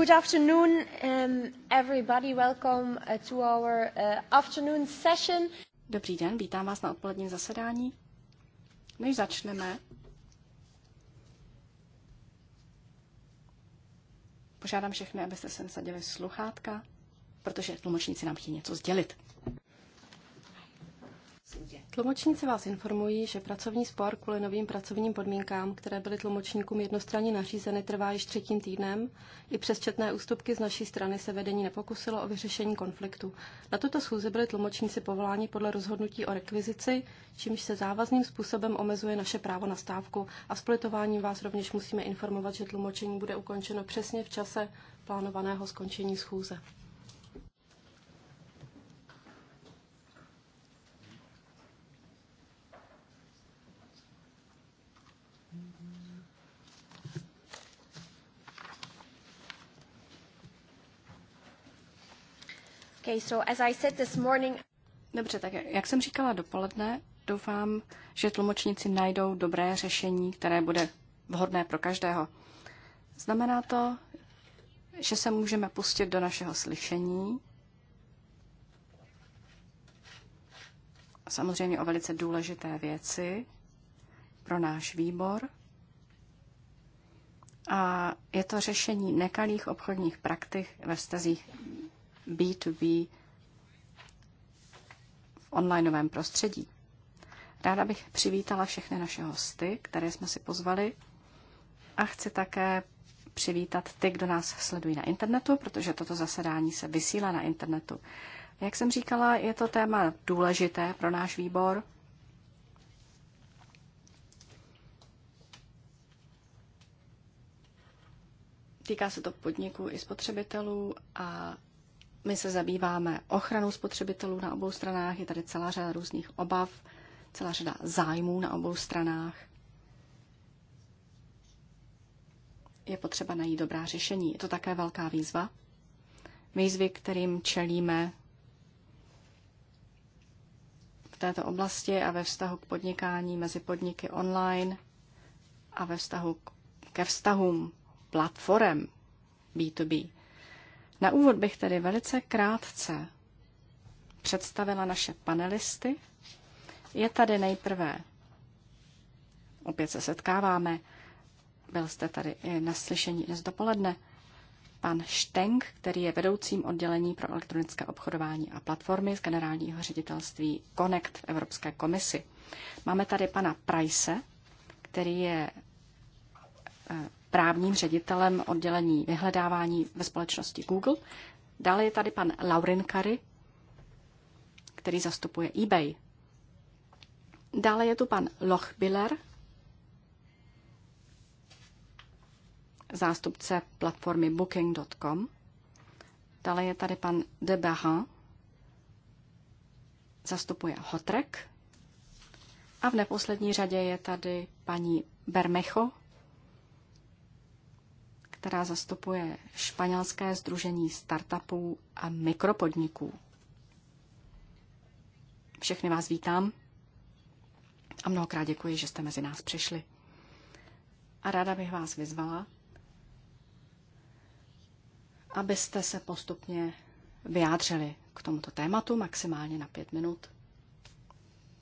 Good afternoon, um, everybody. Welcome uh, to our uh, afternoon session. Dobrý den, vítám vás na odpoledním zasedání. Než začneme, požádám všechny, abyste se nasadili sluchátka, protože tlumočníci nám chtějí něco sdělit. Tlumočníci vás informují, že pracovní spor kvůli novým pracovním podmínkám, které byly tlumočníkům jednostranně nařízeny, trvá již třetím týdnem. I přes četné ústupky z naší strany se vedení nepokusilo o vyřešení konfliktu. Na tuto schůzi byli tlumočníci povoláni podle rozhodnutí o rekvizici, čímž se závazným způsobem omezuje naše právo na stávku. A s politováním vás rovněž musíme informovat, že tlumočení bude ukončeno přesně v čase plánovaného skončení schůze. Okay, so as I said this morning... Dobře, tak jak jsem říkala dopoledne, doufám, že tlumočníci najdou dobré řešení, které bude vhodné pro každého. Znamená to, že se můžeme pustit do našeho slyšení. Samozřejmě o velice důležité věci pro náš výbor. A je to řešení nekalých obchodních praktik ve vztazích B2B v onlineovém prostředí. Ráda bych přivítala všechny naše hosty, které jsme si pozvali a chci také přivítat ty, kdo nás sledují na internetu, protože toto zasedání se vysílá na internetu. Jak jsem říkala, je to téma důležité pro náš výbor. Týká se to podniků i spotřebitelů a my se zabýváme ochranou spotřebitelů na obou stranách, je tady celá řada různých obav, celá řada zájmů na obou stranách. Je potřeba najít dobrá řešení. Je to také velká výzva. Výzvy, kterým čelíme v této oblasti a ve vztahu k podnikání mezi podniky online a ve vztahu ke vztahům platform B2B. Na úvod bych tedy velice krátce představila naše panelisty. Je tady nejprve, opět se setkáváme, byl jste tady na slyšení dnes dopoledne, pan Šteng, který je vedoucím oddělení pro elektronické obchodování a platformy z generálního ředitelství Connect v Evropské komisi. Máme tady pana Price, který je eh, právním ředitelem oddělení vyhledávání ve společnosti Google. Dále je tady pan Laurin Kary, který zastupuje eBay. Dále je tu pan Lochbiller, zástupce platformy Booking.com. Dále je tady pan De zastupuje Hotrek. A v neposlední řadě je tady paní Bermecho, která zastupuje španělské združení startupů a mikropodniků. Všechny vás vítám a mnohokrát děkuji, že jste mezi nás přišli. A ráda bych vás vyzvala, abyste se postupně vyjádřili k tomuto tématu maximálně na pět minut.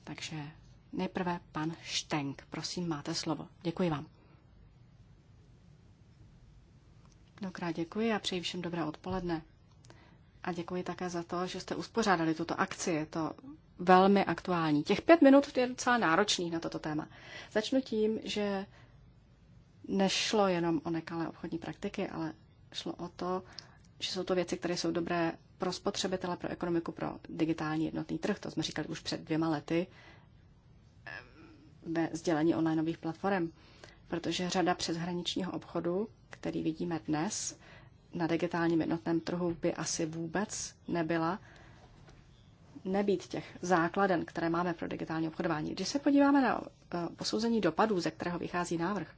Takže nejprve pan Štenk, prosím, máte slovo. Děkuji vám. Dokrát děkuji a přeji všem dobré odpoledne. A děkuji také za to, že jste uspořádali tuto akci. Je to velmi aktuální. Těch pět minut je docela náročný na toto téma. Začnu tím, že nešlo jenom o nekalé obchodní praktiky, ale šlo o to, že jsou to věci, které jsou dobré pro spotřebitele, pro ekonomiku, pro digitální jednotný trh. To jsme říkali už před dvěma lety ehm, ve sdělení onlineových platform, protože řada přeshraničního obchodu který vidíme dnes, na digitálním jednotném trhu by asi vůbec nebyla nebýt těch základen, které máme pro digitální obchodování. Když se podíváme na eh, posouzení dopadů, ze kterého vychází návrh,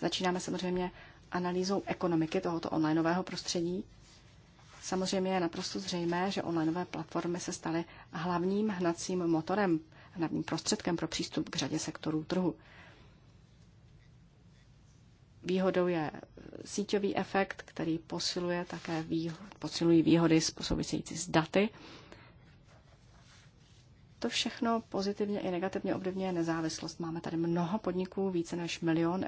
začínáme samozřejmě analýzou ekonomiky tohoto onlineového prostředí. Samozřejmě je naprosto zřejmé, že onlineové platformy se staly hlavním hnacím motorem, hlavním prostředkem pro přístup k řadě sektorů trhu. Výhodou je síťový efekt, který posiluje také výhod, posilují výhody související s daty. To všechno pozitivně i negativně ovlivňuje nezávislost. Máme tady mnoho podniků, více než milion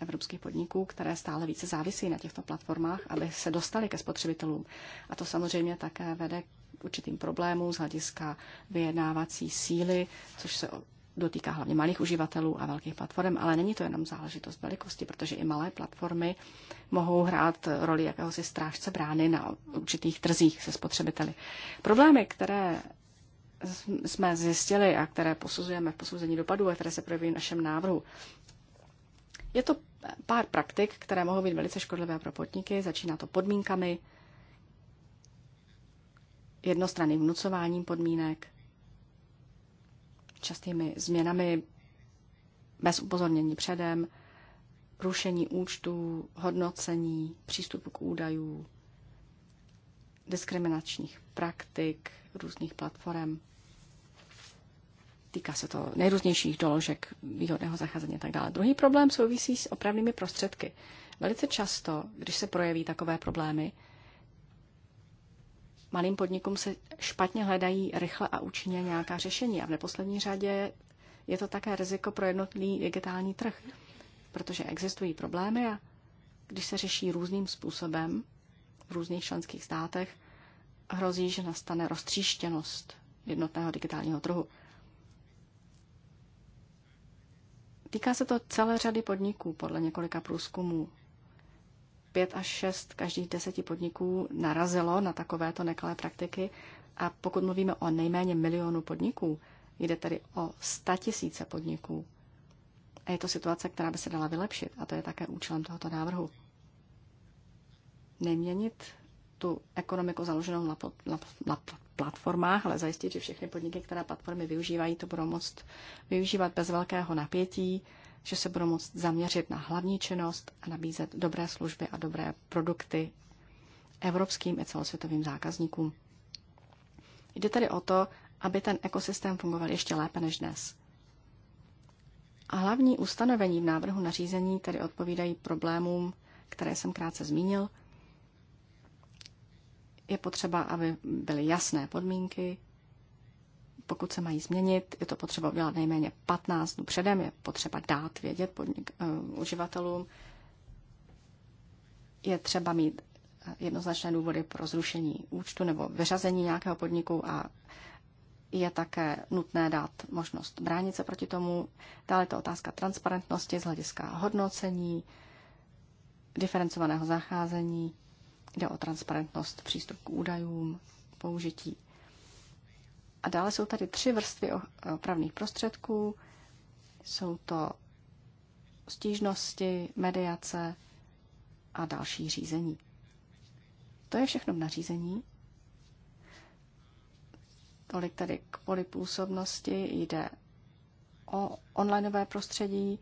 evropských podniků, které stále více závisí na těchto platformách, aby se dostali ke spotřebitelům. A to samozřejmě také vede k určitým problémům z hlediska vyjednávací síly, což se dotýká hlavně malých uživatelů a velkých platform, ale není to jenom záležitost velikosti, protože i malé platformy mohou hrát roli jakéhosi strážce brány na určitých trzích se spotřebiteli. Problémy, které jsme zjistili a které posuzujeme v posouzení dopadů a které se projeví v našem návrhu, je to pár praktik, které mohou být velice škodlivé pro podniky. Začíná to podmínkami, jednostranným vnucováním podmínek, častými změnami bez upozornění předem, rušení účtů, hodnocení, přístupu k údajů, diskriminačních praktik, různých platform. Týká se to nejrůznějších doložek výhodného zacházení a tak dále. Druhý problém souvisí s opravnými prostředky. Velice často, když se projeví takové problémy, malým podnikům se špatně hledají rychle a účinně nějaká řešení. A v neposlední řadě je to také riziko pro jednotný digitální trh, protože existují problémy a když se řeší různým způsobem v různých členských státech, hrozí, že nastane roztříštěnost jednotného digitálního trhu. Týká se to celé řady podniků podle několika průzkumů pět až šest každých deseti podniků narazilo na takovéto nekalé praktiky. A pokud mluvíme o nejméně milionu podniků, jde tedy o sta tisíce podniků. A je to situace, která by se dala vylepšit. A to je také účelem tohoto návrhu. Neměnit tu ekonomiku založenou na, na, na platformách, ale zajistit, že všechny podniky, které platformy využívají, to budou moct využívat bez velkého napětí že se budou moct zaměřit na hlavní činnost a nabízet dobré služby a dobré produkty evropským i celosvětovým zákazníkům. Jde tedy o to, aby ten ekosystém fungoval ještě lépe než dnes. A hlavní ustanovení v návrhu nařízení tedy odpovídají problémům, které jsem krátce zmínil. Je potřeba, aby byly jasné podmínky, pokud se mají změnit, je to potřeba udělat nejméně 15 dnů předem, je potřeba dát vědět podnik, uh, uživatelům, je třeba mít eh, jednoznačné důvody pro zrušení účtu nebo vyřazení nějakého podniku a je také nutné dát možnost bránit se proti tomu. Dále je to otázka transparentnosti z hlediska hodnocení, diferencovaného zacházení, jde o transparentnost přístup k údajům, použití a dále jsou tady tři vrstvy e, opravných prostředků. Jsou to stížnosti, mediace a další řízení. To je všechno v nařízení. Tolik tedy k polipůsobnosti jde o onlineové prostředí,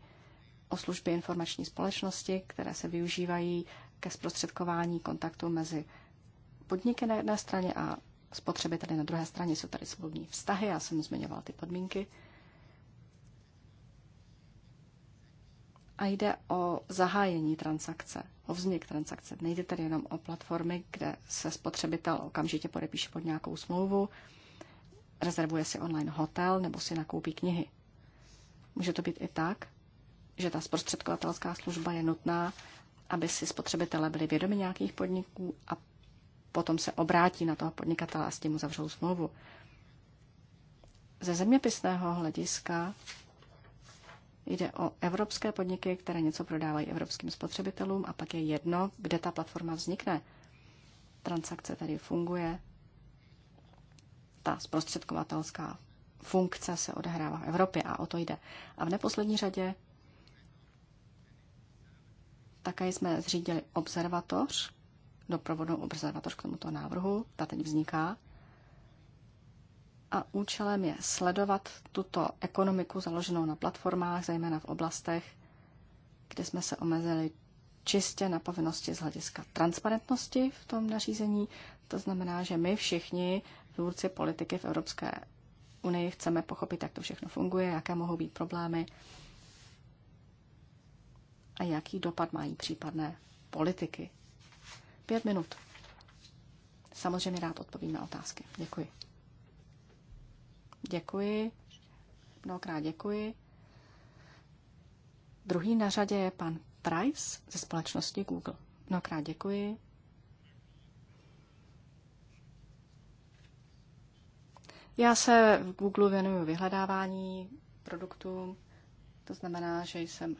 o služby informační společnosti, které se využívají ke zprostředkování kontaktu mezi podniky na jedné straně a spotřebiteli. Na druhé straně jsou tady smluvní vztahy, já jsem zmiňovala ty podmínky. A jde o zahájení transakce, o vznik transakce. Nejde tady jenom o platformy, kde se spotřebitel okamžitě podepíše pod nějakou smlouvu, rezervuje si online hotel nebo si nakoupí knihy. Může to být i tak, že ta zprostředkovatelská služba je nutná, aby si spotřebitelé byli vědomi nějakých podniků a potom se obrátí na toho podnikatele a s tím uzavřou smlouvu. Ze zeměpisného hlediska jde o evropské podniky, které něco prodávají evropským spotřebitelům a pak je jedno, kde ta platforma vznikne. Transakce tady funguje, ta zprostředkovatelská funkce se odehrává v Evropě a o to jde. A v neposlední řadě také jsme zřídili observatoř, doprovodnou observatoř k tomuto návrhu, ta teď vzniká. A účelem je sledovat tuto ekonomiku založenou na platformách, zejména v oblastech, kde jsme se omezili čistě na povinnosti z hlediska transparentnosti v tom nařízení. To znamená, že my všichni, tvůrci politiky v Evropské unii, chceme pochopit, jak to všechno funguje, jaké mohou být problémy a jaký dopad mají případné politiky Pět minut. Samozřejmě rád odpovím na otázky. Děkuji. Děkuji. Mnohokrát děkuji. Druhý na řadě je pan Price ze společnosti Google. Mnohokrát děkuji. Já se v Google věnuju vyhledávání produktů, to znamená, že jsem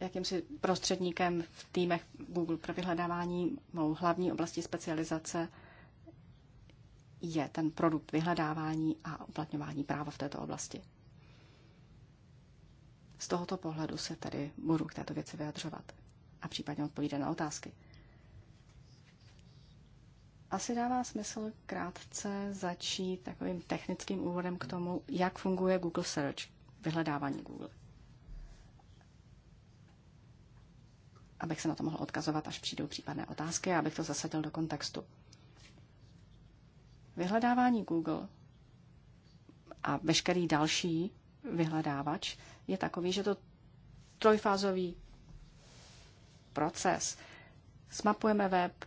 jakýmsi prostředníkem v týmech Google pro vyhledávání. Mou hlavní oblastí specializace je ten produkt vyhledávání a uplatňování práva v této oblasti. Z tohoto pohledu se tedy budu k této věci vyjadřovat a případně odpovídat na otázky. Asi dává smysl krátce začít takovým technickým úvodem k tomu, jak funguje Google Search, vyhledávání Google. abych se na to mohl odkazovat, až přijdou případné otázky a abych to zasadil do kontextu. Vyhledávání Google a veškerý další vyhledávač je takový, že to trojfázový proces. Smapujeme web,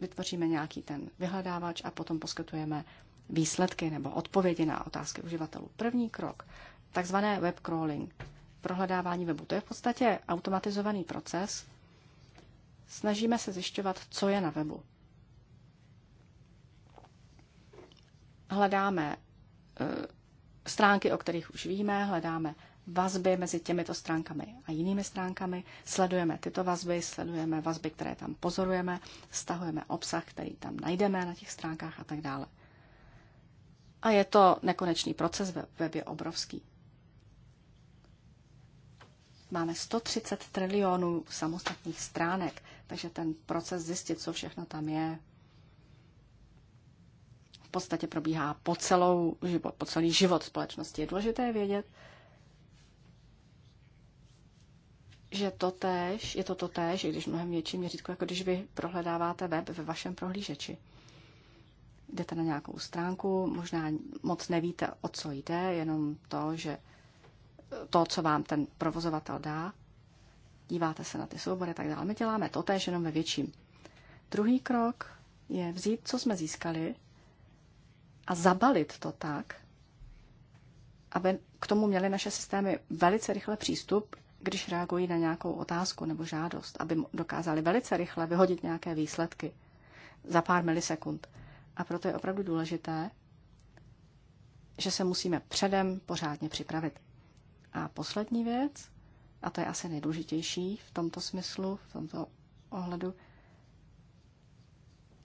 vytvoříme nějaký ten vyhledávač a potom poskytujeme výsledky nebo odpovědi na otázky uživatelů. První krok, takzvané web crawling, prohledávání webu. To je v podstatě automatizovaný proces, Snažíme se zjišťovat, co je na webu. Hledáme eh, stránky, o kterých už víme, hledáme vazby mezi těmito stránkami a jinými stránkami, sledujeme tyto vazby, sledujeme vazby, které tam pozorujeme, stahujeme obsah, který tam najdeme na těch stránkách a tak dále. A je to nekonečný proces, web je obrovský. Máme 130 trilionů samostatných stránek takže ten proces zjistit, co všechno tam je, v podstatě probíhá po, celou život, po celý život společnosti. Je důležité vědět, že to tež, je to to i když mnohem větší měřítko, jako když vy prohledáváte web ve vašem prohlížeči. Jdete na nějakou stránku, možná moc nevíte, o co jde, jenom to, že to, co vám ten provozovatel dá, díváte se na ty soubory a tak dále. My děláme to též jenom ve větším. Druhý krok je vzít, co jsme získali a zabalit to tak, aby k tomu měly naše systémy velice rychle přístup, když reagují na nějakou otázku nebo žádost, aby dokázali velice rychle vyhodit nějaké výsledky za pár milisekund. A proto je opravdu důležité, že se musíme předem pořádně připravit. A poslední věc, a to je asi nejdůležitější v tomto smyslu, v tomto ohledu,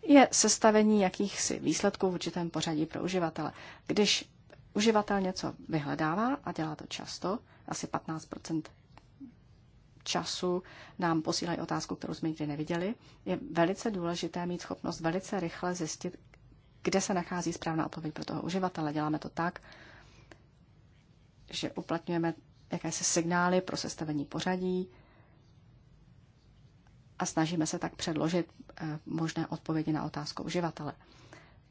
je sestavení jakýchsi výsledků v určitém pořadí pro uživatele. Když uživatel něco vyhledává a dělá to často, asi 15 času nám posílají otázku, kterou jsme nikdy neviděli, je velice důležité mít schopnost velice rychle zjistit, kde se nachází správná odpověď pro toho uživatele. Děláme to tak, že uplatňujeme jakési signály pro sestavení pořadí a snažíme se tak předložit eh, možné odpovědi na otázku uživatele.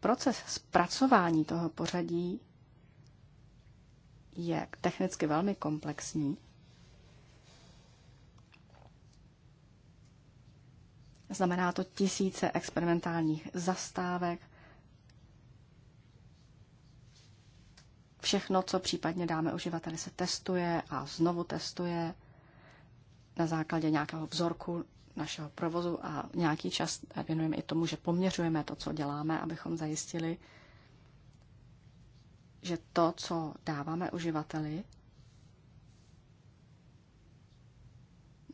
Proces zpracování toho pořadí je technicky velmi komplexní. Znamená to tisíce experimentálních zastávek, Všechno, co případně dáme uživateli, se testuje a znovu testuje na základě nějakého vzorku našeho provozu a nějaký čas věnujeme i tomu, že poměřujeme to, co děláme, abychom zajistili, že to, co dáváme uživateli,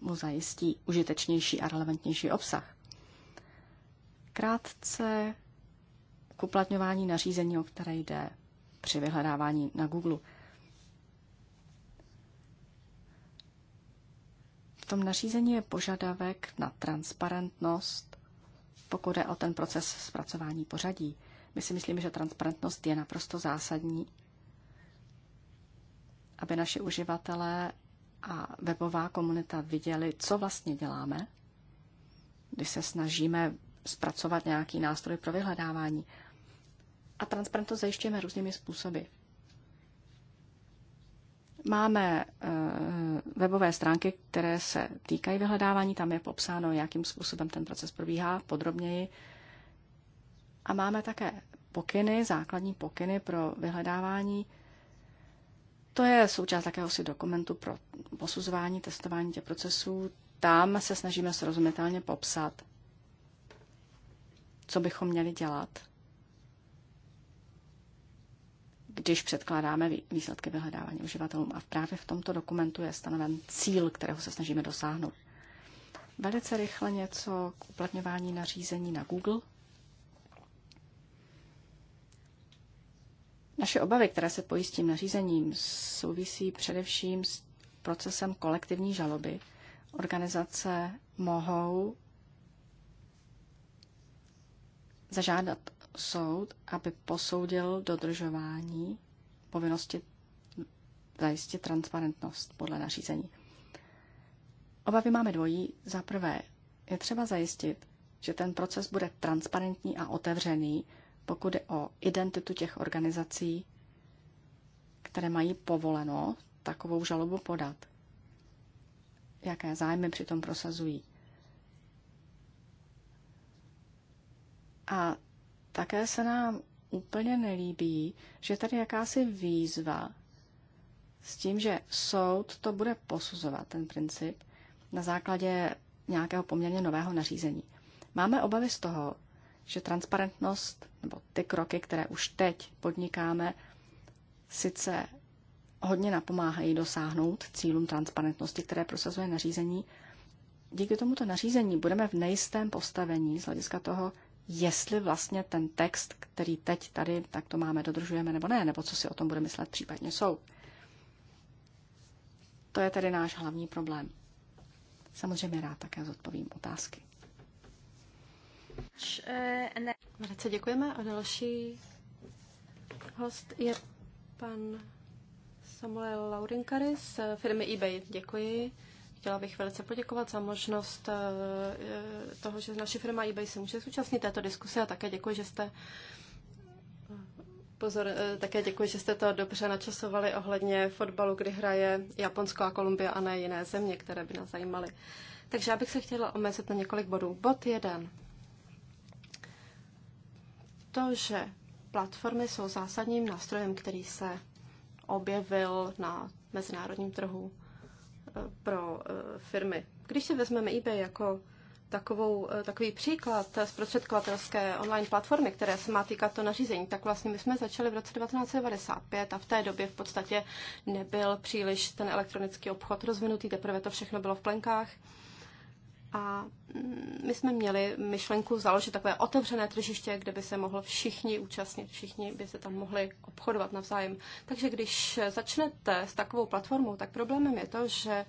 mu zajistí užitečnější a relevantnější obsah. Krátce k uplatňování nařízení, o které jde při vyhledávání na Google. V tom nařízení je požadavek na transparentnost, pokud je o ten proces zpracování pořadí. My si myslíme, že transparentnost je naprosto zásadní, aby naši uživatelé a webová komunita viděli, co vlastně děláme, když se snažíme zpracovat nějaký nástroj pro vyhledávání. A transparentnost zajišťujeme různými způsoby. Máme eh, webové stránky, které se týkají vyhledávání, tam je popsáno, jakým způsobem ten proces probíhá podrobněji. A máme také pokyny, základní pokyny pro vyhledávání. To je součást si dokumentu pro posuzování, testování těch procesů. Tam se snažíme srozumitelně popsat, co bychom měli dělat když předkládáme výsledky vyhledávání uživatelům. A právě v tomto dokumentu je stanoven cíl, kterého se snažíme dosáhnout. Velice rychle něco k uplatňování nařízení na Google. Naše obavy, které se pojí s tím nařízením, souvisí především s procesem kolektivní žaloby. Organizace mohou zažádat soud, aby posoudil dodržování povinnosti zajistit transparentnost podle nařízení. Obavy máme dvojí. Za prvé, je třeba zajistit, že ten proces bude transparentní a otevřený, pokud je o identitu těch organizací, které mají povoleno takovou žalobu podat. Jaké zájmy přitom prosazují. A také se nám úplně nelíbí, že tady jakási výzva s tím, že soud to bude posuzovat, ten princip, na základě nějakého poměrně nového nařízení. Máme obavy z toho, že transparentnost nebo ty kroky, které už teď podnikáme, sice hodně napomáhají dosáhnout cílům transparentnosti, které prosazuje nařízení. Díky tomuto nařízení budeme v nejistém postavení z hlediska toho, jestli vlastně ten text, který teď tady takto máme, dodržujeme nebo ne, nebo co si o tom bude myslet případně soud. To je tedy náš hlavní problém. Samozřejmě rád také zodpovím otázky. Velice děkujeme a další host je pan Samuel Laurinkaris z firmy eBay. Děkuji. Chtěla bych velice poděkovat za možnost eh, eh, toho, že naše firma eBay se může zúčastnit této diskuse a také děkuji, že jste Pozor, eh, také děkuji, že jste to dobře načasovali ohledně fotbalu, kdy hraje Japonsko a Kolumbia a ne jiné země, které by nás zajímaly. Takže já bych se chtěla omezit na několik bodů. Bod jeden. To, že platformy jsou zásadním nástrojem, který se objevil na mezinárodním trhu, pro eh, firmy. Když si vezmeme eBay jako takovou, eh, takový příklad zprostředkovatelské online platformy, které se má týkat to nařízení, tak vlastně my jsme začali v roce 1995 a v té době v podstatě nebyl příliš ten elektronický obchod rozvinutý, teprve to všechno bylo v plenkách. A my jsme měli myšlenku založit takové otevřené tržiště, kde by se mohlo všichni účastnit, všichni by se tam mohli obchodovat navzájem. Takže když začnete s takovou platformou, tak problémem je to, že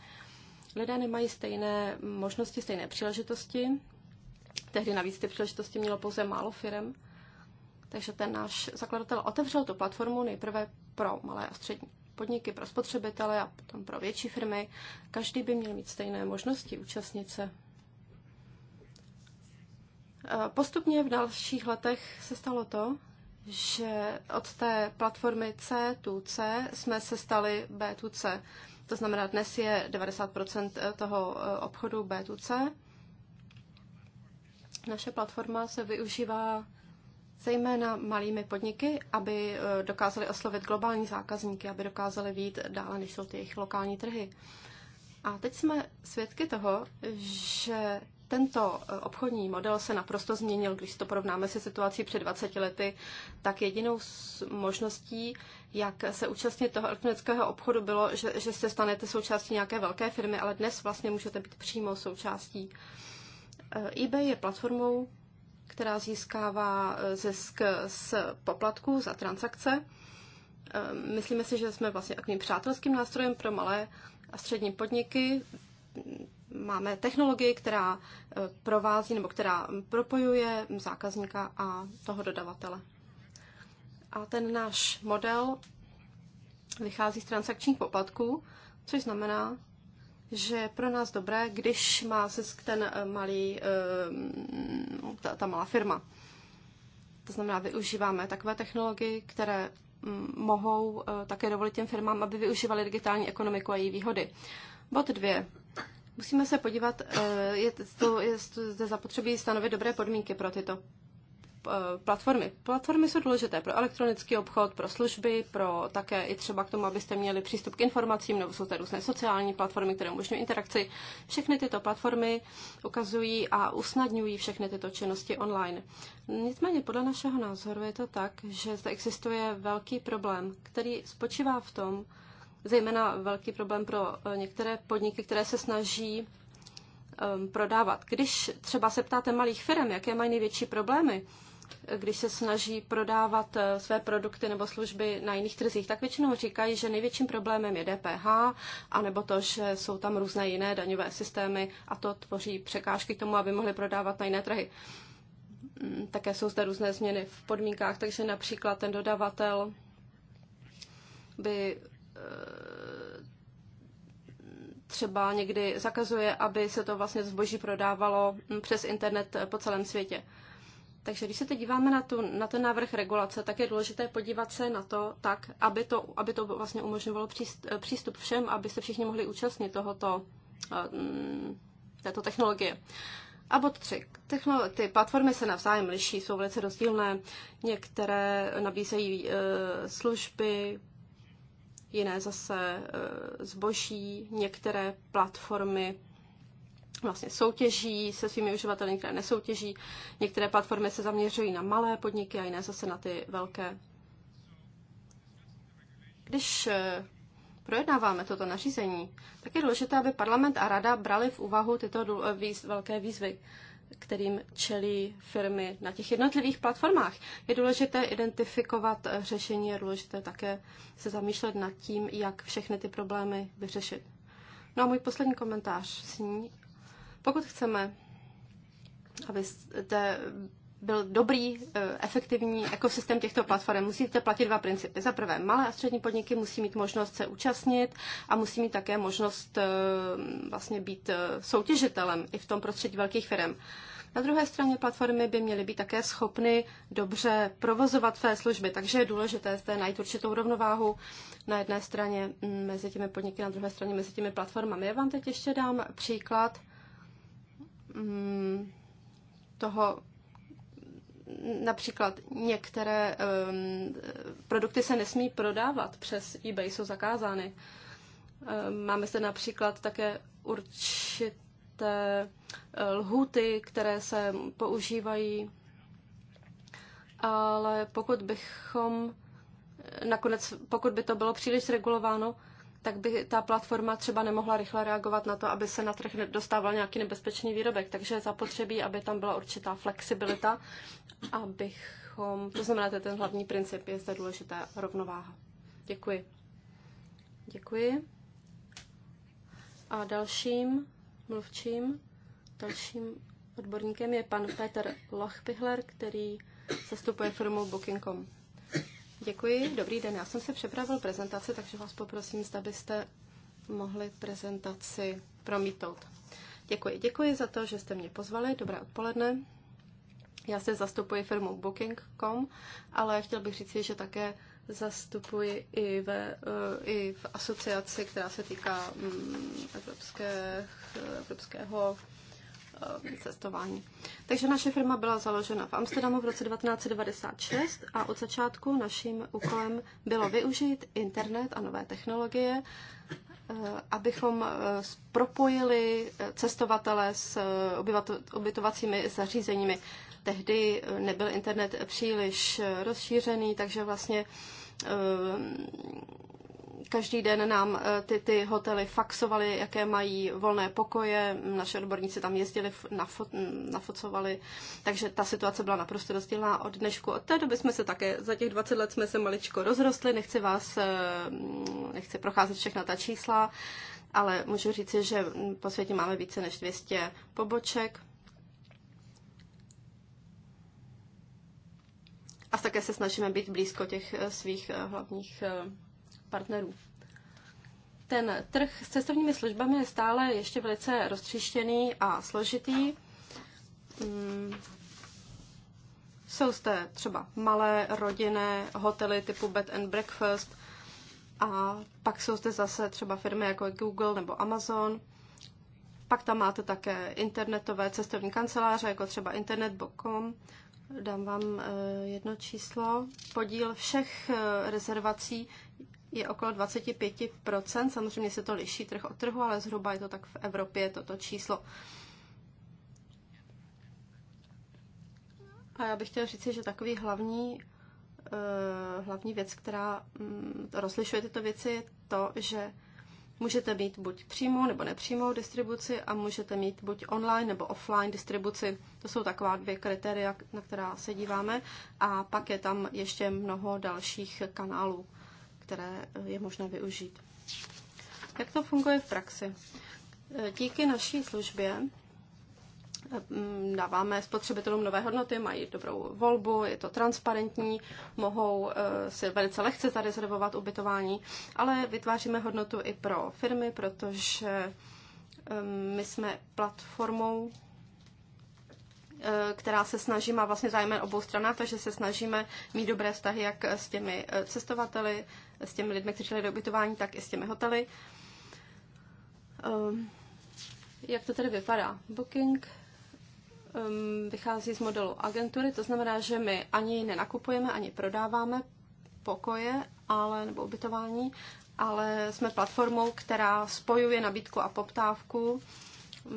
lidé nemají stejné možnosti, stejné příležitosti. Tehdy navíc ty příležitosti mělo pouze málo firm. Takže ten náš zakladatel otevřel tu platformu nejprve pro malé a střední podniky, pro spotřebitele a potom pro větší firmy. Každý by měl mít stejné možnosti účastnit se Postupně v dalších letech se stalo to, že od té platformy C2C jsme se stali B2C. To znamená, dnes je 90 toho e, obchodu B2C. Naše platforma se využívá zejména malými podniky, aby e, dokázali oslovit globální zákazníky, aby dokázali vít dále, než jsou ty jejich lokální trhy. A teď jsme svědky toho, že tento eh, obchodní model se naprosto změnil. Když to porovnáme se situací před 20 lety, tak jedinou možností, jak se účastnit toho elektronického obchodu, bylo, že, že se stanete součástí nějaké velké firmy, ale dnes vlastně můžete být přímo součástí. Eh, eBay je platformou, která získává eh, zisk z poplatků za transakce. Myslíme si, že jsme vlastně takovým přátelským nástrojem pro malé a střední podniky máme technologii, která eh, provází nebo která propojuje zákazníka a toho dodavatele. A ten náš model vychází z transakčních poplatků, což znamená, že je pro nás dobré, když má zisk ten eh, malý, eh, ta, ta malá firma. To znamená, využíváme takové technologie, které mm, mohou také dovolit těm firmám, aby využívali digitální ekonomiku a její výhody. Bod dvě. Musíme se podívat, eh, je, to, je to zapotřebí stanovit dobré podmínky pro tyto eh, platformy. Platformy jsou důležité pro elektronický obchod, pro služby, pro také i třeba k tomu, abyste měli přístup k informacím, nebo jsou to různé sociální platformy, které umožňují interakci. Všechny tyto platformy ukazují a usnadňují všechny tyto činnosti online. Nicméně podle našeho názoru je to tak, že zde existuje velký problém, který spočívá v tom, zejména velký problém pro eh, některé podniky, které se snaží ehm, prodávat. Když třeba se ptáte malých firm, jaké mají největší problémy, eh, když se snaží prodávat eh, své produkty nebo služby na jiných trzích, tak většinou říkají, že největším problémem je DPH, anebo to, že jsou tam různé jiné daňové systémy a to tvoří překážky k tomu, aby mohli prodávat na jiné trhy. Mm, také jsou zde různé změny v podmínkách, takže například ten dodavatel by třeba někdy zakazuje, aby se to vlastně zboží prodávalo přes internet po celém světě. Takže když se teď díváme na, tu, na ten návrh regulace, tak je důležité podívat se na to tak, aby to, aby to vlastně umožňovalo přístup všem, aby se všichni mohli účastnit tohoto, eh, mm, této technologie. A bod tři. Techno, ty platformy se navzájem liší, jsou velice rozdílné. Některé nabízejí e, služby, jiné zase e, zboží, některé platformy vlastně soutěží se svými uživateli, některé nesoutěží, některé platformy se zaměřují na malé podniky a jiné zase na ty velké. Když e, projednáváme toto nařízení, tak je důležité, aby parlament a rada brali v úvahu tyto e, velké výzvy kterým čelí firmy na těch jednotlivých platformách. Je důležité identifikovat eh, řešení, je důležité také se zamýšlet nad tím, jak všechny ty problémy vyřešit. No a můj poslední komentář s ní. Pokud chceme, aby zde byl dobrý, eh, efektivní ekosystém těchto platform, musíte platit dva principy. Za prvé, malé a střední podniky musí mít možnost se účastnit a musí mít také možnost eh, vlastně být eh, soutěžitelem i v tom prostředí velkých firm. Na druhé straně platformy by měly být také schopny dobře provozovat své služby, takže je důležité zde najít určitou rovnováhu na jedné straně mm, mezi těmi podniky, na druhé straně mezi těmi platformami. Já vám teď ještě dám příklad mm, toho Například některé um, produkty se nesmí prodávat přes eBay, jsou zakázány. Um, máme zde například také určité eh, lhuty, které se používají, ale pokud bychom eh, nakonec, pokud by to bylo příliš regulováno, tak by ta platforma třeba nemohla rychle reagovat na to, aby se na trh dostával nějaký nebezpečný výrobek. Takže je zapotřebí, aby tam byla určitá flexibilita, abychom, to znamená, to je ten hlavní princip, je zde důležitá rovnováha. Děkuji. Děkuji. A dalším mluvčím, dalším odborníkem je pan Peter Lochpihler, který zastupuje firmu Booking.com. Děkuji, dobrý den. Já jsem se připravil prezentaci, takže vás poprosím, zda byste mohli prezentaci promítnout. Děkuji, děkuji za to, že jste mě pozvali. Dobré odpoledne. Já se zastupuji firmu Booking.com, ale chtěl bych říct, že také zastupuji i, ve, eh, i v asociaci, která se týká mm, evropské, eh, evropského Eh, cestování. Takže naše firma byla založena v Amsterdamu v roce 1996 a od začátku naším úkolem bylo využít internet a nové technologie, eh, abychom eh, propojili cestovatele s ubytovacími zařízeními. Tehdy nebyl internet příliš rozšířený, takže vlastně Každý den nám eh, ty, ty hotely faxovaly, jaké mají volné pokoje, naše odborníci tam jezdili, nafo, nafocovali, takže ta situace byla naprosto rozdílná od dnešku. Od té doby jsme se také, za těch 20 let jsme se maličko rozrostli, nechci vás, eh, nechci procházet všechna ta čísla, ale můžu říct, že po světě máme více než 200 poboček, a také se snažíme být blízko těch eh, svých hlavních partnerů. Ten trh s cestovními službami je stále ještě velice roztříštěný a složitý. Mm. Jsou zde třeba malé rodinné hotely typu bed and breakfast a pak jsou zde zase třeba firmy jako Google nebo Amazon. Pak tam máte také internetové cestovní kanceláře, jako třeba internet.com. Dám vám eh, jedno číslo. Podíl všech eh, rezervací je okolo 25%. Samozřejmě se to liší trh od trhu, ale zhruba je to tak v Evropě toto číslo. A já bych chtěla říct, že takový hlavní, eh, hlavní věc, která mm, rozlišuje tyto věci, je to, že můžete mít buď přímou nebo nepřímou distribuci a můžete mít buď online nebo offline distribuci. To jsou taková dvě kritéria, na která se díváme. A pak je tam ještě mnoho dalších kanálů které je možné využít. Jak to funguje v praxi? Díky naší službě mm, dáváme spotřebitelům nové hodnoty, mají dobrou volbu, je to transparentní, mohou eh, si velice lehce zarezervovat ubytování, ale vytváříme hodnotu i pro firmy, protože eh, my jsme platformou, eh, která se snaží, má vlastně zájem obou stranách, takže se snažíme mít dobré vztahy jak s těmi cestovateli, s těmi lidmi, kteří do ubytování, tak i s těmi hotely. Um, jak to tedy vypadá? Booking um, vychází z modelu agentury, to znamená, že my ani nenakupujeme, ani prodáváme pokoje ale, nebo ubytování, ale jsme platformou, která spojuje nabídku a poptávku.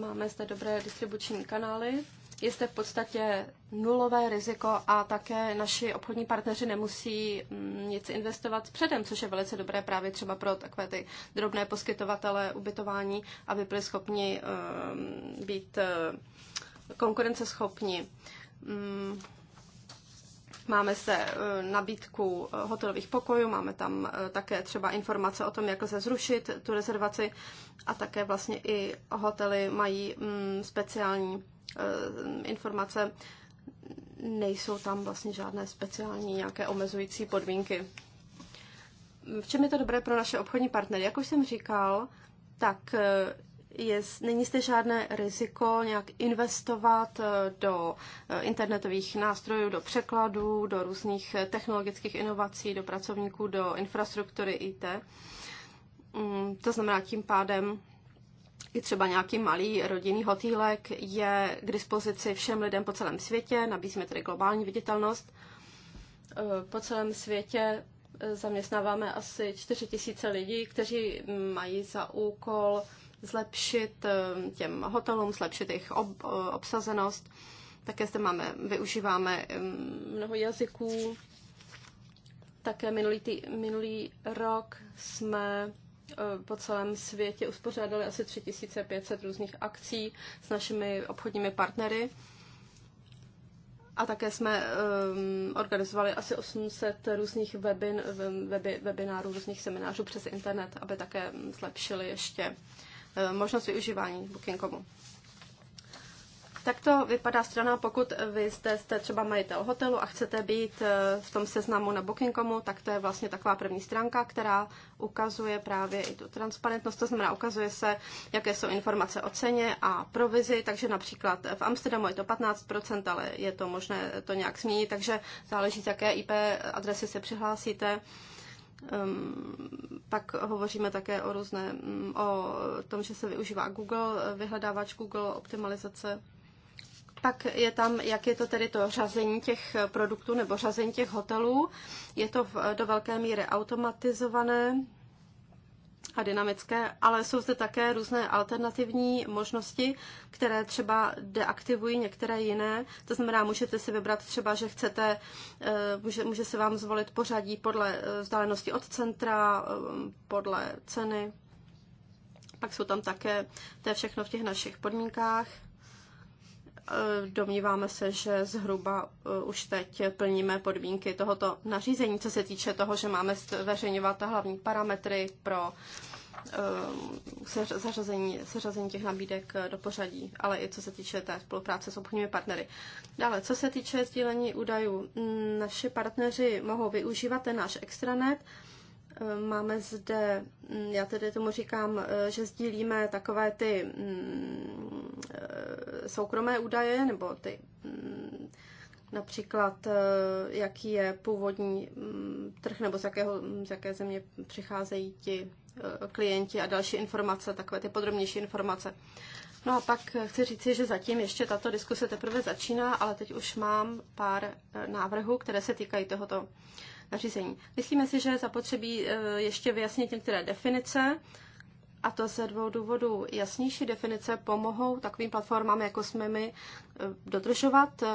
Máme zde dobré distribuční kanály je zde v podstatě nulové riziko a také naši obchodní partneři nemusí mm, nic investovat předem, což je velice dobré právě třeba pro takové ty drobné poskytovatele ubytování, aby byli schopni ehm, být eh, konkurenceschopní. Mm, máme se eh, nabídku eh, hotelových pokojů, máme tam také třeba informace o tom, jak lze zrušit tu rezervaci a také vlastně i hotely mají mm, speciální Eh, informace, nejsou tam vlastně žádné speciální nějaké omezující podmínky. V čem je to dobré pro naše obchodní partnery? Jak už jsem říkal, tak eh, je, není zde žádné riziko nějak investovat eh, do internetových nástrojů, do překladů, do různých technologických inovací, do pracovníků, do infrastruktury IT. Mm, to znamená, tím pádem i třeba nějaký malý rodinný hotýlek je k dispozici všem lidem po celém světě, nabízíme tedy globální viditelnost. E, po celém světě e, zaměstnáváme asi 4 000 lidí, kteří mají za úkol zlepšit e, těm hotelům, zlepšit jejich ob, obsazenost. Také zde máme, využíváme mnoho jazyků. Také minulý, tý, minulý rok jsme Eh, po celém světě uspořádali asi 3500 různých akcí s našimi obchodními partnery. A také jsme um, organizovali asi 800 různých webin, webi, webinářů, různých seminářů přes internet, aby také zlepšili ještě eh, možnost využívání Booking.comu. Tak to vypadá strana, pokud vy jste, jste třeba majitel hotelu a chcete být eh, v tom seznamu na Booking.comu, tak to je vlastně taková první stránka, která ukazuje právě i tu transparentnost, to znamená ukazuje se, jaké jsou informace o ceně a provizi, takže například v Amsterdamu je to 15%, ale je to možné to nějak změnit, takže záleží, z jaké IP adresy se přihlásíte. Um, pak hovoříme také o různé, um, o tom, že se využívá Google, eh, vyhledávač Google, optimalizace pak je tam, jak je to tedy to řazení těch produktů nebo řazení těch hotelů. Je to v, do velké míry automatizované a dynamické, ale jsou zde také různé alternativní možnosti, které třeba deaktivují některé jiné. To znamená, můžete si vybrat třeba, že chcete, eh, může, může se vám zvolit pořadí podle eh, vzdálenosti od centra, eh, podle ceny. Pak jsou tam také, to je všechno v těch našich podmínkách. Eh, domníváme se, že zhruba eh, už teď plníme podmínky tohoto nařízení, co se týče toho, že máme zveřejňovat hlavní parametry pro eh, seřazení, seřazení těch nabídek do pořadí, ale i co se týče té spolupráce s obchodními partnery. Dále, co se týče sdílení údajů, mm, naši partneři mohou využívat ten náš extranet, Eh, máme zde, mm, já tedy tomu říkám, eh, že sdílíme takové ty mm, eh, soukromé údaje, nebo ty mm, například, jaký je původní trh, nebo z, jakého, z jaké země přicházejí ti klienti a další informace, takové ty podrobnější informace. No a pak chci říci, že zatím ještě tato diskuse teprve začíná, ale teď už mám pár návrhů, které se týkají tohoto nařízení. Myslíme si, že je zapotřebí eh, ještě vyjasnit některé definice, a to ze dvou důvodů. Jasnější definice pomohou takovým platformám, jako jsme my, eh, dodržovat eh,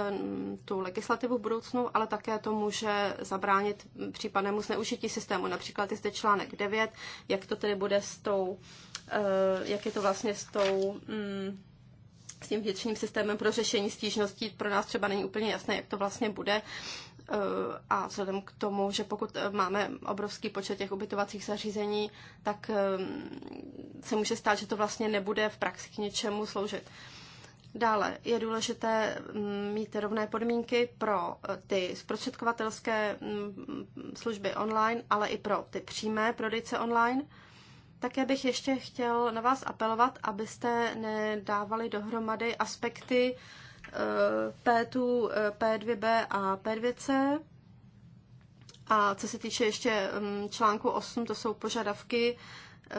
tu legislativu v budoucnu, ale také to může zabránit případnému zneužití systému. Například je zde článek 9, jak to tedy bude s tou, jak je to vlastně s tou mm, s tím vnitřním systémem pro řešení stížností. Pro nás třeba není úplně jasné, jak to vlastně bude a vzhledem k tomu, že pokud eh, máme obrovský počet těch ubytovacích zařízení, tak ehm, se může stát, že to vlastně nebude v praxi k něčemu sloužit. Dále je důležité mm, mít rovné podmínky pro eh, ty zprostředkovatelské mm, služby online, ale i pro ty přímé prodejce online. Také bych ještě chtěl na vás apelovat, abyste nedávali dohromady aspekty P2, P2B a P2C. A co se týče ještě mm, článku 8, to jsou požadavky eh,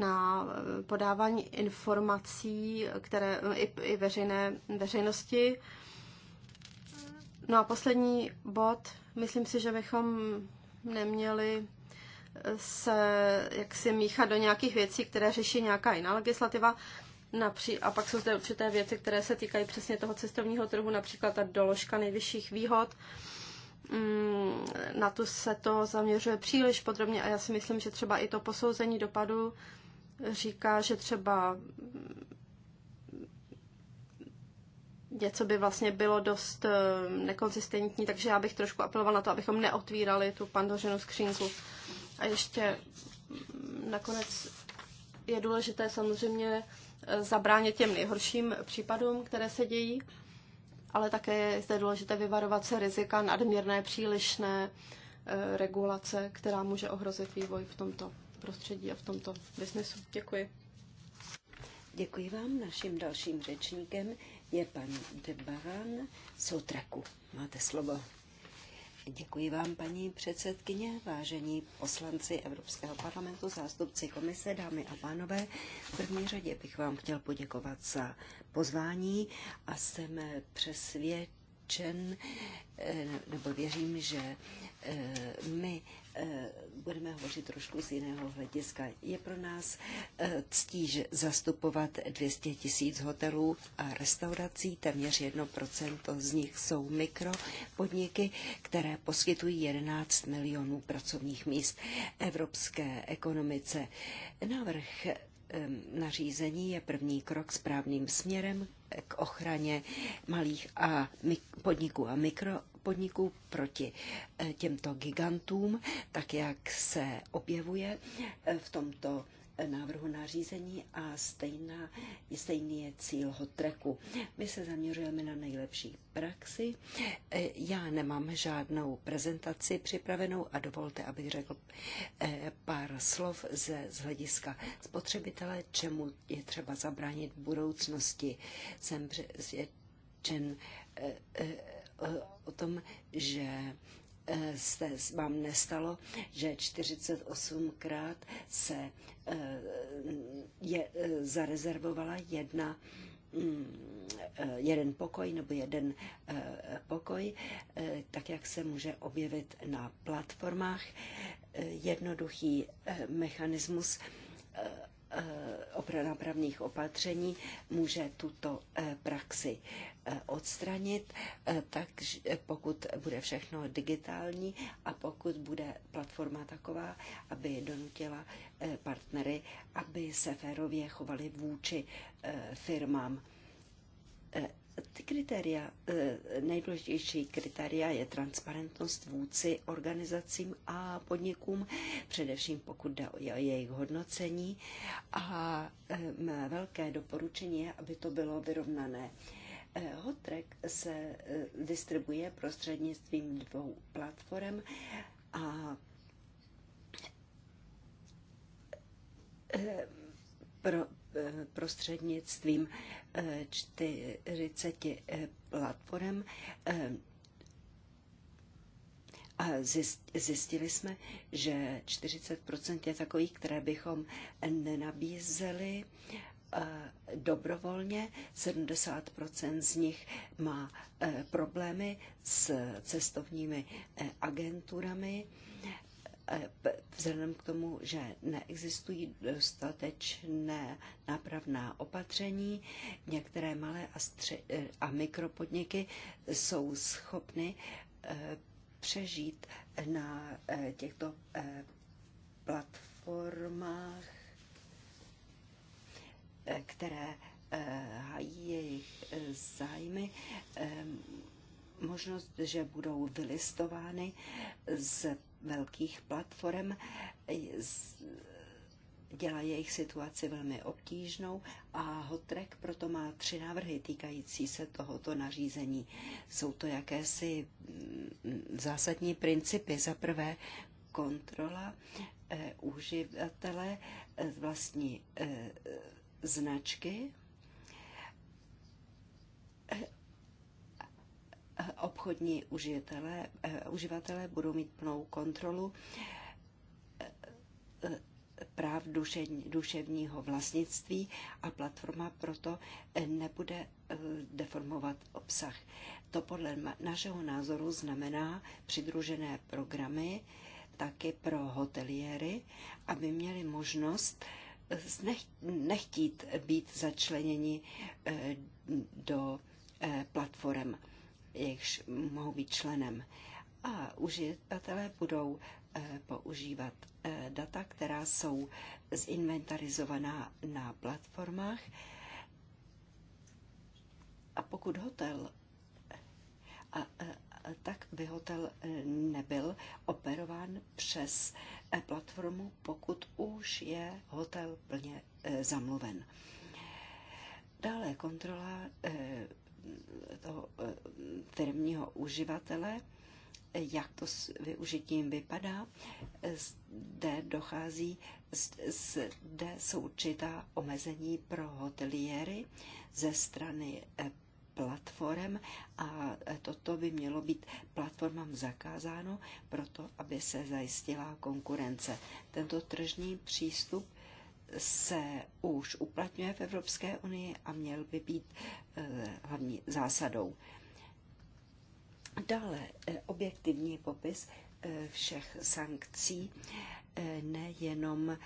na podávání informací, které eh, i, i veřejné, veřejnosti. No a poslední bod, myslím si, že bychom neměli eh, se jaksi míchat do nějakých věcí, které řeší nějaká jiná legislativa. Napří- a pak jsou zde určité věci, které se týkají přesně toho cestovního trhu, například ta doložka nejvyšších výhod. Mm, na tu se to zaměřuje příliš podrobně a já si myslím, že třeba i to posouzení dopadu říká, že třeba něco by vlastně bylo dost eh, nekonzistentní, takže já bych trošku apeloval na to, abychom neotvírali tu pandořenu skřínku. A ještě mm, nakonec je důležité samozřejmě zabránit těm nejhorším případům, které se dějí, ale také je zde důležité vyvarovat se rizika nadměrné přílišné eh, regulace, která může ohrozit vývoj v tomto prostředí a v tomto biznesu. Děkuji. Děkuji vám. Naším dalším řečníkem je pan Debaran Soutraku. Máte slovo. Děkuji vám, paní předsedkyně, vážení poslanci Evropského parlamentu, zástupci komise, dámy a pánové. V první řadě bych vám chtěl poděkovat za pozvání a jsem přesvědčen, eh, nebo věřím, že eh, my Eh, budeme hovořit trošku z jiného hlediska. Je pro nás eh, ctí že zastupovat 200 tisíc hotelů a restaurací, téměř 1% z nich jsou mikropodniky, které poskytují 11 milionů pracovních míst evropské ekonomice. Návrh nařízení je první krok správným směrem k ochraně malých a podniků a mikro podniků proti eh, těmto gigantům, tak jak se objevuje eh, v tomto eh, návrhu nařízení a stejná, stejný je cíl hot tracku. My se zaměřujeme na nejlepší praxi. Já nemám žádnou prezentaci připravenou a dovolte, abych řekl pár slov ze, z hlediska spotřebitele, čemu je třeba zabránit v budoucnosti. Jsem přesvědčen, o tom, že eh, se vám nestalo, že 48krát se eh, je, eh, zarezervovala jedna mm, jeden pokoj nebo jeden pokoj, tak jak se může objevit na platformách. Jednoduchý mechanismus Eh, opravných opatření může tuto eh, praxi eh, odstranit, tak pokud bude všechno digitální a pokud bude platforma taková, aby donutila partnery, aby se férově chovali vůči firmám ty kritéria, eh, nejdůležitější kritéria je transparentnost vůdci organizacím a podnikům, především pokud jde o jejich hodnocení. A eh, velké doporučení je, aby to bylo vyrovnané. Eh, Hotrek se distribuje prostřednictvím dvou platform a pro, Eh, prostřednictvím 40 eh, eh, platform a zjistili jsme, že 40% je takových, které bychom nenabízeli dobrovolně, 70% z nich má problémy s cestovními agenturami vzhledem k tomu, že neexistují dostatečné nápravná opatření, některé malé a, stři- eh, a mikropodniky jsou schopny eh, přežít na eh, těchto platformách, které hají jejich zájmy, možnost, že budou vylistovány z velkých platform dělá jejich situaci velmi obtížnou a Hotrek proto má tři návrhy týkající se tohoto nařízení. Jsou to jakési mm, zásadní principy. Za prvé kontrola e, uživatele eh, vlastní eh, značky, obchodní uživatelé, eh, uživatelé budou mít plnou kontrolu eh, práv duševního vlastnictví a platforma proto eh, nebude deformovat obsah. To podle našeho názoru znamená přidružené programy taky pro hoteliéry, aby měli možnost nechtít být začleněni do platform jejichž mohou být členem. A uživatelé budou eh, používat eh, data, která jsou zinventarizovaná na platformách. A pokud hotel a, a, tak by hotel eh, nebyl operován přes platformu, pokud už je hotel plně zamluven. Dále kontrola toho eh, firmního uživatele, jak to s využitím vypadá. Zde dochází, zde jsou určitá omezení pro hoteliéry ze strany eh, platform a eh, toto by mělo být platformám zakázáno proto, aby se zajistila konkurence. Tento tržní přístup se už uplatňuje v Evropské unii a měl by být eh, hlavní zásadou. Dále eh, objektivní popis eh, všech sankcí, nejenom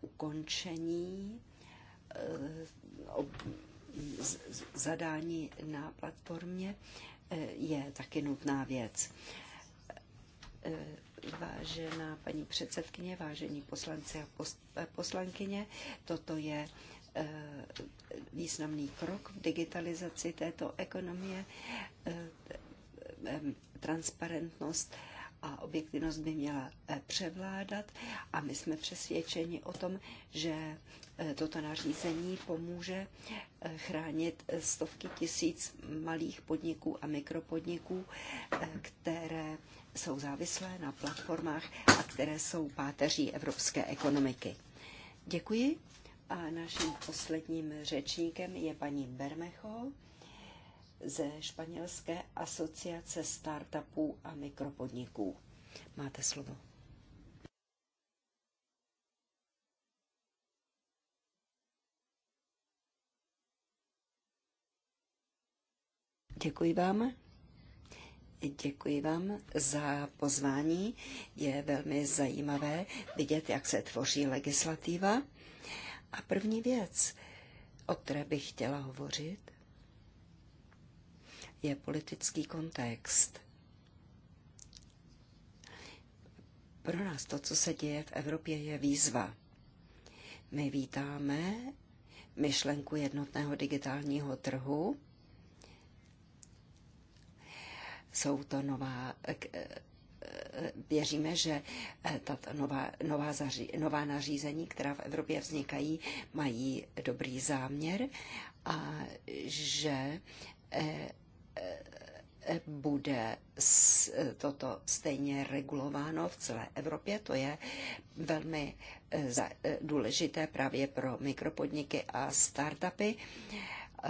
ukončení zadání na platformě, je taky nutná věc Vážená paní předsedkyně, vážení poslanci a poslankyně, toto je eh, významný krok v digitalizaci této ekonomie, eh, eh, transparentnost a objektivnost by měla eh, převládat a my jsme přesvědčeni o tom, že eh, toto nařízení pomůže eh, chránit stovky tisíc malých podniků a mikropodniků, které jsou závislé na platformách a které jsou páteří evropské ekonomiky. Děkuji. A naším posledním řečníkem je paní Bermecho ze Španělské asociace startupů a mikropodniků. Máte slovo. Děkuji vám. Děkuji vám za pozvání. Je velmi zajímavé vidět, jak se tvoří legislativa. A první věc, o které bych chtěla hovořit, je politický kontext. Pro nás to, co se děje v Evropě, je výzva. My vítáme myšlenku jednotného digitálního trhu. Jsou to nová, e, e, věříme, že e, tato nová, nová, zaři, nová nařízení, která v Evropě vznikají, mají dobrý záměr a že bude toto stejně regulováno v celé Evropě. To je velmi eh, eh, důležité právě pro mikropodniky a startupy.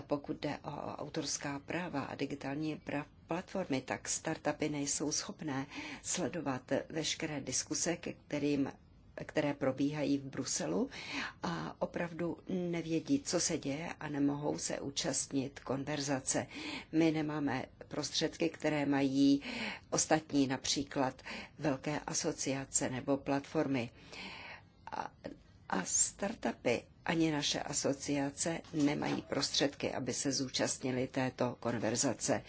Pokud jde o autorská práva a digitální práva, platformy, tak startupy nejsou schopné sledovat veškeré diskuse, ke kterým které probíhají v Bruselu a opravdu nevědí, co se děje a nemohou se účastnit konverzace. My nemáme prostředky, které mají ostatní, například velké asociace nebo platformy. A, a startupy ani naše asociace nemají prostředky, aby se zúčastnili této konverzace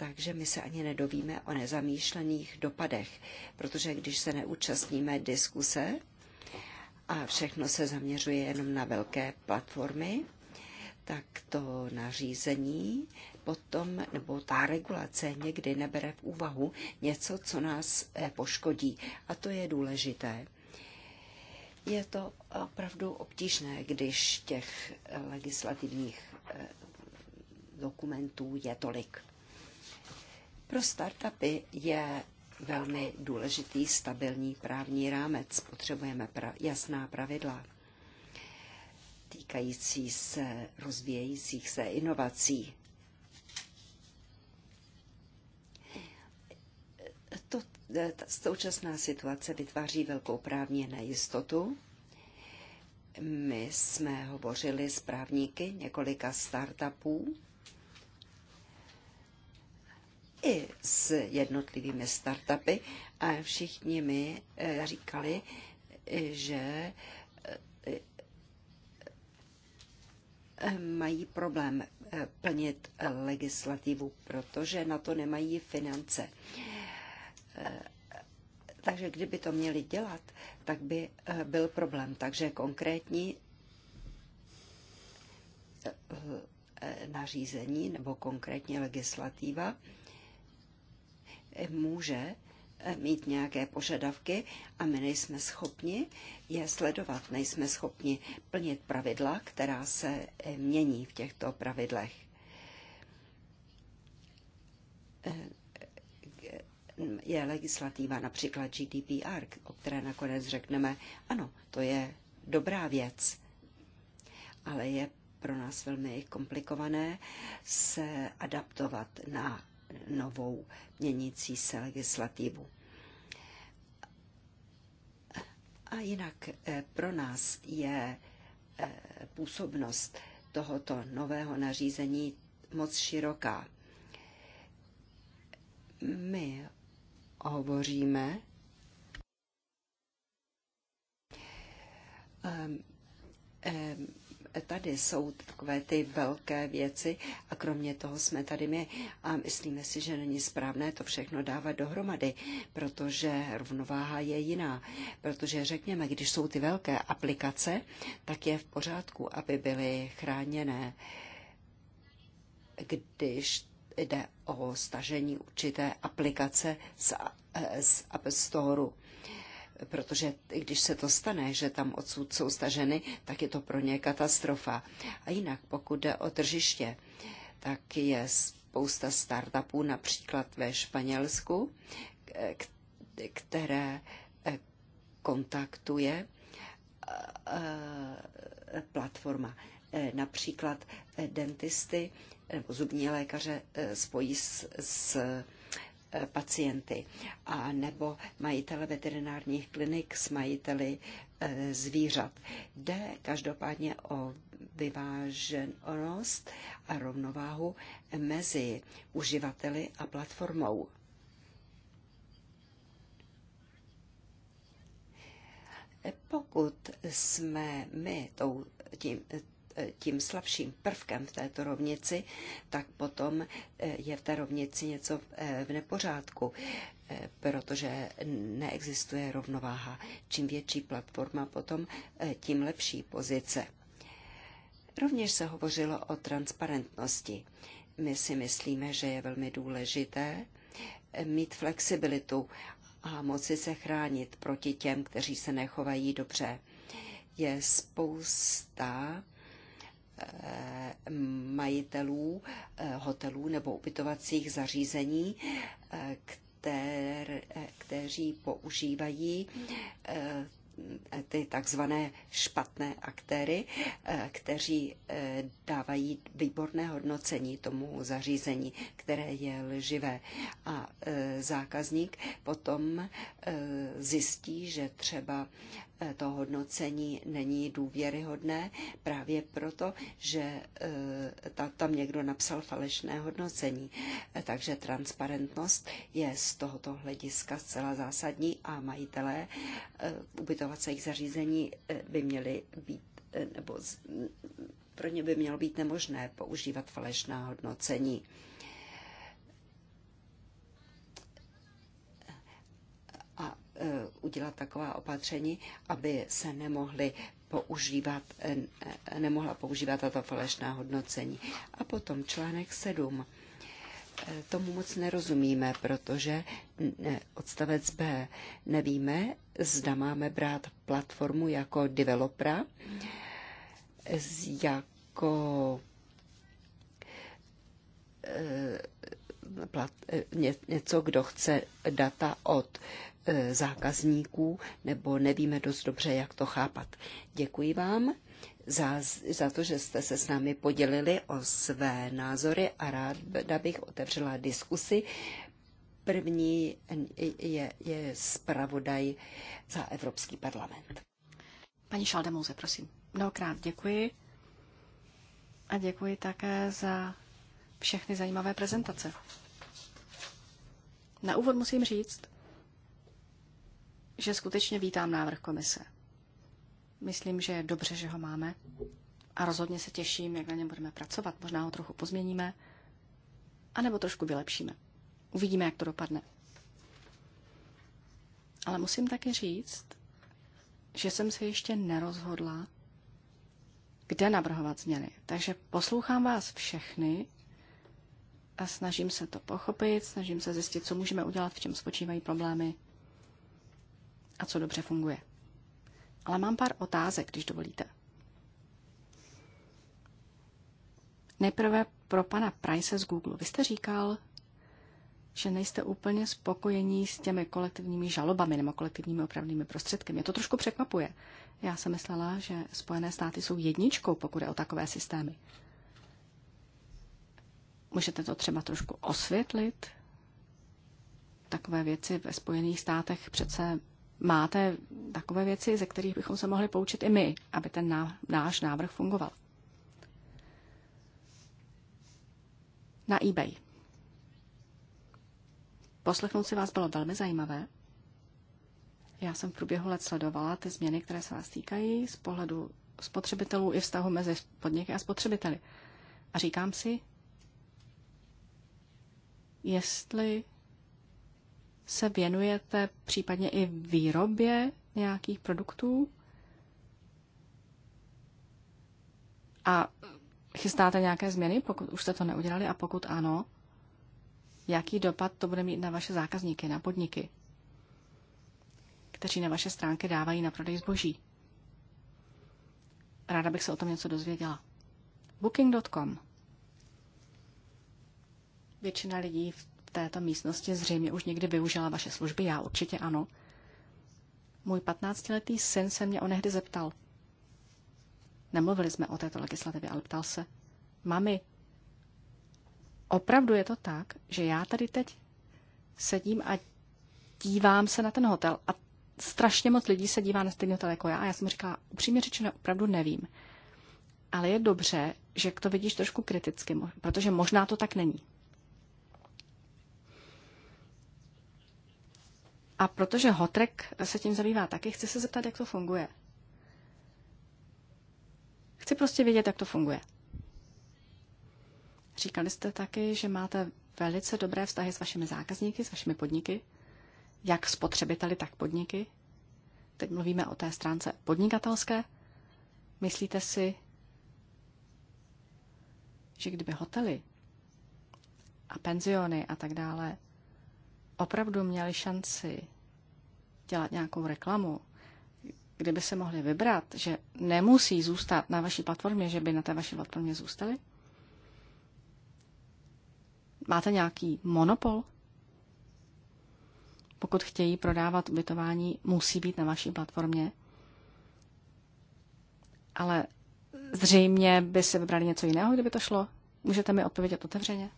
takže my se ani nedovíme o nezamýšlených dopadech, protože když se neúčastníme diskuse a všechno se zaměřuje jenom na velké platformy, tak to nařízení potom, nebo ta regulace někdy nebere v úvahu něco, co nás eh, poškodí. A to je důležité. Je to opravdu obtížné, když těch eh, legislativních eh, dokumentů je tolik. Pro startupy je velmi důležitý stabilní právní rámec. Potřebujeme pra- jasná pravidla týkající se rozvíjejících se inovací. To, e, ta současná situace vytváří velkou právní nejistotu. My jsme hovořili s právníky několika startupů i s jednotlivými startupy a všichni mi eh, říkali, že eh, mají problém eh, plnit legislativu, protože na to nemají finance. Takže kdyby to měli dělat, tak by byl problém. Takže konkrétní nařízení nebo konkrétně legislativa může eh, mít nějaké požadavky a my nejsme schopni je sledovat, nejsme schopni plnit pravidla, která se eh, mění v těchto pravidlech. Eh, je legislativa například GDPR, o které nakonec řekneme, ano, to je dobrá věc, ale je pro nás velmi komplikované se adaptovat na novou měnící se legislativu. A jinak eh, pro nás je eh, působnost tohoto nového nařízení moc široká. My hovoříme um, um, tady jsou takové ty velké věci a kromě toho jsme tady my a myslíme si, že není správné to všechno dávat dohromady, protože rovnováha je jiná. Protože řekněme, když jsou ty velké aplikace, tak je v pořádku, aby byly chráněné. Když jde o stažení určité aplikace z, eh, z App Store protože když se to stane, že tam odsud jsou staženy, tak je to pro ně katastrofa. A jinak, pokud jde o tržiště, tak je spousta startupů, například ve Španělsku, které eh, kontaktuje eh, eh, platforma. Například dentisty nebo zubní lékaře spojí s, s Eh, pacienty a nebo majitele veterinárních klinik s majiteli eh, zvířat. Jde každopádně o vyváženost a rovnováhu mezi uživateli a platformou. Eh, pokud jsme my tou, tím, E, tím slabším prvkem v této rovnici, tak potom e, je v té rovnici něco e, v nepořádku, protože neexistuje rovnováha. Čím větší platforma potom, tím lepší pozice. Rovněž se hovořilo o transparentnosti. My si myslíme, že je velmi důležité mít flexibilitu a moci se chránit proti těm, kteří se nechovají dobře. Je spousta Eh, majitelů eh, hotelů nebo ubytovacích zařízení, eh, kteří používají ty takzvané špatné aktéry, kteří dávají výborné hodnocení tomu zařízení, které je lživé. A zákazník potom zjistí, že třeba to hodnocení není důvěryhodné právě proto, že eh, tam někdo napsal falešné hodnocení. Takže transparentnost je z tohoto hlediska zcela zásadní a majitelé eh, ubytovacích zařízení eh, by měli být nebo pro ně by mělo být nemožné používat falešná hodnocení. Eh, udělat taková opatření, aby se nemohly používat, eh, nemohla používat tato falešná hodnocení. A potom článek 7. Eh, tomu moc nerozumíme, protože mm, odstavec B nevíme, zda máme brát platformu jako developera, jako něco, kdo chce data od E, zákazníků, nebo nevíme dost dobře, jak to chápat. Děkuji vám za, za to, že jste se s námi podělili o své názory a ráda bych otevřela diskusi. První je, je zpravodaj za Evropský parlament. Paní Šaldemouze, prosím. Mnohokrát děkuji. A děkuji také za všechny zajímavé prezentace. Na úvod musím říct, že skutečně vítám návrh komise. Myslím, že je dobře, že ho máme a rozhodně se těším, jak na něm budeme pracovat. Možná ho trochu pozměníme, anebo trošku vylepšíme. Uvidíme, jak to dopadne. Ale musím také říct, že jsem se ještě nerozhodla, kde navrhovat změny. Takže poslouchám vás všechny a snažím se to pochopit, snažím se zjistit, co můžeme udělat, v čem spočívají problémy a co dobře funguje. Ale mám pár otázek, když dovolíte. Nejprve pro pana Price z Google. Vy jste říkal, že nejste úplně spokojení s těmi kolektivními žalobami nebo kolektivními opravnými prostředky. Mě to trošku překvapuje. Já jsem myslela, že Spojené státy jsou jedničkou, pokud je o takové systémy. Můžete to třeba trošku osvětlit? Takové věci ve Spojených státech přece máte takové věci, ze kterých bychom se mohli poučit i my, aby ten náš návrh fungoval. Na eBay. Poslechnout si vás bylo velmi zajímavé. Já jsem v průběhu let sledovala ty změny, které se vás týkají z pohledu spotřebitelů i vztahu mezi podniky a spotřebiteli. A říkám si, jestli se věnujete případně i výrobě nějakých produktů? A chystáte nějaké změny, pokud už jste to neudělali a pokud ano, jaký dopad to bude mít na vaše zákazníky, na podniky, kteří na vaše stránky dávají na prodej zboží? Ráda bych se o tom něco dozvěděla. Booking.com Většina lidí v této místnosti zřejmě už někdy využila vaše služby, já určitě ano. Můj patnáctiletý syn se mě onehdy zeptal. Nemluvili jsme o této legislativě, ale ptal se. Mami, opravdu je to tak, že já tady teď sedím a dívám se na ten hotel a strašně moc lidí se dívá na stejný hotel jako já a já jsem říkala, upřímně řečeno, opravdu nevím. Ale je dobře, že to vidíš trošku kriticky, protože možná to tak není. A protože Hotrek se tím zabývá taky, chci se zeptat, jak to funguje. Chci prostě vědět, jak to funguje. Říkali jste taky, že máte velice dobré vztahy s vašimi zákazníky, s vašimi podniky, jak spotřebiteli, tak podniky. Teď mluvíme o té stránce podnikatelské. Myslíte si, že kdyby hotely a penziony a tak dále opravdu měli šanci dělat nějakou reklamu, kdyby se mohli vybrat, že nemusí zůstat na vaší platformě, že by na té vaší platformě zůstali? Máte nějaký monopol? Pokud chtějí prodávat ubytování, musí být na vaší platformě. Ale zřejmě by se vybrali něco jiného, kdyby to šlo. Můžete mi odpovědět otevřeně?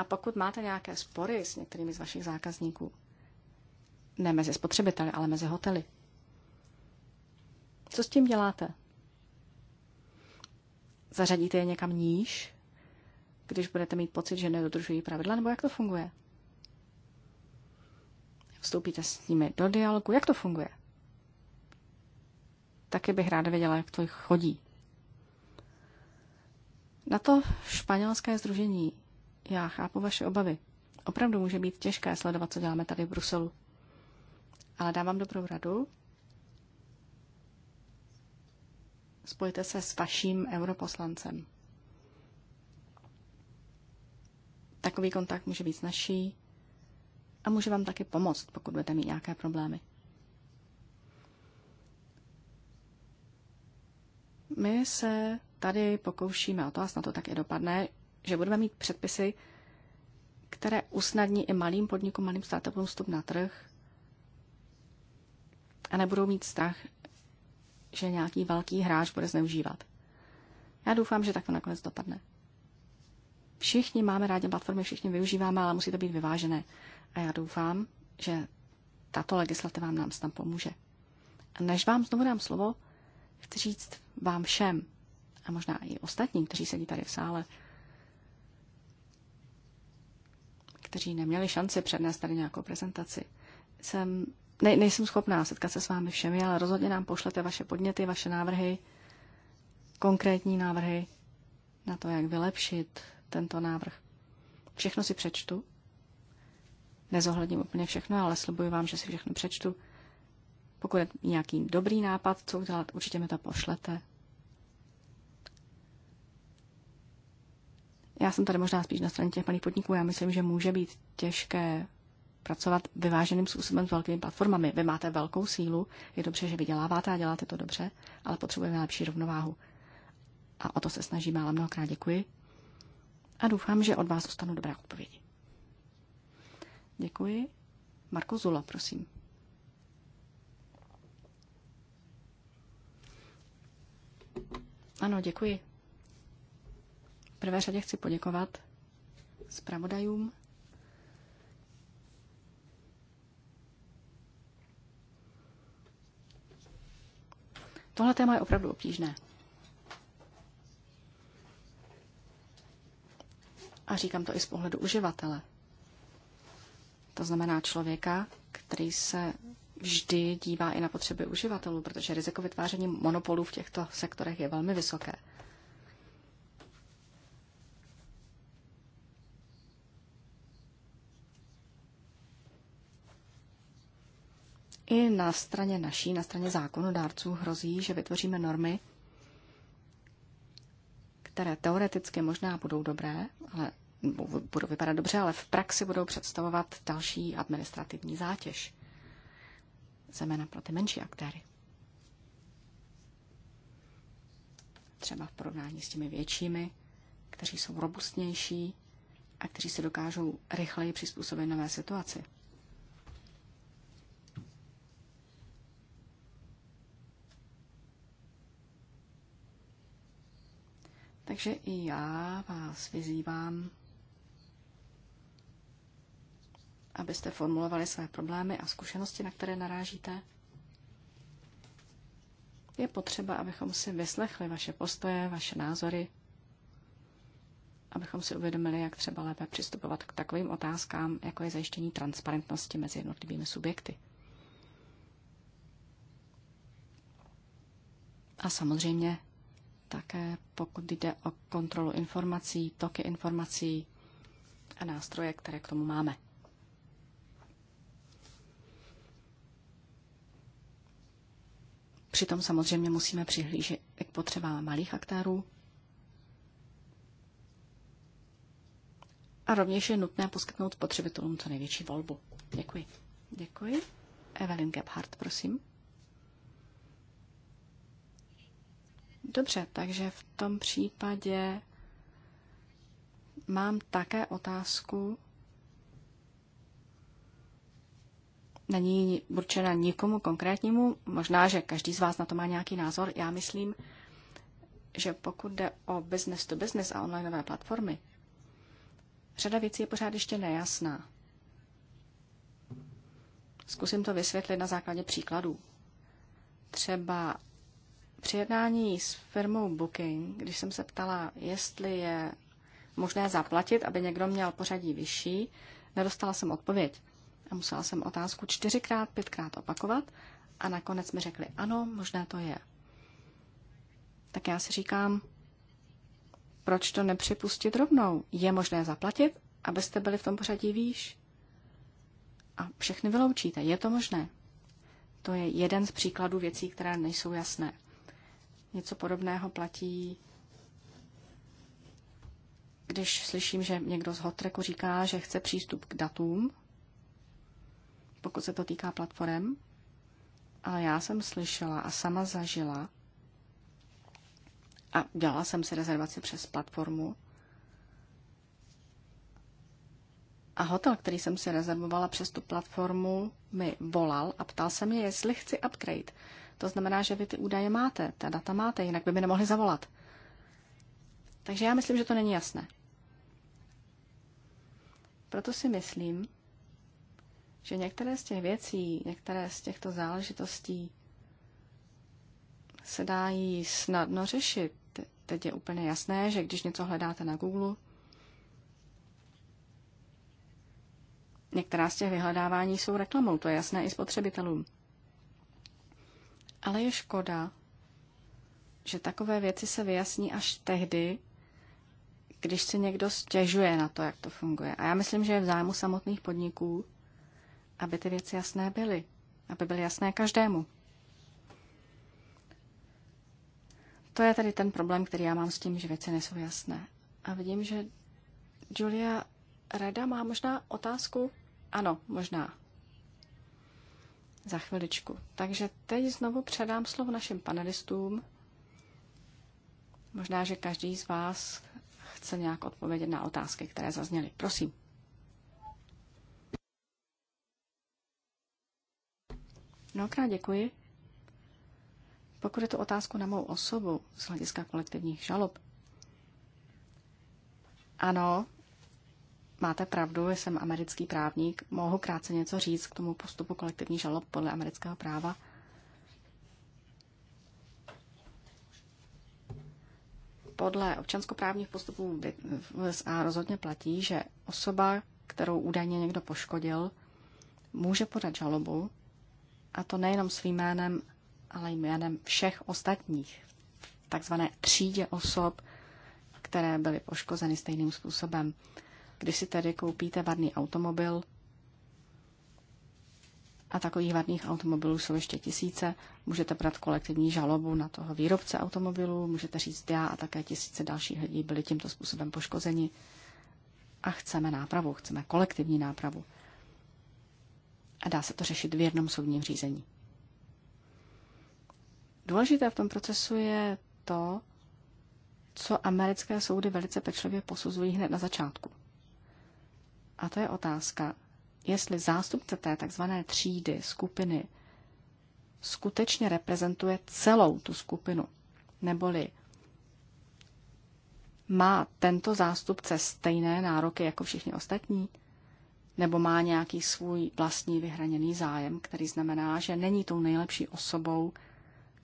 A pokud máte nějaké spory s některými z vašich zákazníků, ne mezi spotřebiteli, ale mezi hotely, co s tím děláte? Zařadíte je někam níž, když budete mít pocit, že nedodržují pravidla, nebo jak to funguje? Vstoupíte s nimi do dialogu, jak to funguje? Taky bych ráda věděla, jak to chodí. Na to španělské združení já chápu vaše obavy. Opravdu může být těžké sledovat, co děláme tady v Bruselu. Ale dávám dobrou radu. Spojte se s vaším europoslancem. Takový kontakt může být snažší a může vám taky pomoct, pokud budete mít nějaké problémy. My se tady pokoušíme o to, a snad to tak i dopadne, že budeme mít předpisy, které usnadní i malým podnikům, malým startupům vstup na trh a nebudou mít strach, že nějaký velký hráč bude zneužívat. Já doufám, že tak to nakonec dopadne. Všichni máme rádi platformy, všichni využíváme, ale musí to být vyvážené. A já doufám, že tato legislativa vám nám tam pomůže. A než vám znovu dám slovo, chci říct vám všem, a možná i ostatním, kteří sedí tady v sále, kteří neměli šanci přednést tady nějakou prezentaci. Jsem, ne, nejsem schopná setkat se s vámi všemi, ale rozhodně nám pošlete vaše podněty, vaše návrhy, konkrétní návrhy na to, jak vylepšit tento návrh. Všechno si přečtu. Nezohledním úplně všechno, ale slibuji vám, že si všechno přečtu. Pokud je nějaký dobrý nápad, co udělat, určitě mi to pošlete. Já jsem tady možná spíš na straně těch malých podniků. Já myslím, že může být těžké pracovat vyváženým způsobem s velkými platformami. Vy máte velkou sílu, je dobře, že vyděláváte a děláte to dobře, ale potřebujeme lepší rovnováhu. A o to se snažíme, ale mnohokrát děkuji. A doufám, že od vás dostanu dobré odpovědi. Děkuji. Marko Zula, prosím. Ano, děkuji prvé řadě chci poděkovat zpravodajům. Tohle téma je opravdu obtížné. A říkám to i z pohledu uživatele. To znamená člověka, který se vždy dívá i na potřeby uživatelů, protože riziko vytváření monopolů v těchto sektorech je velmi vysoké. i na straně naší, na straně zákonodárců hrozí, že vytvoříme normy, které teoreticky možná budou dobré, ale budou vypadat dobře, ale v praxi budou představovat další administrativní zátěž, zejména pro ty menší aktéry. Třeba v porovnání s těmi většími, kteří jsou robustnější a kteří se dokážou rychleji přizpůsobit nové situaci. Takže i já vás vyzývám, abyste formulovali své problémy a zkušenosti, na které narážíte. Je potřeba, abychom si vyslechli vaše postoje, vaše názory, abychom si uvědomili, jak třeba lépe přistupovat k takovým otázkám, jako je zajištění transparentnosti mezi jednotlivými subjekty. A samozřejmě také pokud jde o kontrolu informací, toky informací a nástroje, které k tomu máme. Přitom samozřejmě musíme přihlížet k potřebám malých aktérů. A rovněž je nutné poskytnout spotřebitelům co největší volbu. Děkuji. Děkuji. Evelyn Gebhardt, prosím. Dobře, takže v tom případě mám také otázku. Není určena nikomu konkrétnímu, možná, že každý z vás na to má nějaký názor. Já myslím, že pokud jde o business to business a onlineové platformy, řada věcí je pořád ještě nejasná. Zkusím to vysvětlit na základě příkladů. Třeba při jednání s firmou Booking, když jsem se ptala, jestli je možné zaplatit, aby někdo měl pořadí vyšší, nedostala jsem odpověď. A musela jsem otázku čtyřikrát, pětkrát opakovat a nakonec mi řekli, ano, možné to je. Tak já si říkám, proč to nepřipustit rovnou? Je možné zaplatit, abyste byli v tom pořadí výš? A všechny vyloučíte. Je to možné? To je jeden z příkladů věcí, které nejsou jasné. Něco podobného platí, když slyším, že někdo z Hotreku říká, že chce přístup k datům, pokud se to týká platform, ale já jsem slyšela a sama zažila a dělala jsem si rezervaci přes platformu a hotel, který jsem si rezervovala přes tu platformu, mi volal a ptal se mě, jestli chci upgrade. To znamená, že vy ty údaje máte, ta data máte, jinak by mi nemohli zavolat. Takže já myslím, že to není jasné. Proto si myslím, že některé z těch věcí, některé z těchto záležitostí se dájí snadno řešit. Teď je úplně jasné, že když něco hledáte na Google, některá z těch vyhledávání jsou reklamou, to je jasné i spotřebitelům. Ale je škoda, že takové věci se vyjasní až tehdy, když se někdo stěžuje na to, jak to funguje. A já myslím, že je v zájmu samotných podniků, aby ty věci jasné byly, aby byly jasné každému. To je tady ten problém, který já mám s tím, že věci nejsou jasné. A vidím, že Julia Reda má možná otázku. Ano, možná za chviličku. Takže teď znovu předám slovo našim panelistům. Možná, že každý z vás chce nějak odpovědět na otázky, které zazněly. Prosím. Mnohokrát děkuji. Pokud je to otázku na mou osobu z hlediska kolektivních žalob, ano, Máte pravdu, jsem americký právník, mohu krátce něco říct k tomu postupu kolektivní žalob podle amerického práva. Podle občanskoprávních postupů v USA rozhodně platí, že osoba, kterou údajně někdo poškodil, může podat žalobu, a to nejenom svým jménem, ale i jménem všech ostatních, takzvané třídě osob, které byly poškozeny stejným způsobem. Když si tedy koupíte vadný automobil, a takových vadných automobilů jsou ještě tisíce, můžete brát kolektivní žalobu na toho výrobce automobilů, můžete říct já a také tisíce dalších lidí byli tímto způsobem poškozeni a chceme nápravu, chceme kolektivní nápravu. A dá se to řešit v jednom soudním řízení. Důležité v tom procesu je to, co americké soudy velice pečlivě posuzují hned na začátku. A to je otázka, jestli zástupce té tzv. třídy, skupiny, skutečně reprezentuje celou tu skupinu. Neboli má tento zástupce stejné nároky jako všichni ostatní? Nebo má nějaký svůj vlastní vyhraněný zájem, který znamená, že není tou nejlepší osobou,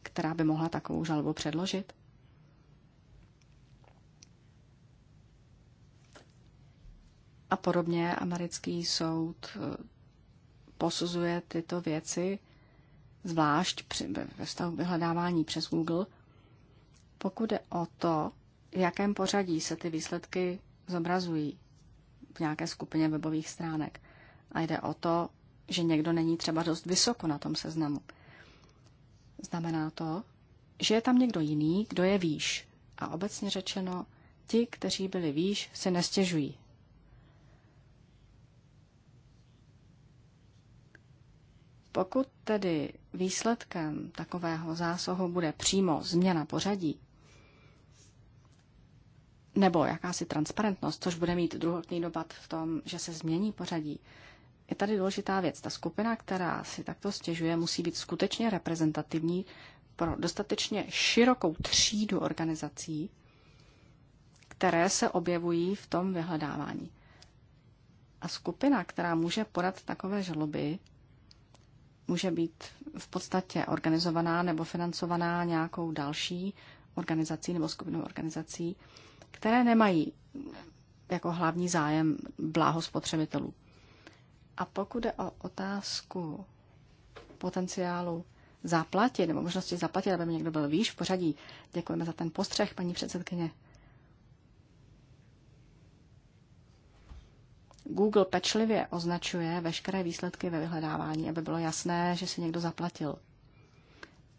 která by mohla takovou žalobu předložit? A podobně americký soud eh, posuzuje tyto věci, zvlášť při, ve stavu vyhledávání přes Google, pokud je o to, v jakém pořadí se ty výsledky zobrazují v nějaké skupině webových stránek. A jde o to, že někdo není třeba dost vysoko na tom seznamu. Znamená to, že je tam někdo jiný, kdo je výš. A obecně řečeno, ti, kteří byli výš, si nestěžují. Pokud tedy výsledkem takového zásahu bude přímo změna pořadí, nebo jakási transparentnost, což bude mít druhotný dopad v tom, že se změní pořadí, je tady důležitá věc. Ta skupina, která si takto stěžuje, musí být skutečně reprezentativní pro dostatečně širokou třídu organizací, které se objevují v tom vyhledávání. A skupina, která může podat takové žaloby, může být v podstatě organizovaná nebo financovaná nějakou další organizací nebo skupinou organizací, které nemají jako hlavní zájem bláho spotřebitelů. A pokud jde o otázku potenciálu zaplatit nebo možnosti zaplatit, aby mi někdo byl výš v pořadí, děkujeme za ten postřeh, paní předsedkyně. Google pečlivě označuje veškeré výsledky ve vyhledávání, aby bylo jasné, že si někdo zaplatil.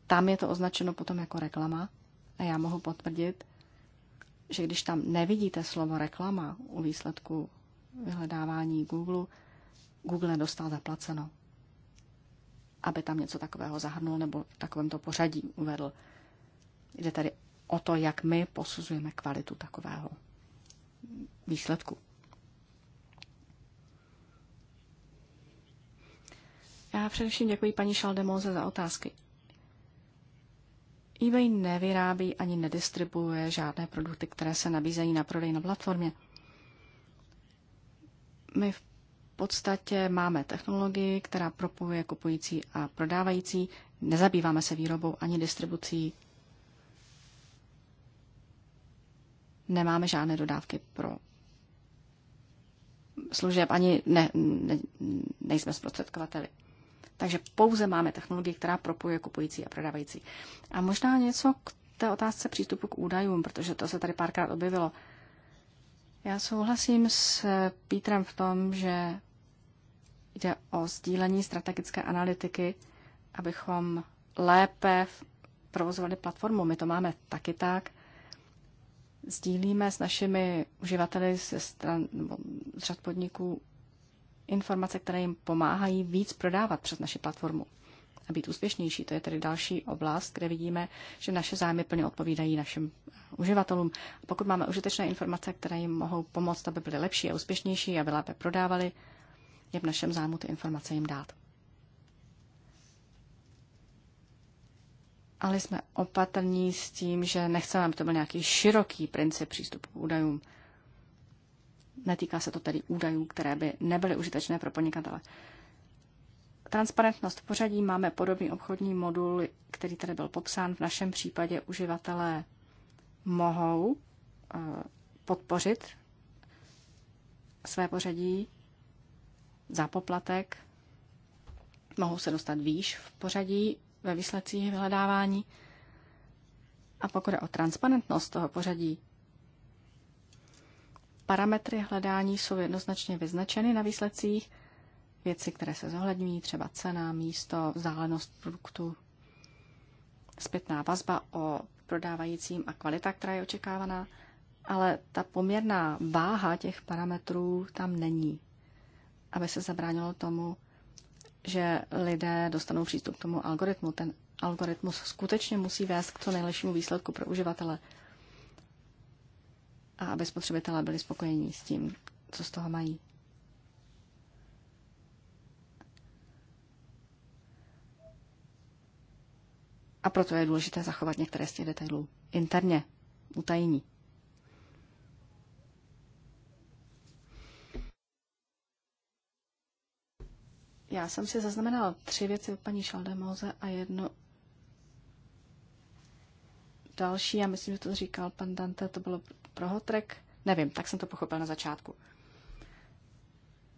Tam je to označeno potom jako reklama a já mohu potvrdit, že když tam nevidíte slovo reklama u výsledku vyhledávání Google, Google nedostal zaplaceno, aby tam něco takového zahrnul nebo v takovémto pořadí uvedl. Jde tady o to, jak my posuzujeme kvalitu takového výsledku. Já především děkuji paní Šaldemoze za otázky. eBay nevyrábí ani nedistribuuje žádné produkty, které se nabízejí na prodej na platformě. My v podstatě máme technologii, která propojuje kupující a prodávající. Nezabýváme se výrobou ani distribucí. Nemáme žádné dodávky pro služeb, ani ne, ne, nejsme zprostředkovateli. Takže pouze máme technologii, která propojuje kupující a prodávající. A možná něco k té otázce přístupu k údajům, protože to se tady párkrát objevilo. Já souhlasím s Pítrem v tom, že jde o sdílení strategické analytiky, abychom lépe provozovali platformu. My to máme taky tak. Sdílíme s našimi uživateli ze stran, z řad podniků informace, které jim pomáhají víc prodávat přes naši platformu a být úspěšnější. To je tedy další oblast, kde vidíme, že naše zájmy plně odpovídají našim eh, uživatelům. A pokud máme užitečné informace, které jim mohou pomoct, aby byly lepší a úspěšnější, aby lépe prodávali, je v našem zájmu ty informace jim dát. Ale jsme opatrní s tím, že nechceme, aby to byl nějaký široký princip přístupu k údajům. Netýká se to tedy údajů, které by nebyly užitečné pro podnikatele. Transparentnost pořadí máme podobný obchodní modul, který tady byl popsán. V našem případě uživatelé mohou eh, podpořit své pořadí za poplatek, mohou se dostat výš v pořadí ve výsledcích vyhledávání. A pokud je o transparentnost toho pořadí, Parametry hledání jsou jednoznačně vyznačeny na výsledcích. Věci, které se zohledňují, třeba cena, místo, vzdálenost produktu, zpětná vazba o prodávajícím a kvalita, která je očekávaná, ale ta poměrná váha těch parametrů tam není, aby se zabránilo tomu, že lidé dostanou přístup k tomu algoritmu. Ten algoritmus skutečně musí vést k co nejlepšímu výsledku pro uživatele – a aby spotřebitelé byli spokojení s tím, co z toho mají. A proto je důležité zachovat některé z těch detailů interně, utajení. Já jsem si zaznamenala tři věci od paní Šaldemóze a jedno další, já myslím, že to říkal pan Dante, to bylo prohotrek, nevím, tak jsem to pochopil na začátku.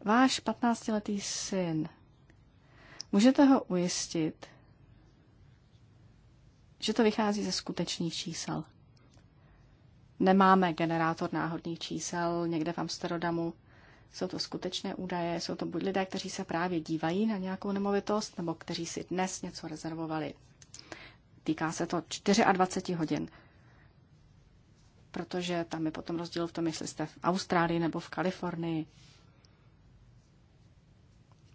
Váš 15-letý syn, můžete ho ujistit, že to vychází ze skutečných čísel. Nemáme generátor náhodných čísel někde v Amsterdamu. Jsou to skutečné údaje, jsou to buď lidé, kteří se právě dívají na nějakou nemovitost, nebo kteří si dnes něco rezervovali Týká se to 24 hodin. Protože tam je potom rozdíl v tom, jestli jste v Austrálii nebo v Kalifornii.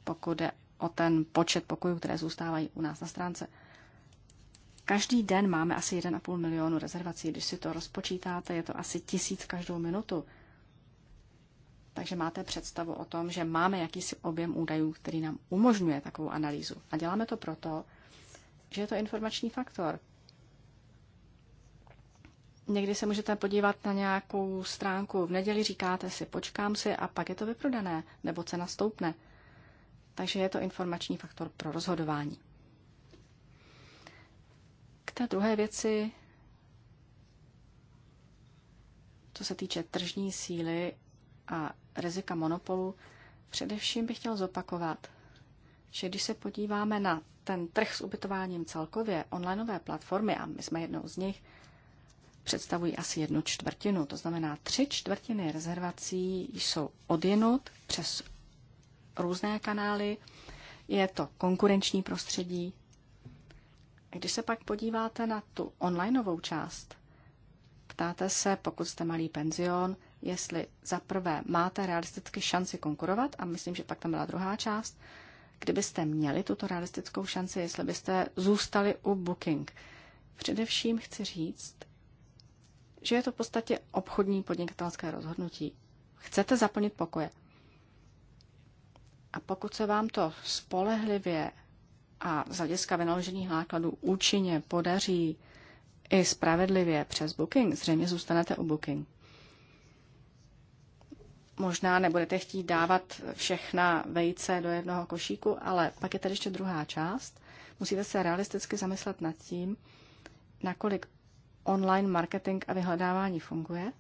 Pokud jde o ten počet pokojů, které zůstávají u nás na stránce. Každý den máme asi 1,5 milionu rezervací. Když si to rozpočítáte, je to asi tisíc každou minutu. Takže máte představu o tom, že máme jakýsi objem údajů, který nám umožňuje takovou analýzu. A děláme to proto, že je to informační faktor. Někdy se můžete podívat na nějakou stránku. V neděli říkáte si, počkám si a pak je to vyprodané, nebo cena stoupne. Takže je to informační faktor pro rozhodování. K té druhé věci, co se týče tržní síly a rizika monopolu, především bych chtěl zopakovat, že když se podíváme na ten trh s ubytováním celkově, onlineové platformy, a my jsme jednou z nich, představují asi jednu čtvrtinu. To znamená, tři čtvrtiny rezervací jsou odjenut přes různé kanály. Je to konkurenční prostředí. Když se pak podíváte na tu onlineovou část, ptáte se, pokud jste malý penzion, jestli za prvé máte realisticky šanci konkurovat, a myslím, že pak tam byla druhá část, kdybyste měli tuto realistickou šanci, jestli byste zůstali u Booking. Především chci říct, že je to v podstatě obchodní podnikatelské rozhodnutí. Chcete zaplnit pokoje. A pokud se vám to spolehlivě a z hlediska vynaložených nákladů účinně podaří i spravedlivě přes Booking, zřejmě zůstanete u Booking možná nebudete chtít dávat všechna vejce do jednoho košíku, ale pak je tady ještě druhá část. Musíte se realisticky zamyslet nad tím, nakolik online marketing a vyhledávání funguje.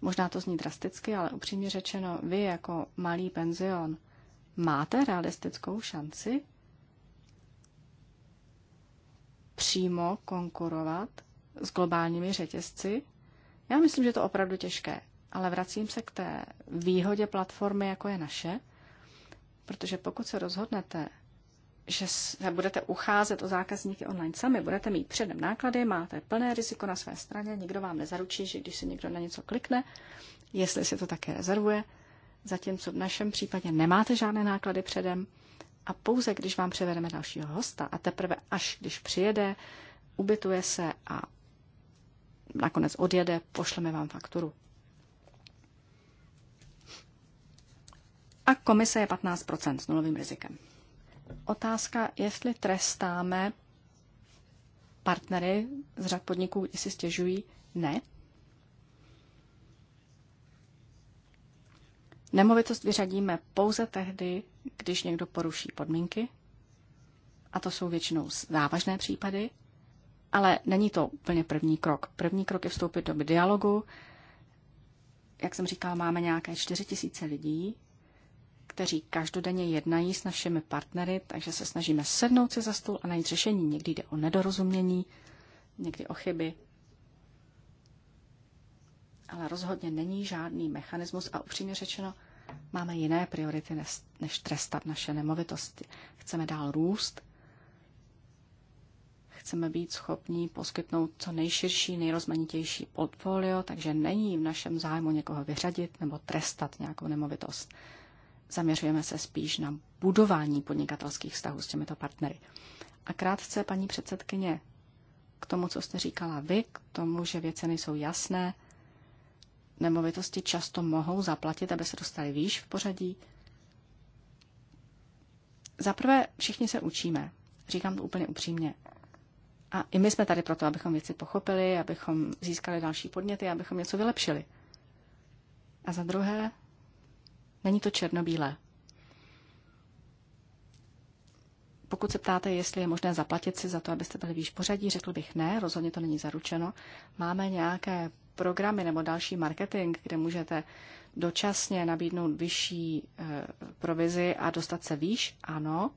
Možná to zní drasticky, ale upřímně řečeno, vy jako malý penzion máte realistickou šanci přímo konkurovat s globálními řetězci? Já myslím, že to opravdu těžké. Ale vracím se k té výhodě platformy, jako je naše, protože pokud se rozhodnete, že se budete ucházet o zákazníky online sami, budete mít předem náklady, máte plné riziko na své straně, nikdo vám nezaručí, že když se někdo na něco klikne, jestli si to také rezervuje, zatímco v našem případě nemáte žádné náklady předem a pouze když vám přivedeme dalšího hosta a teprve až když přijede, ubytuje se a nakonec odjede, pošleme vám fakturu. a komise je 15 s nulovým rizikem. Otázka, jestli trestáme partnery z řad podniků, jestli stěžují, ne. Nemovitost vyřadíme pouze tehdy, když někdo poruší podmínky, a to jsou většinou závažné případy, ale není to úplně první krok. První krok je vstoupit do dialogu. Jak jsem říkal, máme nějaké 4 tisíce lidí, kteří každodenně jednají s našimi partnery, takže se snažíme sednout si za stůl a najít řešení. Někdy jde o nedorozumění, někdy o chyby. Ale rozhodně není žádný mechanismus a upřímně řečeno, máme jiné priority než trestat naše nemovitosti. Chceme dál růst, chceme být schopní poskytnout co nejširší, nejrozmanitější portfolio, takže není v našem zájmu někoho vyřadit nebo trestat nějakou nemovitost zaměřujeme se spíš na budování podnikatelských vztahů s těmito partnery. A krátce, paní předsedkyně, k tomu, co jste říkala vy, k tomu, že věci nejsou jasné, nemovitosti často mohou zaplatit, aby se dostali výš v pořadí. Zaprvé všichni se učíme, říkám to úplně upřímně. A i my jsme tady proto, abychom věci pochopili, abychom získali další podněty, abychom něco vylepšili. A za druhé, Není to černobílé. Pokud se ptáte, jestli je možné zaplatit si za to, abyste byli výš pořadí, řekl bych ne, rozhodně to není zaručeno. Máme nějaké programy nebo další marketing, kde můžete dočasně nabídnout vyšší e, provizi a dostat se výš, ano,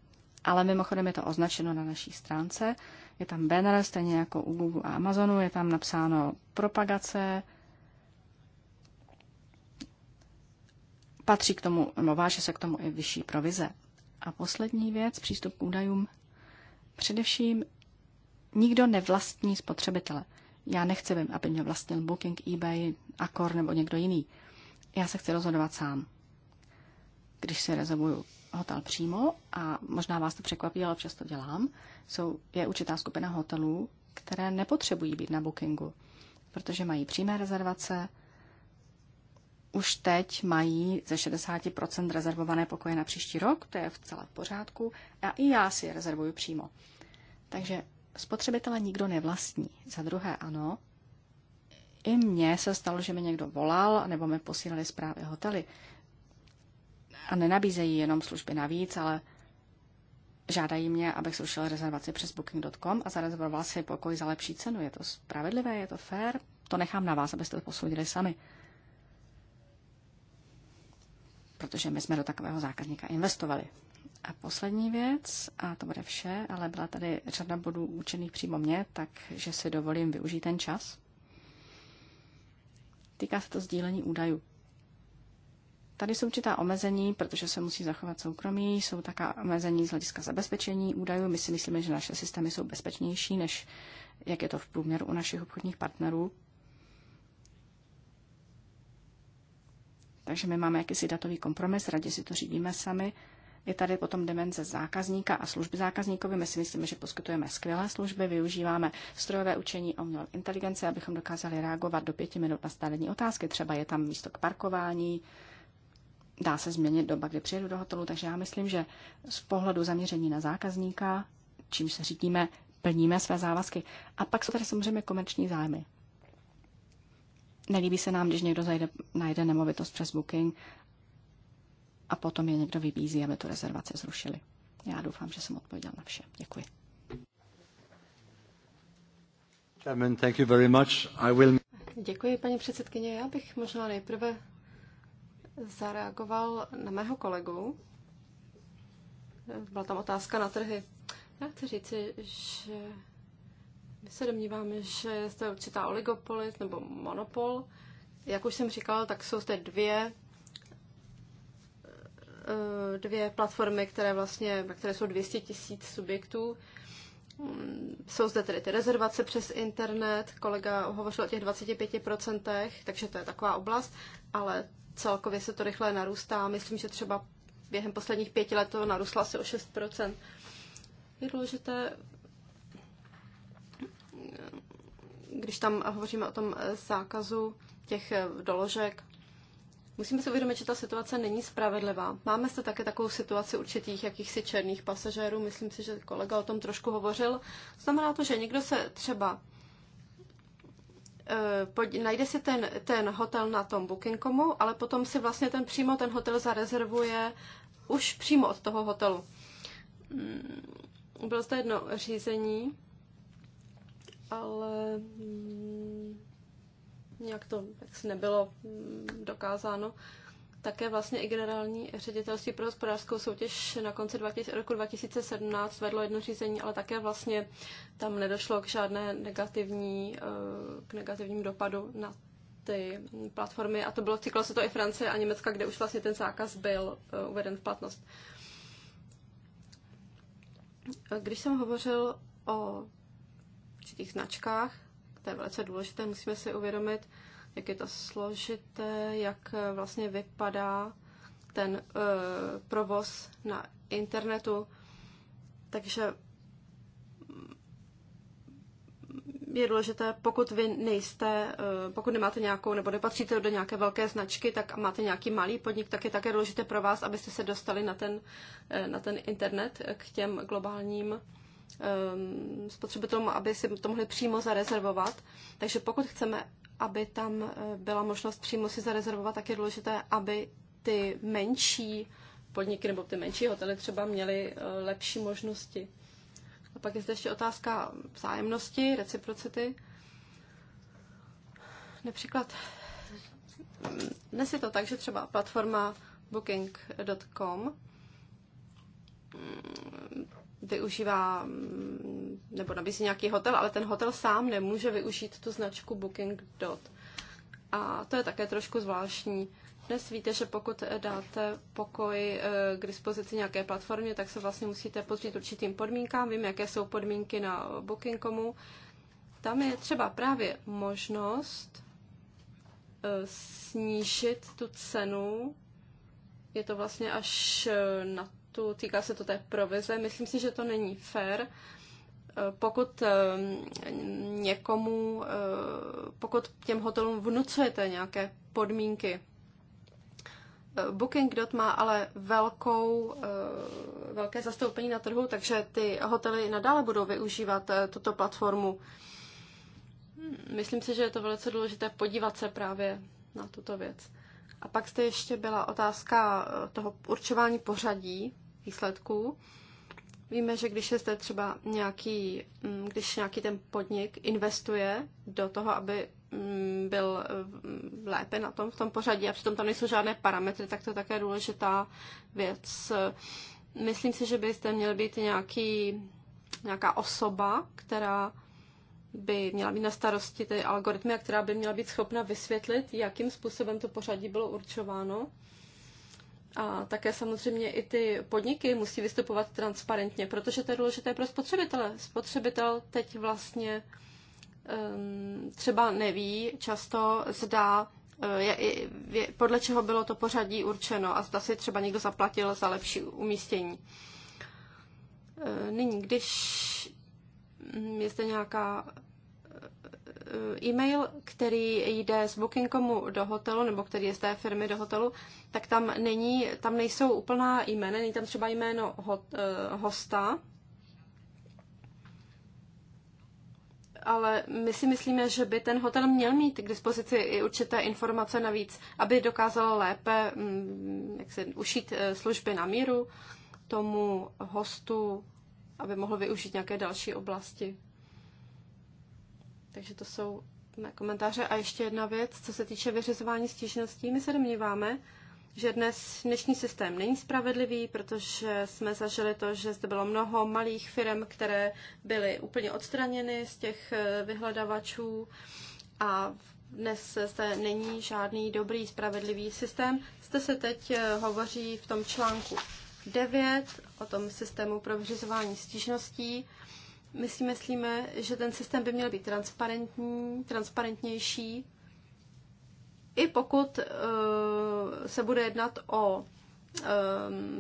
ale mimochodem je to označeno na naší stránce. Je tam banner, stejně jako u Google a Amazonu, je tam napsáno propagace, patří k tomu, no váže se k tomu i vyšší provize. A poslední věc, přístup k údajům. Především nikdo nevlastní spotřebitele. Já nechci, aby mě vlastnil Booking, eBay, Accor nebo někdo jiný. Já se chci rozhodovat sám. Když si rezervuju hotel přímo, a možná vás to překvapí, ale občas to dělám, jsou, je určitá skupina hotelů, které nepotřebují být na Bookingu, protože mají přímé rezervace, už teď mají ze 60% rezervované pokoje na příští rok, to je v celé pořádku, a i já si je rezervuju přímo. Takže spotřebitele nikdo nevlastní. Za druhé ano, i mně se stalo, že mi někdo volal, nebo mi posílali zprávy hotely. A nenabízejí jenom služby navíc, ale žádají mě, abych slušel rezervaci přes booking.com a zarezervoval si pokoj za lepší cenu. Je to spravedlivé, je to fér? To nechám na vás, abyste to posoudili sami protože my jsme do takového zákazníka investovali. A poslední věc, a to bude vše, ale byla tady řada bodů učených přímo mě, takže si dovolím využít ten čas. Týká se to sdílení údajů. Tady jsou určitá omezení, protože se musí zachovat soukromí, jsou taká omezení z hlediska zabezpečení údajů. My si myslíme, že naše systémy jsou bezpečnější, než jak je to v průměru u našich obchodních partnerů, Takže my máme jakýsi datový kompromis, radě si to řídíme sami. Je tady potom demence zákazníka a služby zákazníkovi. My si myslíme, že poskytujeme skvělé služby, využíváme strojové učení a umělé inteligence, abychom dokázali reagovat do pěti minut na stálení otázky. Třeba je tam místo k parkování, dá se změnit doba, kdy přijedu do hotelu. Takže já myslím, že z pohledu zaměření na zákazníka, čím se řídíme, plníme své závazky. A pak jsou tady samozřejmě komerční zájmy. Nelíbí se nám, když někdo zajde, najde nemovitost přes Booking a potom je někdo vybízí, aby tu rezervaci zrušili. Já doufám, že jsem odpověděl na vše. Děkuji. Chairman, thank you very much. I will... Děkuji, paní předsedkyně. Já bych možná nejprve zareagoval na mého kolegu. Byla tam otázka na trhy. Já chci říci, že my se domníváme, že je určitá oligopolis nebo monopol. Jak už jsem říkal, tak jsou zde dvě eh, dvě platformy, které vlastně, které jsou 200 tisíc subjektů. Mm, jsou zde tedy ty rezervace přes internet, kolega hovořil o těch 25%, takže to je taková oblast, ale celkově se to rychle narůstá. Myslím, že třeba během posledních pěti let to narůstlo asi o 6%. Je důležité když tam hovoříme o tom eh, zákazu těch eh, doložek, musíme si uvědomit, že ta situace není spravedlivá. Máme se také takovou situaci určitých jakýchsi černých pasažérů, myslím si, že kolega o tom trošku hovořil. Znamená to, že někdo se třeba eh, najde si ten, ten hotel na tom Booking.comu, ale potom si vlastně ten přímo ten hotel zarezervuje už přímo od toho hotelu. Hmm, bylo zde jedno řízení, ale mm, nějak to jaksi nebylo mm, dokázáno. Také vlastně i generální ředitelství pro hospodářskou soutěž na konci 20, roku 2017 vedlo jedno řízení, ale také vlastně tam nedošlo k žádné negativní, eh, k negativním dopadu na ty platformy a to bylo, týkalo se to i Francie a Německa, kde už vlastně ten zákaz byl eh, uveden v platnost. Když jsem hovořil o určitých značkách, to je velice důležité, musíme si uvědomit, jak je to složité, jak eh, vlastně vypadá ten e, provoz na internetu. Takže mm, je důležité, pokud vy nejste, eh, pokud nemáte nějakou nebo nepatříte do nějaké velké značky, tak máte nějaký malý podnik, tak je také důležité pro vás, abyste se dostali na ten, na ten internet k těm globálním Ehm, spotřebitelům, aby si to mohli přímo zarezervovat. Takže pokud chceme, aby tam eh, byla možnost přímo si zarezervovat, tak je důležité, aby ty menší podniky nebo ty menší hotely třeba měly eh, lepší možnosti. A pak je zde ještě otázka vzájemnosti, reciprocity. Například mm, dnes je to tak, že třeba platforma booking.com využívá mm, nebo nabízí nějaký hotel, ale ten hotel sám nemůže využít tu značku dot A to je také trošku zvláštní. Dnes víte, že pokud dáte pokoj eh, k dispozici nějaké platformě, tak se vlastně musíte podřídit určitým podmínkám. Vím, jaké jsou podmínky na Booking.comu. Tam je třeba právě možnost eh, snížit tu cenu. Je to vlastně až eh, na tu, týká se to té provize. Myslím si, že to není fair, eh, Pokud eh, někomu, eh, pokud těm hotelům vnucujete nějaké podmínky, dot má ale velkou, velké zastoupení na trhu, takže ty hotely nadále budou využívat tuto platformu. Myslím si, že je to velice důležité podívat se právě na tuto věc. A pak jste ještě byla otázka toho určování pořadí výsledků. Víme, že když je zde třeba nějaký, mm, když nějaký ten podnik investuje do toho, aby mm, byl mm, lépe na tom v tom pořadí a přitom tam nejsou žádné parametry, tak to je také důležitá věc. Myslím si, že byste měl být nějaký, nějaká osoba, která by měla být na starosti ty algoritmy a která by měla být schopna vysvětlit, jakým způsobem to pořadí bylo určováno. A také samozřejmě i ty podniky musí vystupovat transparentně, protože to je důležité pro spotřebitele. Spotřebitel teď vlastně ehm, třeba neví často, zdá eh, je, je, podle čeho bylo to pořadí určeno a zda si třeba někdo zaplatil za lepší umístění. Eh, nyní, když mm, je zde nějaká Eh, e-mail, který jde z Booking.comu do hotelu, nebo který je z té firmy do hotelu, tak tam, není, tam nejsou úplná jména, není tam třeba jméno hot, eh, hosta, ale my si myslíme, že by ten hotel měl mít k dispozici i určité informace navíc, aby dokázal lépe mm, jak se, ušít eh, služby na míru tomu hostu, aby mohl využít nějaké další oblasti. Takže to jsou mé komentáře. A ještě jedna věc, co se týče vyřizování stížností. My se domníváme, že dnes dnešní systém není spravedlivý, protože jsme zažili to, že zde bylo mnoho malých firm, které byly úplně odstraněny z těch eh, vyhledavačů a dnes zde není žádný dobrý, spravedlivý systém. Zde se teď eh, hovoří v tom článku 9 o tom systému pro vyřizování stížností. My si myslíme, že ten systém by měl být transparentní, transparentnější, i pokud uh, se bude jednat o um,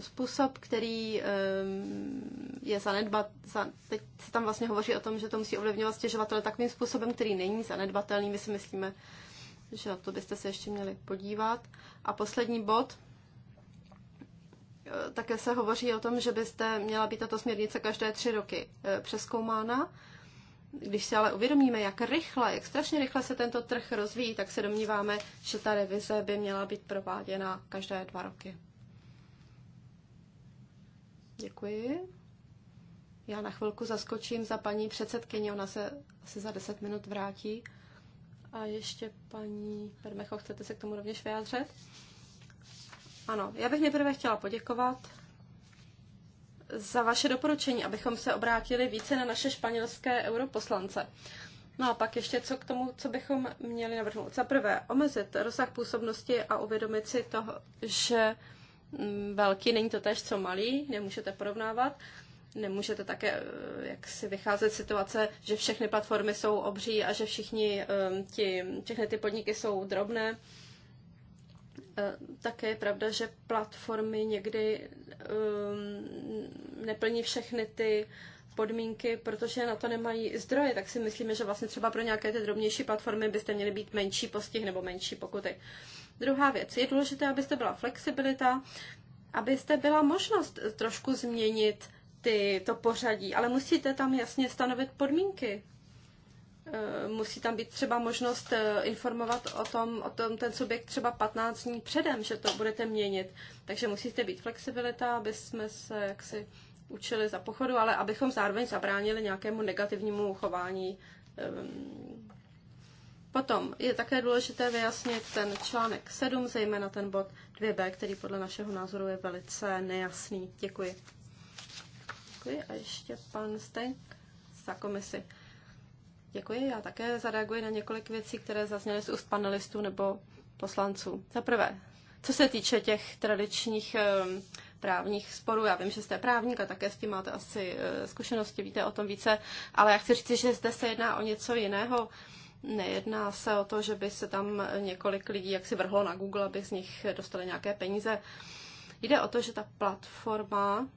způsob, který um, je zanedbat, za, teď se tam vlastně hovoří o tom, že to musí ovlivňovat stěžovatele takovým způsobem, který není zanedbatelný, my si myslíme, že na to byste se ještě měli podívat. A poslední bod, také se hovoří o tom, že byste měla být tato směrnice každé tři roky eh, přeskoumána. Když si ale uvědomíme, jak rychle, jak strašně rychle se tento trh rozvíjí, tak se domníváme, že ta revize by měla být prováděna každé dva roky. Děkuji. Já na chvilku zaskočím za paní předsedkyni, ona se asi za 10 minut vrátí. A ještě paní Permecho, chcete se k tomu rovněž vyjádřit? Ano, já bych nejprve chtěla poděkovat za vaše doporučení, abychom se obrátili více na naše španělské europoslance. No a pak ještě co k tomu, co bychom měli navrhnout. Za prvé, omezit rozsah působnosti a uvědomit si to, že mm, velký není to tež, co malý, nemůžete porovnávat. Nemůžete také eh, jak si vycházet situace, že všechny platformy jsou obří a že všichni eh, ti, všechny ty podniky jsou drobné. Eh, také je pravda, že platformy někdy um, neplní všechny ty podmínky, protože na to nemají zdroje, tak si myslíme, že vlastně třeba pro nějaké ty drobnější platformy byste měly být menší postih nebo menší pokuty. Druhá věc, je důležité, abyste byla flexibilita, abyste byla možnost trošku změnit ty, to pořadí, ale musíte tam jasně stanovit podmínky. Eh, musí tam být třeba možnost eh, informovat o tom, o tom ten subjekt třeba 15 dní předem, že to budete měnit. Takže musíte být flexibilita, aby jsme se jaksi učili za pochodu, ale abychom zároveň zabránili nějakému negativnímu chování. Ehm. Potom je také důležité vyjasnit ten článek 7, zejména ten bod 2b, který podle našeho názoru je velice nejasný. Děkuji. Děkuji a ještě pan Stenk za komisi. Děkuji. Já také zareaguji na několik věcí, které zazněly z úst panelistů nebo poslanců. Za prvé, co se týče těch tradičních právních sporů, já vím, že jste právník a také s tím máte asi e, zkušenosti, víte o tom více, ale já chci říct, že zde se jedná o něco jiného. Nejedná se o to, že by se tam několik lidí jak si vrhlo na Google, aby z nich dostali nějaké peníze. Jde o to, že ta platforma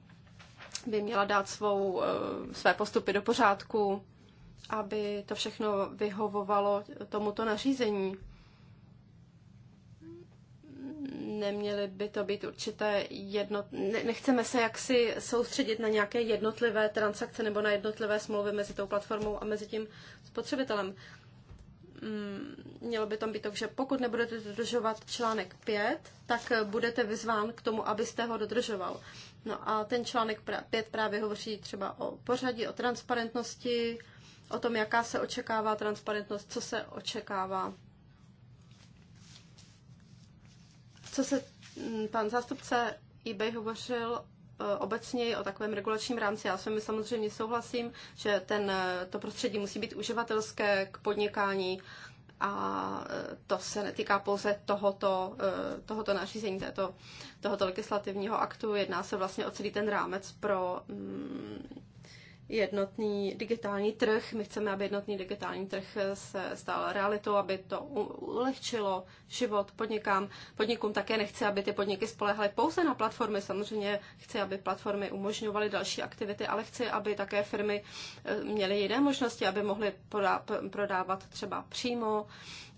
by měla dát svou, e, své postupy do pořádku, aby to všechno vyhovovalo tomuto nařízení. Neměly by to být určité jednot... Nechceme se jaksi soustředit na nějaké jednotlivé transakce nebo na jednotlivé smlouvy mezi tou platformou a mezi tím spotřebitelem. Mm, mělo by tam být to, že pokud nebudete dodržovat článek 5, tak budete vyzván k tomu, abyste ho dodržoval. No a ten článek 5 právě hovoří třeba o pořadí, o transparentnosti, o tom, jaká se očekává transparentnost, co se očekává. Co se mm, pan zástupce eBay hovořil e, obecně o takovém regulačním rámci. Já s vámi samozřejmě souhlasím, že ten, e, to prostředí musí být uživatelské k podnikání a e, to se netýká pouze tohoto, tohoto nařízení, této, tohoto legislativního aktu. Jedná se vlastně o celý ten rámec pro mm, jednotný digitální trh. My chceme, aby jednotný digitální trh eh, se stal realitou, aby to ulehčilo život podnikám. Podnikům také nechci, aby ty podniky spolehaly pouze na platformy. Samozřejmě chci, aby platformy umožňovaly další aktivity, ale chci, aby také firmy eh, měly jiné možnosti, aby mohly prodávat třeba přímo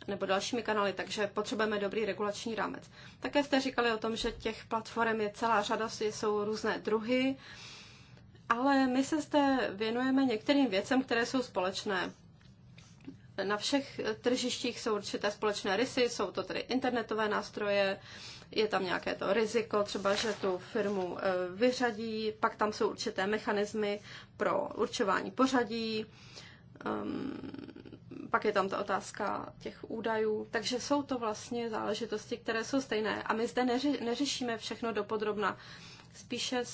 nebo dalšími kanály, takže potřebujeme dobrý regulační rámec. Také jste říkali o tom, že těch platform je celá řada, jsou různé druhy ale my se zde věnujeme některým věcem, které jsou společné. Na všech tržištích jsou určité společné rysy, jsou to tedy internetové nástroje, je tam nějaké to riziko, třeba, že tu firmu e, vyřadí, pak tam jsou určité mechanismy pro určování pořadí, ehm, pak je tam ta otázka těch údajů. Takže jsou to vlastně záležitosti, které jsou stejné. A my zde neři- neřešíme všechno dopodrobna. Spíše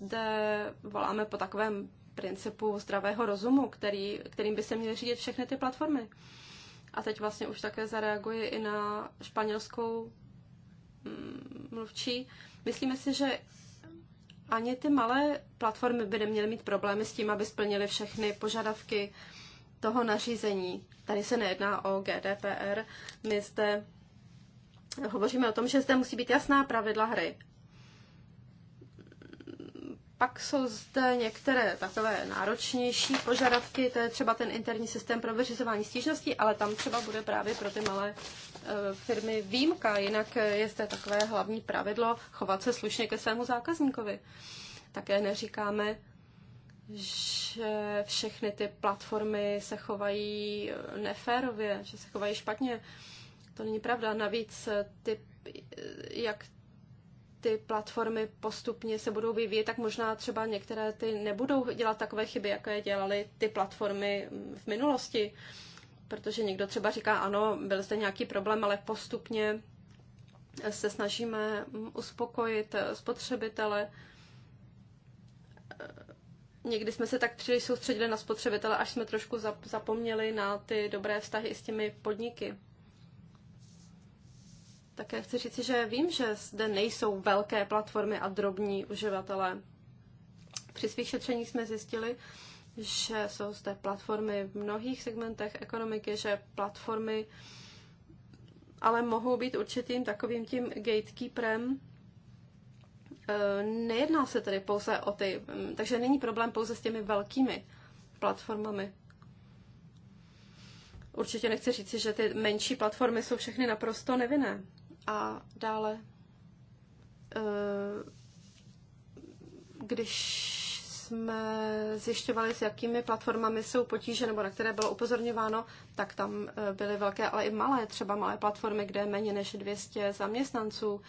zde voláme po takovém principu zdravého rozumu, který, kterým by se měly řídit všechny ty platformy. A teď vlastně už také zareaguji i na španělskou mm, mluvčí. Myslíme si, že ani ty malé platformy by neměly mít problémy s tím, aby splnily všechny požadavky toho nařízení. Tady se nejedná o GDPR. My zde hovoříme o tom, že zde musí být jasná pravidla hry. Pak jsou zde některé takové náročnější požadavky, to je třeba ten interní systém pro vyřizování stížností, ale tam třeba bude právě pro ty malé e, firmy výjimka, jinak je zde takové hlavní pravidlo chovat se slušně ke svému zákazníkovi. Také neříkáme, že všechny ty platformy se chovají e, neférově, že se chovají špatně. To není pravda. Navíc e, ty, jak ty platformy postupně se budou vyvíjet, tak možná třeba některé ty nebudou dělat takové chyby, jaké dělaly ty platformy v minulosti. Protože někdo třeba říká, ano, byl zde nějaký problém, ale postupně se snažíme uspokojit spotřebitele. Někdy jsme se tak příliš soustředili na spotřebitele, až jsme trošku zapomněli na ty dobré vztahy s těmi podniky. Také chci říct, že vím, že zde nejsou velké platformy a drobní uživatelé. Při svých šetřeních jsme zjistili, že jsou zde platformy v mnohých segmentech ekonomiky, že platformy ale mohou být určitým takovým tím gatekeeperem. E, nejedná se tedy pouze o ty, takže není problém pouze s těmi velkými platformami. Určitě nechci říct, že ty menší platformy jsou všechny naprosto nevinné. A dále, eh, když jsme zjišťovali, s jakými platformami jsou potíže, nebo na které bylo upozorňováno, tak tam eh, byly velké, ale i malé, třeba malé platformy, kde je méně než 200 zaměstnanců,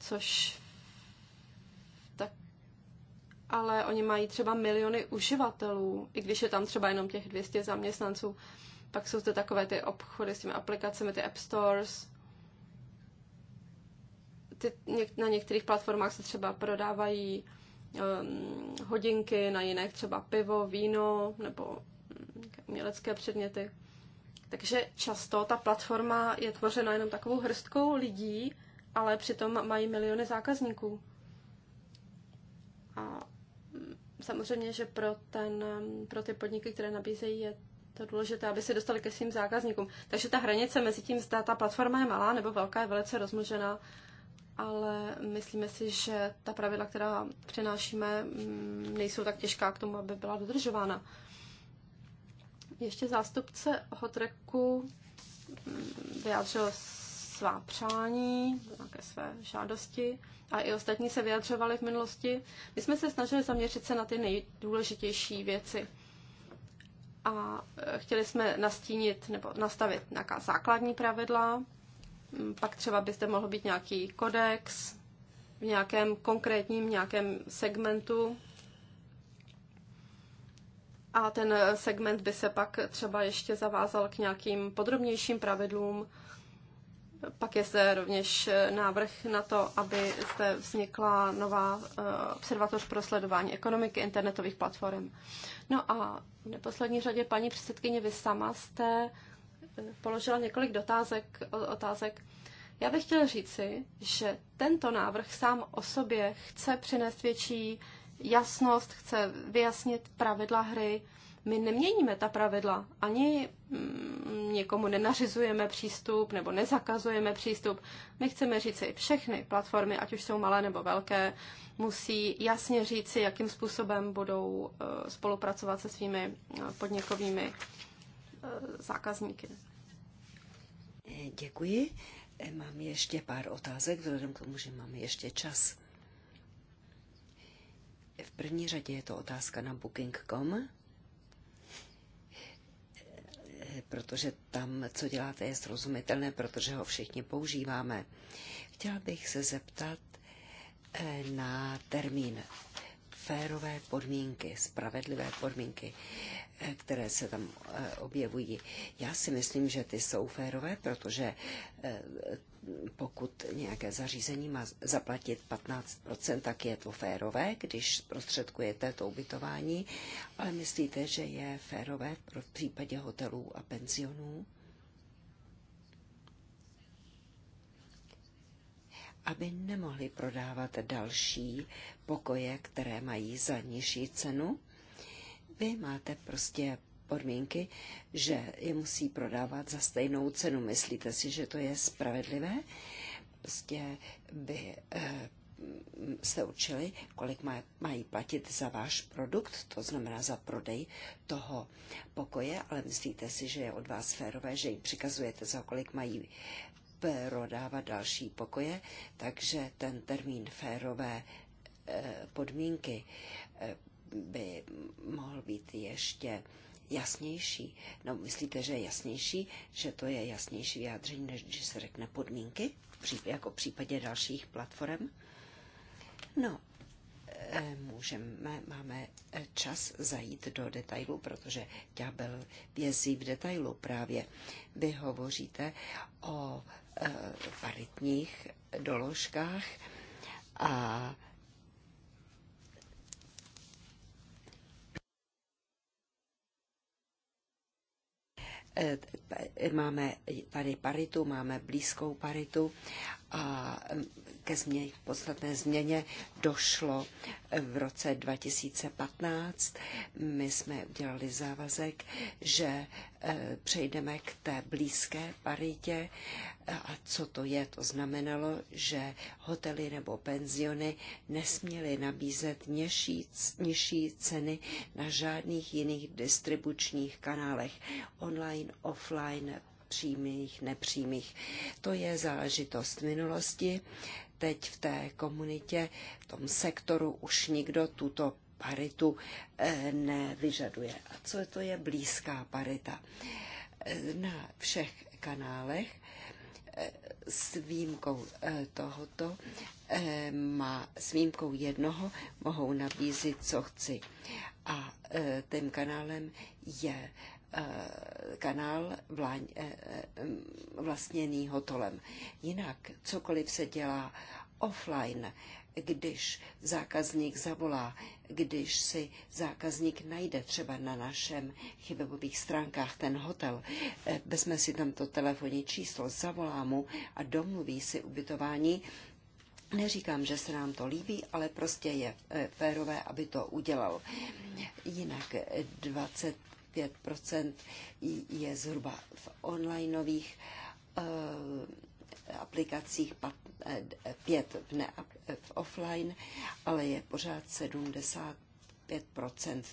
což tak, ale oni mají třeba miliony uživatelů, i když je tam třeba jenom těch 200 zaměstnanců. Pak jsou zde takové ty obchody s těmi aplikacemi, ty app stores, ty, na některých platformách se třeba prodávají um, hodinky, na jiných třeba pivo, víno nebo mm, umělecké předměty. Takže často ta platforma je tvořena jenom takovou hrstkou lidí, ale přitom mají miliony zákazníků. A mm, samozřejmě, že pro, ten, mm, pro ty podniky, které nabízejí, je to důležité, aby se dostali ke svým zákazníkům. Takže ta hranice mezi tím, zda ta platforma je malá nebo velká, je velice rozmožená ale myslíme si, že ta pravidla, která přenášíme, mm, nejsou tak těžká k tomu, aby byla dodržována. Ještě zástupce Hotreku mm, vyjádřil svá přání, nějaké své žádosti a i ostatní se vyjadřovali v minulosti. My jsme se snažili zaměřit se na ty nejdůležitější věci a e, chtěli jsme nastínit nebo nastavit nějaká základní pravidla, pak třeba byste mohl být nějaký kodex v nějakém konkrétním nějakém segmentu. A ten segment by se pak třeba ještě zavázal k nějakým podrobnějším pravidlům. Pak je zde rovněž eh, návrh na to, aby zde vznikla nová eh, observatoř pro sledování ekonomiky internetových platform. No a v neposlední řadě, paní předsedkyně, vy sama jste položila několik dotázek, otázek. Já bych chtěl říci, že tento návrh sám o sobě chce přinést větší jasnost, chce vyjasnit pravidla hry. My neměníme ta pravidla, ani mm, někomu nenařizujeme přístup nebo nezakazujeme přístup. My chceme říci, všechny platformy, ať už jsou malé nebo velké, musí jasně říci, jakým způsobem budou eh, spolupracovat se svými eh, podnikovými eh, zákazníky. Eh, děkuji. Eh, mám ještě pár otázek, vzhledem k tomu, že máme ještě čas. V první řadě je to otázka na booking.com, eh, protože tam, co děláte, je srozumitelné, protože ho všichni používáme. Chtěla bych se zeptat na termín férové podmínky, spravedlivé podmínky které se tam eh, objevují. Já si myslím, že ty jsou férové, protože eh, pokud nějaké zařízení má zaplatit 15%, tak je to férové, když prostředkujete to ubytování, ale myslíte, že je férové v případě hotelů a pensionů? aby nemohli prodávat další pokoje, které mají za nižší cenu? Vy máte prostě podmínky, že je musí prodávat za stejnou cenu. Myslíte si, že to je spravedlivé? Prostě by eh, se učili, kolik mají platit za váš produkt, to znamená za prodej toho pokoje, ale myslíte si, že je od vás férové, že jim přikazujete, za kolik mají eh, prodávat další pokoje, takže ten termín férové eh, podmínky by mohl být ještě jasnější. No, myslíte, že je jasnější, že to je jasnější vyjádření, než když se řekne podmínky, jako v případě dalších platform? No, eh, můžeme, máme eh, čas zajít do detailu, protože ďábel vězí v detailu právě. Vy hovoříte o eh, paritních doložkách a Eh, máme tady paritu, máme blízkou paritu a ke změně, podstatné změně došlo eh, v roce 2015. My jsme udělali závazek, že eh, přejdeme k té blízké paritě. A co to je? To znamenalo, že hotely nebo penziony nesměly nabízet nižší, nižší ceny na žádných jiných distribučních kanálech. Online, offline, přímých, nepřímých. To je záležitost minulosti teď v té komunitě, v tom sektoru už nikdo tuto paritu eh, nevyžaduje. A co to je blízká parita? Eh, na všech kanálech eh, s výjimkou tohoto, má, s výjimkou jednoho, mohou nabízet, co chci. A tím kanálem je Eh, kanál vláň, eh, eh, vlastněný hotelem. Jinak cokoliv se dělá offline, když zákazník zavolá, když si zákazník najde třeba na našem chybových stránkách ten hotel, vezme si tam to telefonní číslo, zavolá mu a domluví si ubytování, Neříkám, že se nám to líbí, ale prostě je férové, aby to udělal. Jinak 20 25 je zhruba v onlineových eh, aplikacích, 5 eh, v, ne, eh, v offline, ale je pořád 75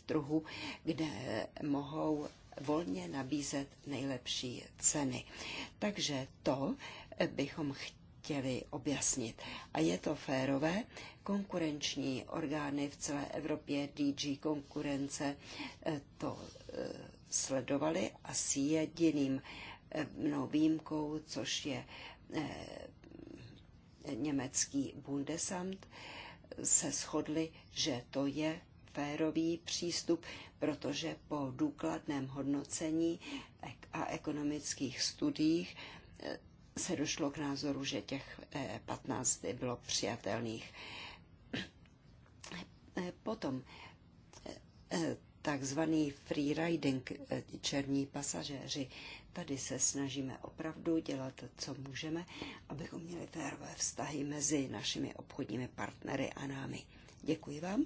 trhu, kde mohou volně nabízet nejlepší ceny. Takže to bychom chtěli chtěli objasnit. A je to férové. Konkurenční orgány v celé Evropě, DG konkurence, eh, to eh, sledovali a s jediným eh, mnou výjimkou, což je německý Bundesamt, se shodli, že to je férový přístup, protože po důkladném hodnocení a ekonomických studiích se došlo k názoru, že těch 15 eh, bylo přijatelných. Eh, potom eh, takzvaný freeriding, černí pasažéři. Tady se snažíme opravdu dělat, co můžeme, abychom měli férové vztahy mezi našimi obchodními partnery a námi. Děkuji vám.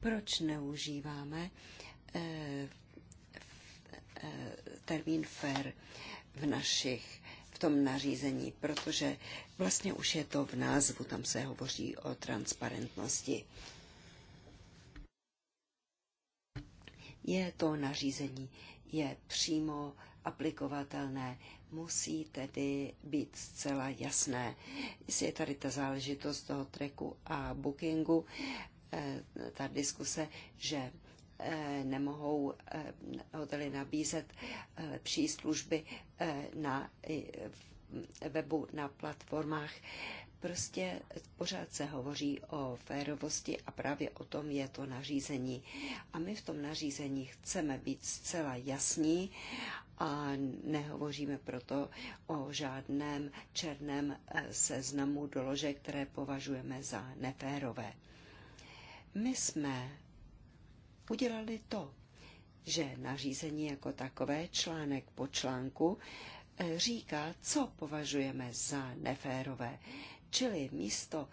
Proč neužíváme Eh, termín fair v našich v tom nařízení, protože vlastně už je to v názvu, tam se hovoří o transparentnosti. Je to nařízení, je přímo aplikovatelné, musí tedy být zcela jasné. Jestli je tady ta záležitost toho treku a bookingu, eh, ta diskuse, že Eh, nemohou eh, hotely nabízet lepší eh, služby na webu, na platformách. Prostě pořád se hovoří o férovosti a právě o tom je to nařízení. A my v tom nařízení chceme být zcela jasní a nehovoříme proto o žádném černém seznamu doložek, které považujeme za neférové. My jsme udělali to, že nařízení jako takové článek po článku eh, říká, co považujeme za neférové. Čili místo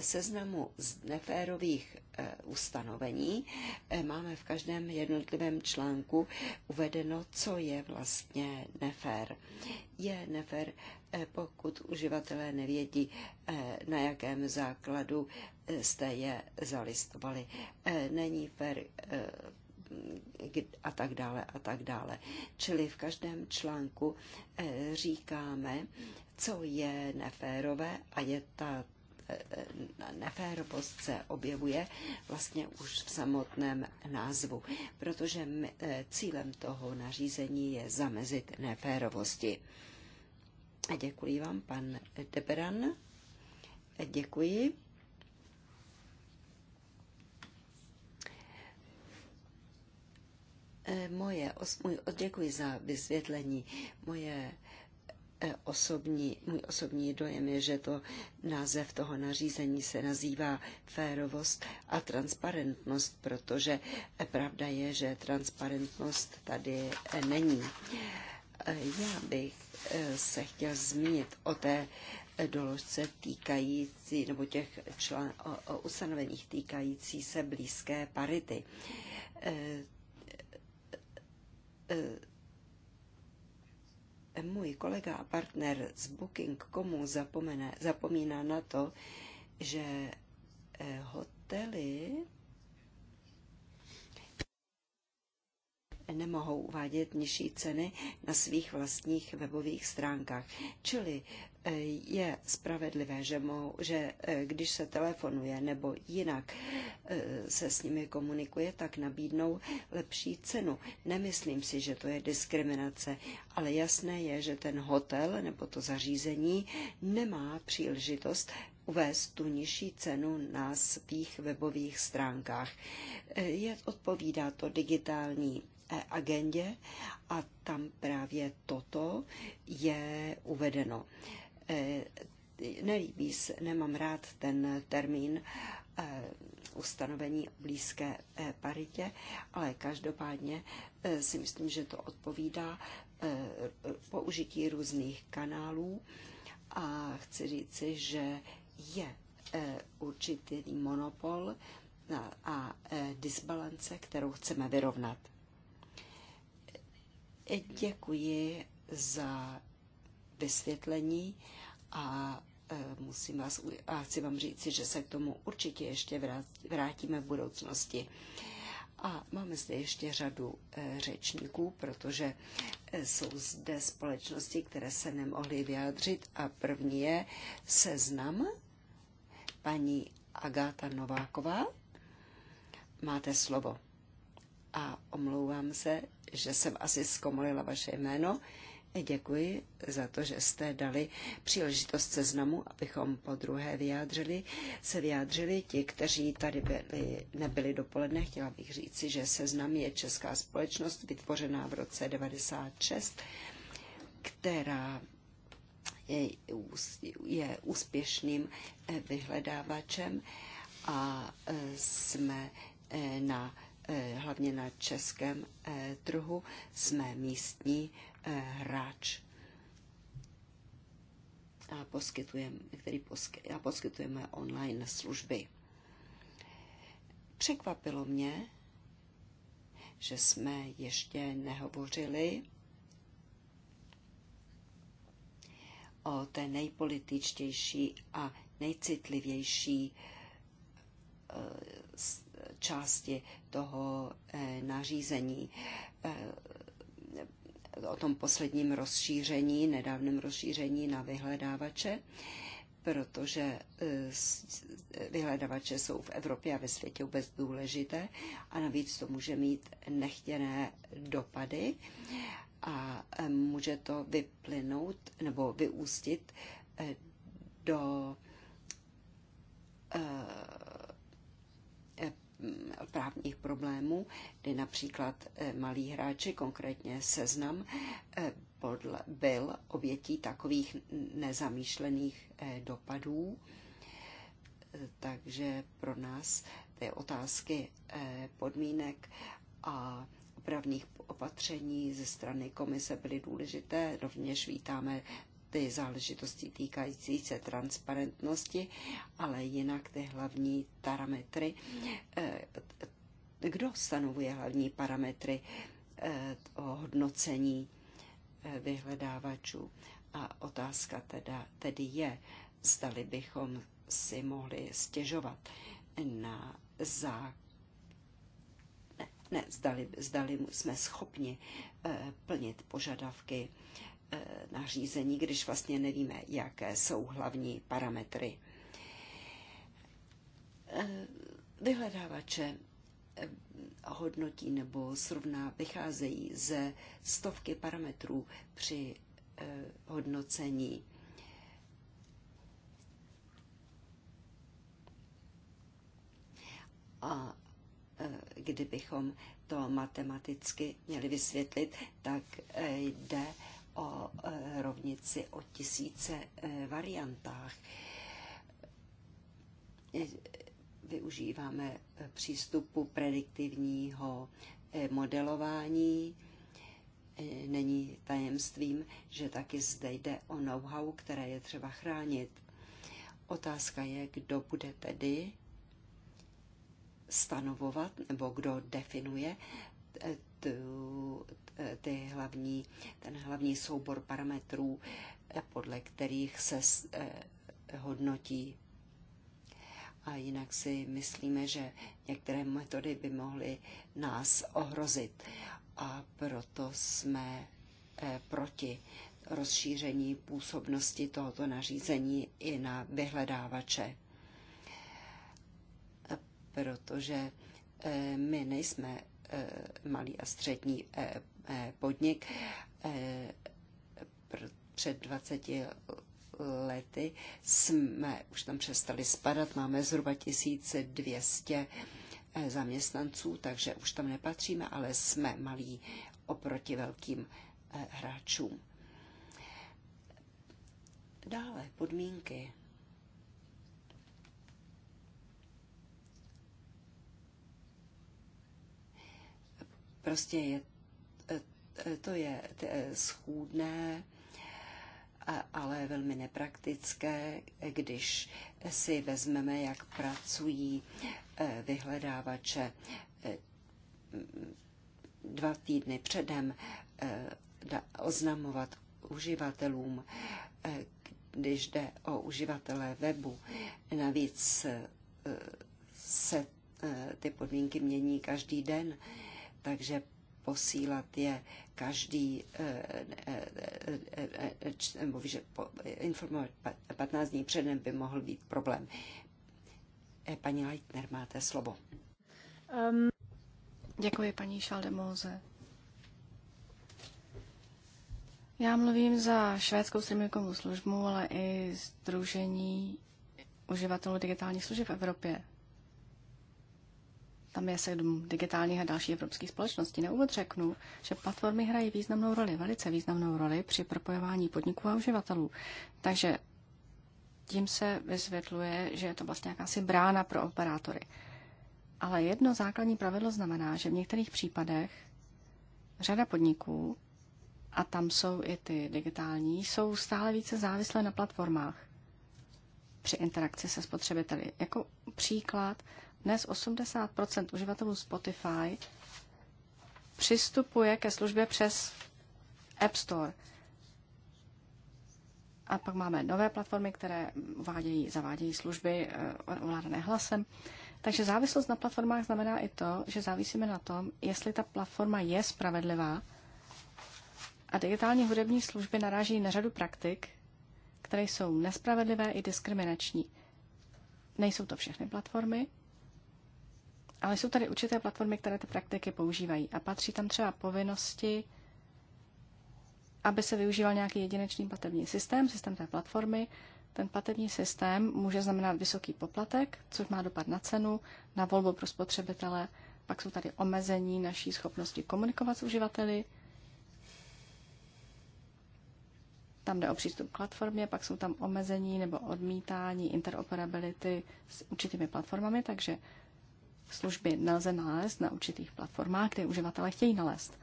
seznamu z neférových e, ustanovení e, máme v každém jednotlivém článku uvedeno, co je vlastně nefér. Je nefér Eh, pokud uživatelé nevědí, eh, na jakém základu eh, jste je zalistovali. Není fér a tak dále a tak dále. Čili v každém článku říkáme, co je neférové a je ta neférovost se objevuje vlastně už v samotném názvu, protože cílem toho nařízení je zamezit neférovosti. A děkuji vám, pan Deberan. Děkuji. E, moje, můj, děkuji za vysvětlení. Moje e, osobní, můj osobní dojem je, že to název toho nařízení se nazývá férovost a transparentnost, protože pravda je, že transparentnost tady není. E, já bych se chtěl zmínit o té doložce týkající, nebo těch člen o, o ustanoveních týkající se blízké parity. E, e, e můj kolega a partner z Booking komu zapomíná na to, že e, hotely mohou uvádět nižší ceny na svých vlastních webových stránkách. Čili eh, je spravedlivé, že, mohou, že eh, když se telefonuje nebo jinak eh, se s nimi komunikuje, tak nabídnou lepší cenu. Nemyslím si, že to je diskriminace, ale jasné je, že ten hotel nebo to zařízení nemá příležitost uvést tu nižší cenu na svých webových stránkách. Je, odpovídá to digitální agendě a tam právě toto je uvedeno. E, nelíbí se, nemám rád ten termín e, ustanovení o blízké e, paritě, ale každopádně si myslím, že to odpovídá použití různých kanálů a chci říci, že je určitý monopol a disbalance, kterou chceme vyrovnat. Děkuji za vysvětlení a e, musím vás, a chci vám říci, že se k tomu určitě ještě vrátíme v budoucnosti. A máme zde ještě řadu e, řečníků, protože e, jsou zde společnosti, které se nemohly vyjádřit. A první je seznam paní Agáta Nováková. Máte slovo a omlouvám se, že jsem asi zkomolila vaše jméno. Děkuji za to, že jste dali příležitost seznamu, abychom po druhé vyjádřili, se vyjádřili ti, kteří tady byli, nebyli dopoledne. Chtěla bych říci, že seznam je česká společnost vytvořená v roce 96, která je, je úspěšným eh, vyhledávačem a eh, jsme eh, na Eh, hlavně na českém eh, trhu, jsme místní eh, hráč. A poskytujeme, který posky, a poskytujeme online služby. Překvapilo mě, že jsme ještě nehovořili o té nejpolitičtější a nejcitlivější části toho eh, nařízení eh, o tom posledním rozšíření, nedávném rozšíření na vyhledávače, protože eh, vyhledávače jsou v Evropě a ve světě vůbec důležité a navíc to může mít nechtěné dopady a může to vyplynout nebo vyústit do Mm, právních problémů, kdy například eh, malí hráči, konkrétně seznam, eh, byl obětí takových nezamýšlených eh, dopadů. Takže pro nás ty otázky podmínek a opravných opatření ze strany komise byly důležité. Rovněž vítáme ty záležitosti týkající se transparentnosti, ale jinak ty hlavní parametry. Eh, kdo stanovuje hlavní parametry eh, o hodnocení eh, vyhledávačů? A otázka teda, tedy je, zdali bychom si mohli stěžovat na za Ne, ne zdali, zdali jsme schopni plnit požadavky Eh, nařízení, když vlastně nevíme, jaké jsou hlavní parametry. Eh, vyhledávače eh, hodnotí nebo srovná, vycházejí ze stovky parametrů při hodnocení. A kdybychom to matematicky měli vysvětlit, tak jde o e, rovnici o tisíce e, variantách. E, využíváme přístupu prediktivního modelování. Není tajemstvím, že taky zde jde o know-how, které je třeba chránit. Otázka je, kdo bude tedy stanovovat nebo kdo definuje tu, ty hlavní, ten hlavní soubor parametrů, podle kterých se eh, hodnotí. A jinak si myslíme, že některé metody by mohly nás ohrozit. A proto jsme eh, proti rozšíření působnosti tohoto nařízení i na vyhledávače. Protože eh, my nejsme Eh, malý a střední eh, eh, podnik. Před 20 lety jsme už tam přestali spadat, máme zhruba 1200 zaměstnanců, takže už tam nepatříme, ale jsme malí oproti velkým hráčům. Dále podmínky Prostě je, e, e, to je e, schůdné, ale velmi nepraktické, když si vezmeme, jak pracují vyhledávače dva týdny předem oznamovat uživatelům, když jde o uživatele webu. Navíc se ty podmínky mění každý den takže posílat je každý, eh, eh, eh, nebo že informovat 15 dní předem by mohl být problém. Paní Leitner, máte slovo. Um, děkuji, paní Šaldemóze. Já mluvím za švédskou streamingovou službu, ale i Združení uživatelů digitálních služeb v Evropě. Tam je sedm digitálních a dalších evropských společností. Na úvod řeknu, že platformy hrají významnou roli, velice významnou roli při propojování podniků a uživatelů. Takže tím se vysvětluje, že je to vlastně jakási brána pro operátory. Ale jedno základní pravidlo znamená, že v některých případech řada podniků, a tam jsou i ty digitální, jsou stále více závislé na platformách při interakci se spotřebiteli. Jako příklad dnes 80 uživatelů Spotify přistupuje ke službě přes App Store. A pak máme nové platformy, které uvádějí, zavádějí služby eh, ovládané hlasem. Takže závislost na platformách znamená i to, že závisíme na tom, jestli ta platforma je spravedlivá. A digitální hudební služby naráží na řadu praktik, které jsou nespravedlivé i diskriminační. Nejsou to všechny platformy, ale jsou tady určité platformy, které ty praktiky používají a patří tam třeba povinnosti, aby se využíval nějaký jedinečný platební systém, systém té platformy. Ten platební systém může znamenat vysoký poplatek, což má dopad na cenu, na volbu pro spotřebitele, pak jsou tady omezení naší schopnosti komunikovat s uživateli, tam jde o přístup k platformě, pak jsou tam omezení nebo odmítání interoperability s určitými platformami, takže služby nelze nalézt na určitých platformách, kde uživatelé chtějí nalézt.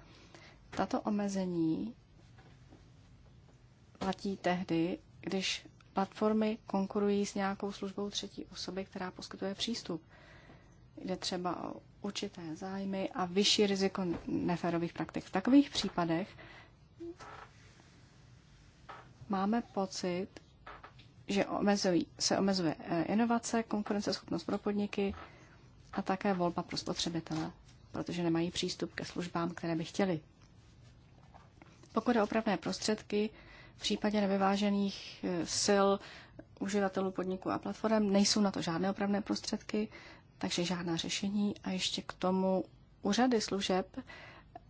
Tato omezení platí tehdy, když platformy konkurují s nějakou službou třetí osoby, která poskytuje přístup. Jde třeba o určité zájmy a vyšší riziko neférových praktik. V takových případech máme pocit, že omezují, se omezuje eh, inovace, konkurenceschopnost pro podniky, a také volba pro spotřebitele, protože nemají přístup ke službám, které by chtěli. Pokud je opravné prostředky, v případě nevyvážených eh, sil uživatelů podniků a platform nejsou na to žádné opravné prostředky, takže žádná řešení. A ještě k tomu u řady služeb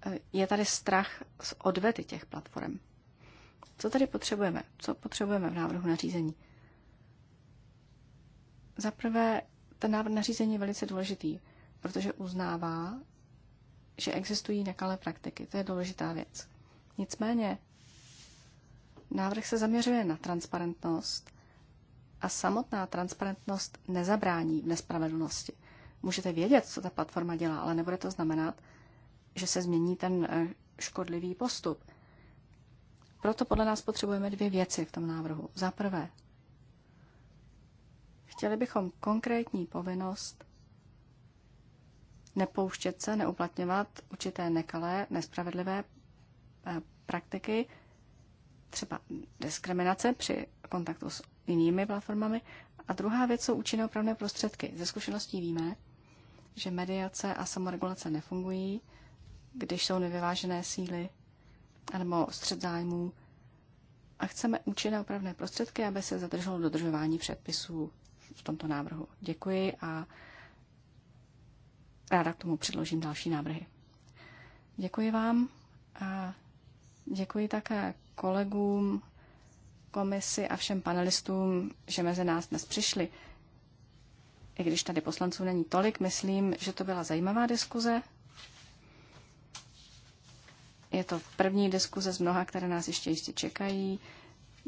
eh, je tady strach z odvety těch platform. Co tady potřebujeme? Co potřebujeme v návrhu nařízení? Za prvé ten návrh nařízení je velice důležitý, protože uznává, že existují nekalé praktiky. To je důležitá věc. Nicméně návrh se zaměřuje na transparentnost a samotná transparentnost nezabrání v nespravedlnosti. Můžete vědět, co ta platforma dělá, ale nebude to znamenat, že se změní ten eh, škodlivý postup. Proto podle nás potřebujeme dvě věci v tom návrhu. Za prvé, Chtěli bychom konkrétní povinnost nepouštět se, neuplatňovat určité nekalé, nespravedlivé eh, praktiky, třeba diskriminace při kontaktu s jinými platformami. A druhá věc jsou účinné opravné prostředky. Ze zkušeností víme, že mediace a samoregulace nefungují, když jsou nevyvážené síly nebo střed zájmů a chceme účinné opravné prostředky, aby se zadrželo dodržování předpisů v tomto návrhu. Děkuji a ráda k tomu předložím další návrhy. Děkuji vám a děkuji také kolegům, komisi a všem panelistům, že mezi nás dnes přišli. I když tady poslanců není tolik, myslím, že to byla zajímavá diskuze. Je to první diskuze z mnoha, které nás ještě jistě čekají.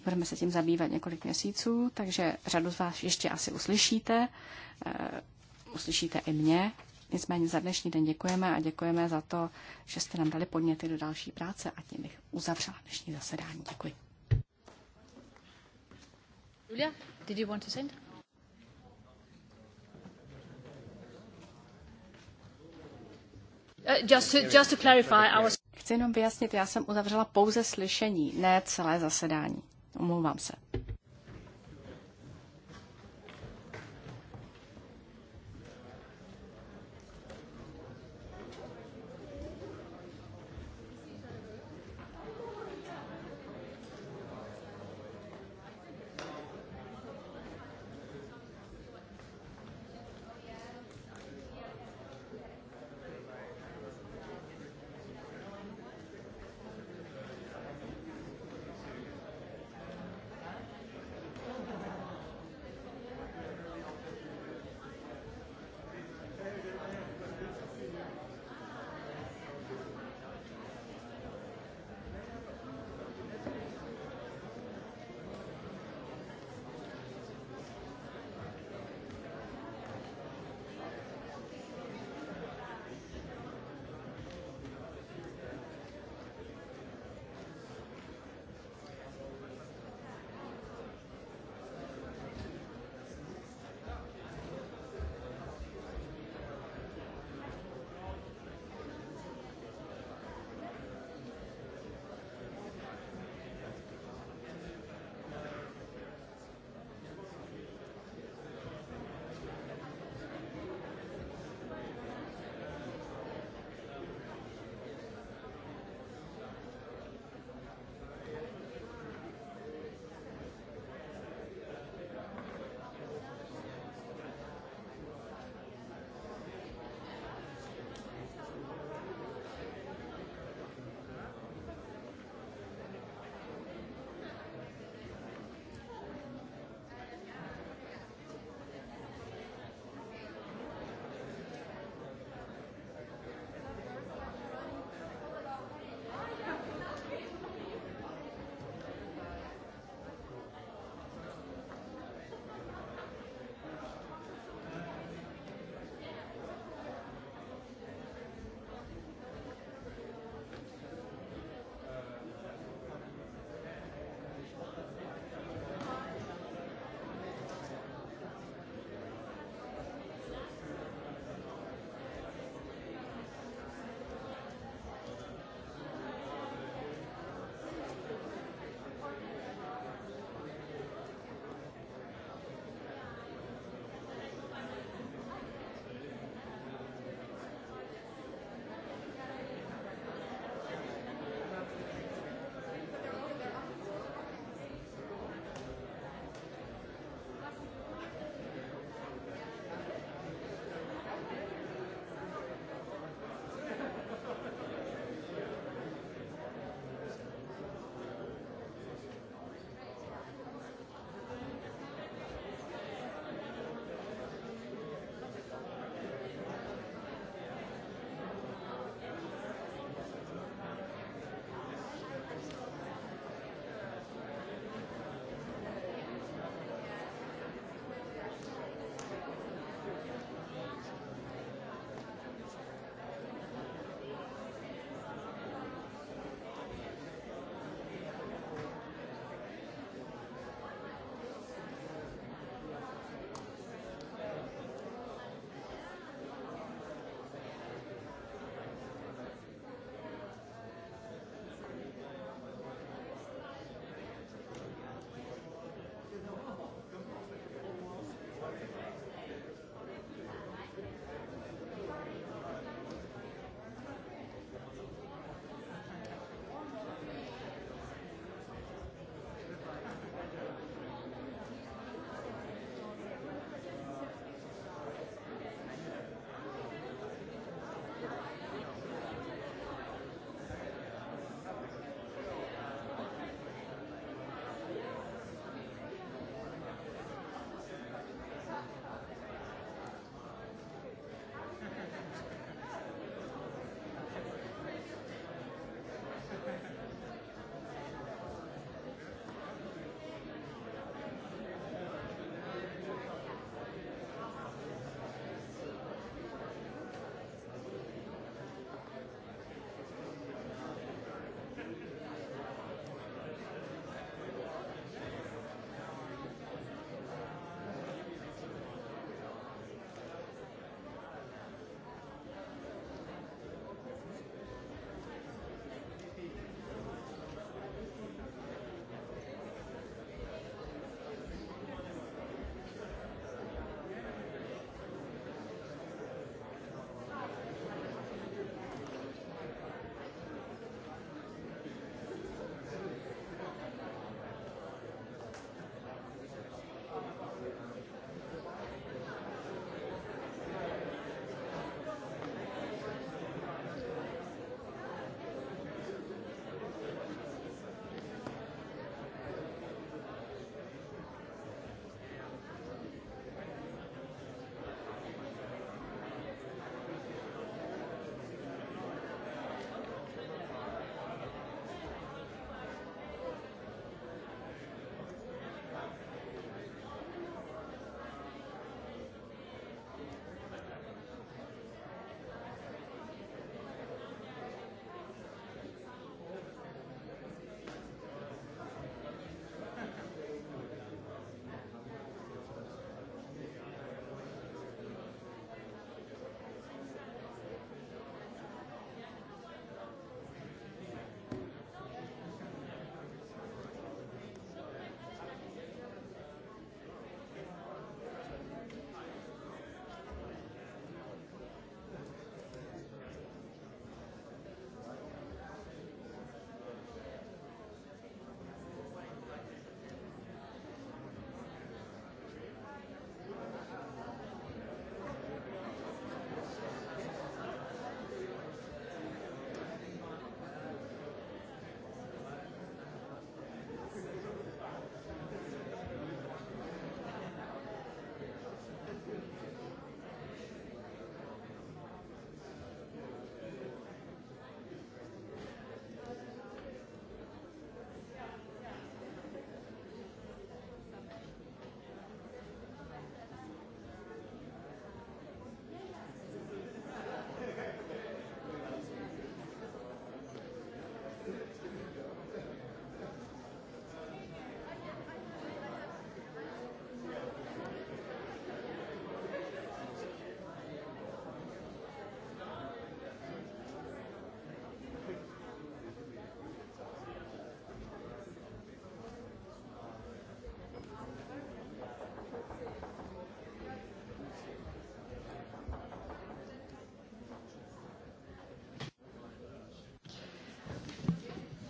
Budeme se tím zabývat několik měsíců, takže řadu z vás ještě asi uslyšíte. Eh, uslyšíte i mě. Nicméně za dnešní den děkujeme a děkujeme za to, že jste nám dali podněty do další práce a tím bych uzavřela dnešní zasedání. Děkuji. Julia, did you want to send? Uh, just to, just to clarify, I was... Chci jenom vyjasnit, já jsem uzavřela pouze slyšení, ne celé zasedání. Omlouvám se.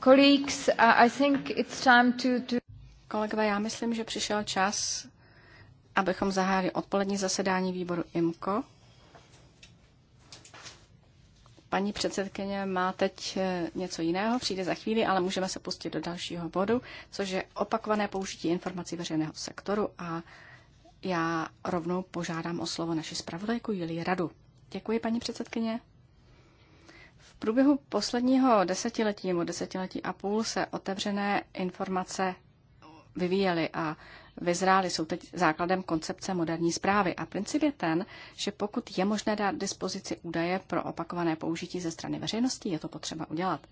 Uh, Kolegové, já myslím, že přišel čas, abychom zahájili odpolední zasedání výboru IMCO. Paní předsedkyně má teď eh, něco jiného, přijde za chvíli, ale můžeme se pustit do dalšího bodu, což je opakované použití informací veřejného sektoru a já rovnou požádám o slovo naši zpravodajku Julii Radu. Děkuji, paní předsedkyně průběhu posledního desetiletí nebo desetiletí a půl se otevřené informace vyvíjely a vyzrály, jsou teď základem koncepce moderní zprávy. A princip je ten, že pokud je možné dát dispozici údaje pro opakované použití ze strany veřejnosti, je to potřeba udělat.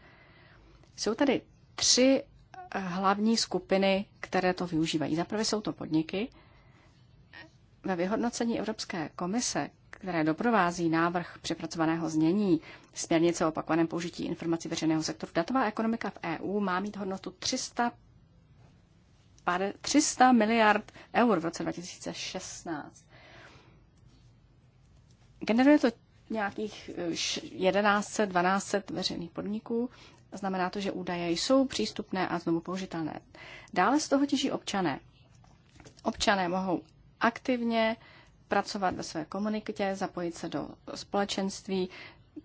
Jsou tady tři eh, hlavní skupiny, které to využívají. Za prvé jsou to podniky. Ve vyhodnocení Evropské komise, které doprovází návrh přepracovaného znění směrnice o opakovaném použití informací veřejného sektoru, datová ekonomika v EU má mít hodnotu 300, 300 miliard eur v roce 2016. Generuje to nějakých 1100-1200 eh, veřejných podniků. Znamená to, že údaje jsou přístupné a znovu použitelné. Dále z toho těží občané. Občané mohou aktivně uh, pracovat ve své komunitě, zapojit se do společenství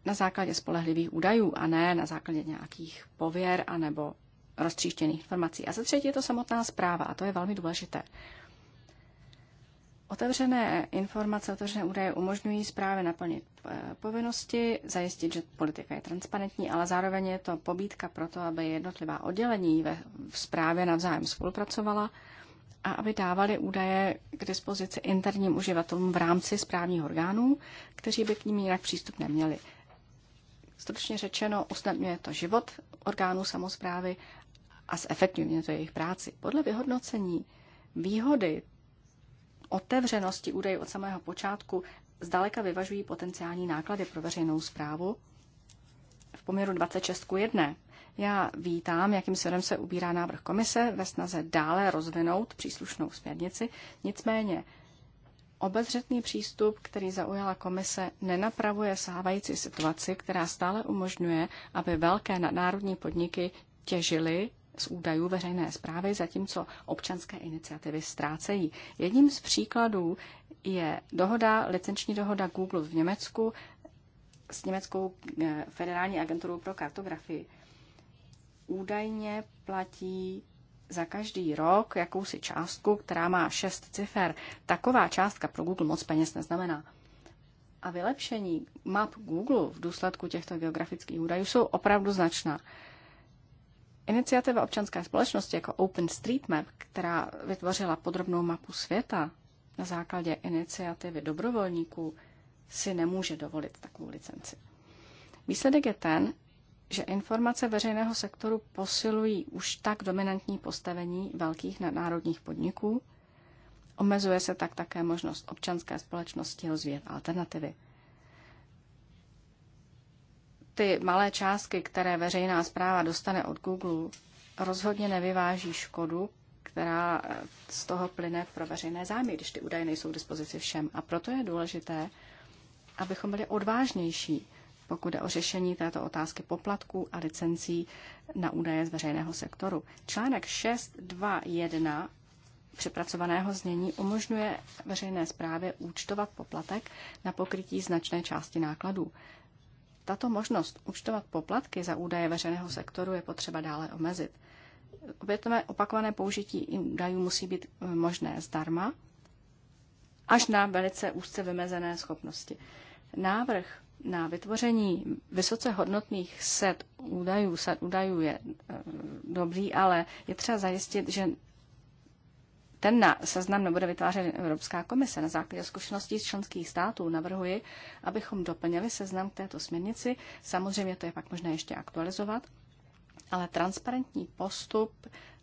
na základě spolehlivých údajů a ne na základě nějakých pověr anebo roztříštěných informací. A za třetí je to samotná zpráva a to je velmi důležité. Otevřené informace, otevřené údaje umožňují zprávy naplnit eh, povinnosti, zajistit, že politika je transparentní, ale zároveň je to pobídka pro to, aby jednotlivá oddělení ve zprávě navzájem spolupracovala a aby dávali údaje k dispozici interním uživatelům v rámci správních orgánů, kteří by k ním jinak přístup neměli. Stručně řečeno, usnadňuje to život orgánů samozprávy a zefektivňuje to jejich práci. Podle vyhodnocení výhody otevřenosti údajů od samého počátku zdaleka vyvažují potenciální náklady pro veřejnou zprávu v poměru 26 k 1 já vítám, jakým směrem se ubírá návrh komise ve snaze dále rozvinout příslušnou směrnici, nicméně Obezřetný přístup, který zaujala komise, nenapravuje sávající situaci, která stále umožňuje, aby velké nadnárodní podniky těžily z údajů veřejné zprávy, zatímco občanské iniciativy ztrácejí. Jedním z příkladů je dohoda, licenční dohoda Google v Německu s Německou eh, federální agenturou pro kartografii údajně platí za každý rok jakousi částku, která má šest cifer. Taková částka pro Google moc peněz neznamená. A vylepšení map Google v důsledku těchto geografických údajů jsou opravdu značná. Iniciativa občanské společnosti jako OpenStreetMap, která vytvořila podrobnou mapu světa na základě iniciativy dobrovolníků, si nemůže dovolit takovou licenci. Výsledek je ten, že informace veřejného sektoru posilují už tak dominantní postavení velkých nadnárodních podniků, omezuje se tak také možnost občanské společnosti rozvíjet alternativy. Ty malé částky, které veřejná zpráva dostane od Google, rozhodně nevyváží škodu, která eh, z toho plyne pro veřejné zájmy, když ty údaje nejsou k dispozici všem. A proto je důležité, abychom byli odvážnější pokud jde o řešení této otázky poplatků a licencí na údaje z veřejného sektoru. Článek 6.2.1 přepracovaného znění umožňuje veřejné správě účtovat poplatek na pokrytí značné části nákladů. Tato možnost účtovat poplatky za údaje veřejného sektoru je potřeba dále omezit. Opětové opakované použití údajů musí být eh, možné zdarma, až na velice úzce vymezené schopnosti. Návrh na vytvoření vysoce hodnotných set údajů, set údajů je eh, dobrý, ale je třeba zajistit, že ten na seznam nebude vytvářet Evropská komise. Na základě zkušeností z členských států navrhuji, abychom doplnili seznam k této směrnici. Samozřejmě to je pak možné ještě aktualizovat, ale transparentní postup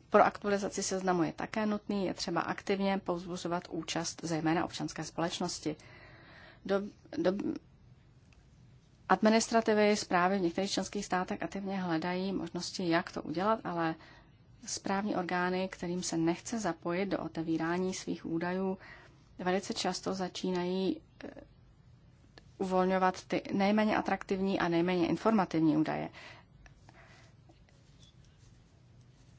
pro aktualizaci seznamu je také nutný, je třeba aktivně pouzbuzovat účast zejména občanské společnosti. Do, do, Administrativy, zprávy v některých členských státech aktivně hledají možnosti, jak to udělat, ale správní orgány, kterým se nechce zapojit do otevírání svých údajů, velice často začínají eh, uvolňovat ty nejméně atraktivní a nejméně informativní údaje.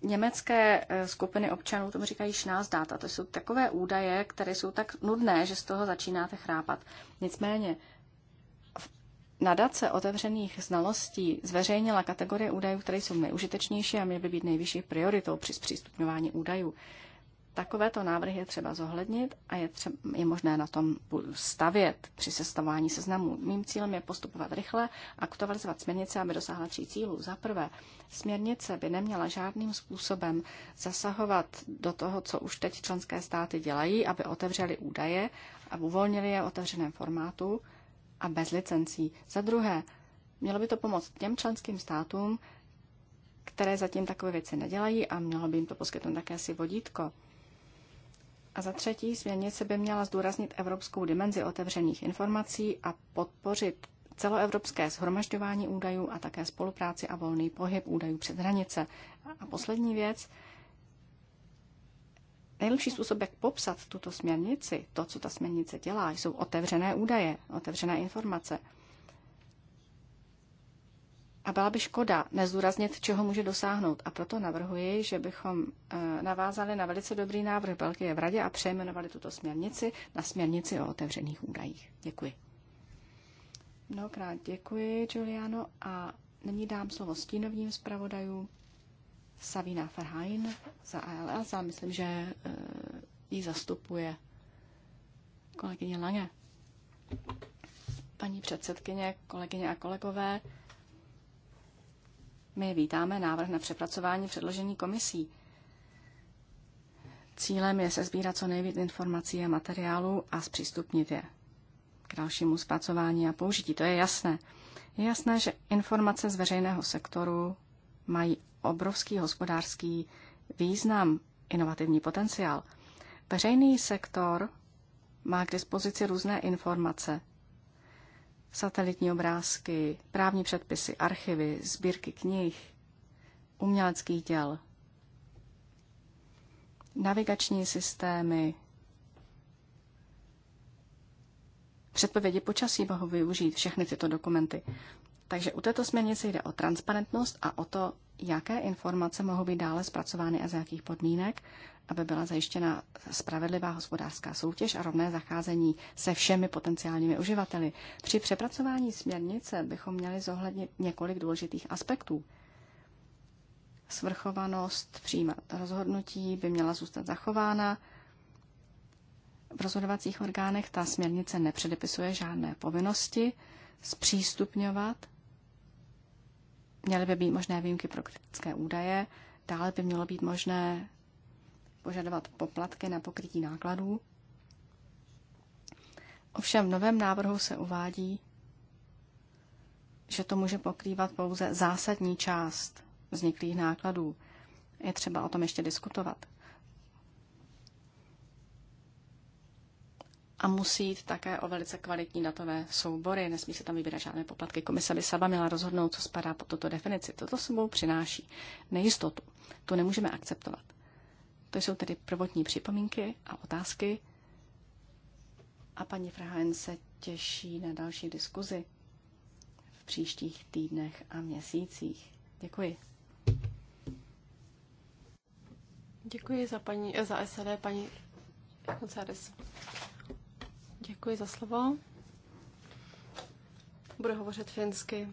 Německé eh, skupiny občanů tomu říkají data. To jsou takové údaje, které jsou tak nudné, že z toho začínáte chrápat. Nicméně Nadace otevřených znalostí zveřejnila kategorie údajů, které jsou nejužitečnější a měly by být nejvyšší prioritou při zpřístupňování údajů. Takovéto návrhy je třeba zohlednit a je, třeba, je možné na tom stavět při sestavování seznamů. Mým cílem je postupovat rychle, a aktualizovat směrnice, aby dosáhla tří cílů. Za prvé, směrnice by neměla žádným způsobem zasahovat do toho, co už teď členské státy dělají, aby otevřeli údaje a uvolnili je v otevřeném formátu a bez licencí. Za druhé, mělo by to pomoct těm členským státům, které zatím takové věci nedělají a mělo by jim to poskytnout také si vodítko. A za třetí, směrnice by měla zdůraznit evropskou dimenzi otevřených informací a podpořit celoevropské shromažďování údajů a také spolupráci a volný pohyb údajů přes hranice. A poslední věc, Nejlepší způsob, jak popsat tuto směrnici, to, co ta směrnice dělá, jsou otevřené údaje, otevřené informace. A byla by škoda nezdůraznit, čeho může dosáhnout. A proto navrhuji, že bychom eh, navázali na velice dobrý návrh Belgie v Radě a přejmenovali tuto směrnici na směrnici o otevřených údajích. Děkuji. Mnohokrát děkuji, Giuliano, a nyní dám slovo stínovním zpravodajům. Savina Ferhain za ALS a myslím, že eh, ji zastupuje kolegyně Lange. Paní předsedkyně, kolegyně a kolegové, my vítáme návrh na přepracování předložení komisí. Cílem je sezbírat co nejvíc informací a materiálů a zpřístupnit je k dalšímu zpracování a použití. To je jasné. Je jasné, že informace z veřejného sektoru mají obrovský hospodářský význam, inovativní potenciál. Veřejný sektor má k dispozici různé informace. Satelitní obrázky, právní předpisy, archivy, sbírky knih, uměleckých děl, navigační systémy, předpovědi počasí mohou využít všechny tyto dokumenty. Takže u této směrnice jde o transparentnost a o to, jaké informace mohou být dále zpracovány a za jakých podmínek, aby byla zajištěna spravedlivá hospodářská soutěž a rovné zacházení se všemi potenciálními uživateli. Při přepracování směrnice bychom měli zohlednit několik důležitých aspektů. Svrchovanost přijímat rozhodnutí by měla zůstat zachována. V rozhodovacích orgánech ta směrnice nepředepisuje žádné povinnosti zpřístupňovat Měly by být možné výjimky pro kritické údaje, dále by mělo být možné požadovat poplatky na pokrytí nákladů. Ovšem v novém návrhu se uvádí, že to může pokrývat pouze zásadní část vzniklých nákladů. Je třeba o tom ještě diskutovat. a musí jít také o velice kvalitní datové soubory. Nesmí se tam vybírat žádné poplatky. Komise by sama měla rozhodnout, co spadá pod tuto definici. Toto sebou přináší nejistotu. To nemůžeme akceptovat. To jsou tedy prvotní připomínky a otázky. A paní Frahajen se těší na další diskuzi v příštích týdnech a měsících. Děkuji. Děkuji za paní, za SD e, paní González. Děkuji za slovo. Bude hovořit finsky.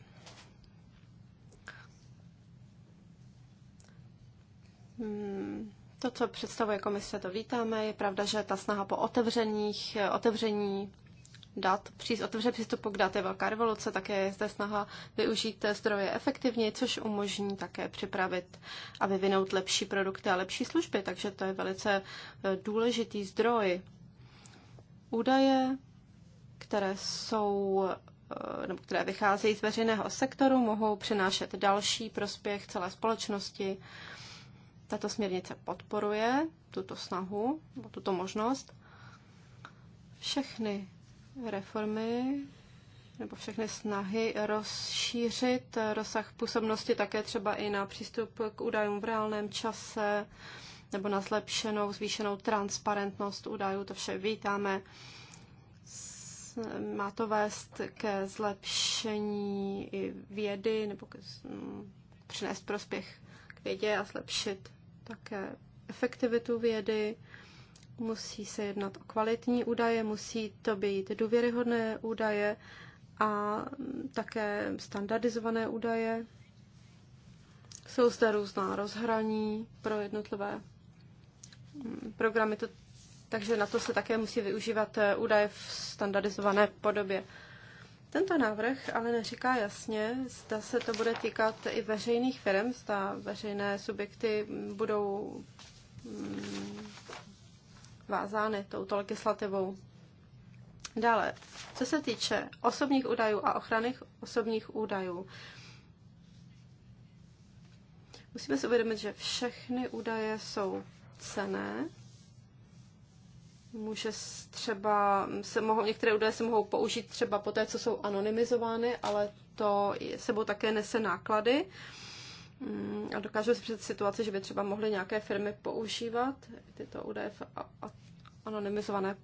Hmm. To, co představuje komise, to vítáme. Je pravda, že ta snaha po otevřeních, otevření dat, přís, otevře přístupu k dat je velká revoluce, také je zde snaha využít zdroje efektivně, což umožní také připravit a vyvinout lepší produkty a lepší služby, takže to je velice eh, důležitý zdroj Údaje, které jsou eh, nebo které vycházejí z veřejného sektoru, mohou přinášet další prospěch celé společnosti. Tato směrnice podporuje tuto snahu, tuto možnost. Všechny reformy nebo všechny snahy rozšířit rozsah působnosti také třeba i na přístup k údajům v reálném čase, nebo na zlepšenou, zvýšenou transparentnost údajů. To vše vítáme. Má to vést ke zlepšení i vědy nebo ke, no, přinést prospěch k vědě a zlepšit také efektivitu vědy. Musí se jednat o kvalitní údaje, musí to být důvěryhodné údaje a také standardizované údaje. Jsou zde různá rozhraní pro jednotlivé programy, to, takže na to se také musí využívat eh, údaje v standardizované podobě. Tento návrh ale neříká jasně, zda se to bude týkat i veřejných firm, zda veřejné subjekty budou mm, vázány touto legislativou. Dále, co se týče osobních údajů a ochrany osobních údajů, musíme si uvědomit, že všechny údaje jsou cené. Může třeba, se mohou, některé údaje se mohou použít třeba po té, co jsou anonymizovány, ale to sebou také nese náklady. Mm, a dokážu si před situaci, že by třeba mohly nějaké firmy používat tyto údaje v anonymizované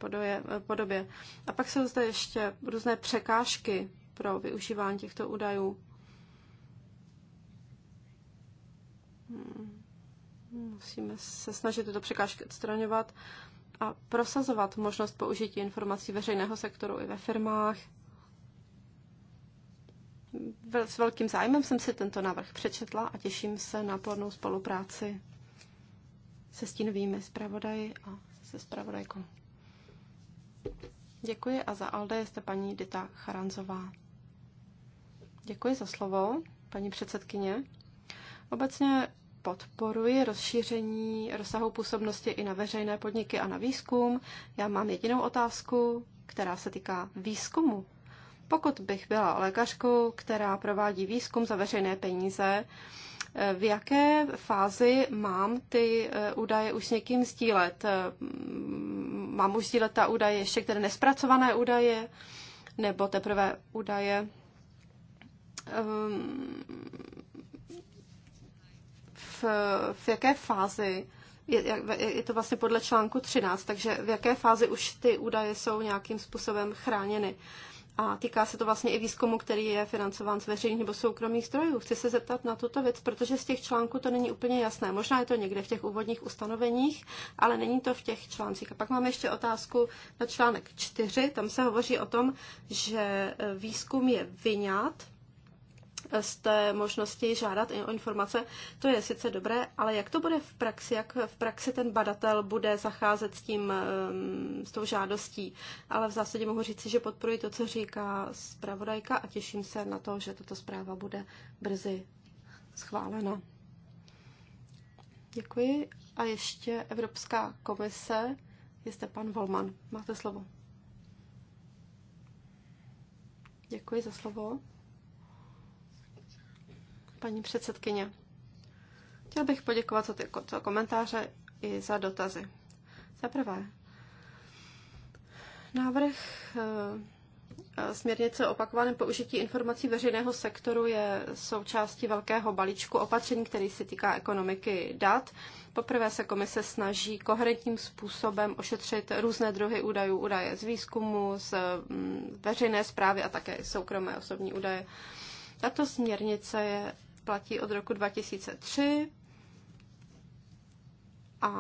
podobě. A pak jsou zde ještě různé překážky pro využívání těchto údajů. Hmm. Musíme se snažit tyto překážky odstraňovat a prosazovat možnost použití informací veřejného sektoru i ve firmách. S velkým zájmem jsem si tento návrh přečetla a těším se na plodnou spolupráci se stínovými zpravodaji a se zpravodajkou. Děkuji a za Alde jste paní Dita Charanzová. Děkuji za slovo, paní předsedkyně. Obecně podporuji rozšíření rozsahu působnosti i na veřejné podniky a na výzkum. Já mám jedinou otázku, která se týká výzkumu. Pokud bych byla lékařkou, která provádí výzkum za veřejné peníze, eh, v jaké fázi mám ty eh, údaje už s někým sdílet? Eh, mám už sdílet ta údaje ještě, které nespracované údaje, nebo teprve údaje ehm, v, jaké fázi, je, je to vlastně podle článku 13, takže v jaké fázi už ty údaje jsou nějakým způsobem chráněny. A týká se to vlastně i výzkumu, který je financován z veřejných nebo soukromých zdrojů. Chci se zeptat na tuto věc, protože z těch článků to není úplně jasné. Možná je to někde v těch úvodních ustanoveních, ale není to v těch článcích. A pak máme ještě otázku na článek 4. Tam se hovoří o tom, že e, výzkum je vyňat z té možnosti žádat o informace. To je sice dobré, ale jak to bude v praxi, jak v praxi ten badatel bude zacházet s, tím, s tou žádostí. Ale v zásadě mohu říci, že podporuji to, co říká zpravodajka a těším se na to, že tato zpráva bude brzy schválena. Děkuji. A ještě Evropská komise. Jste pan Volman. Máte slovo. Děkuji za slovo paní předsedkyně. Chtěl bych poděkovat za ty za komentáře i za dotazy. Za prvé, návrh eh, Směrnice o opakovaném použití informací veřejného sektoru je součástí velkého balíčku opatření, který se týká ekonomiky dat. Poprvé se komise snaží koherentním způsobem ošetřit různé druhy údajů, údaje z výzkumu, z mm, veřejné zprávy a také soukromé osobní údaje. Tato směrnice je platí od roku 2003 a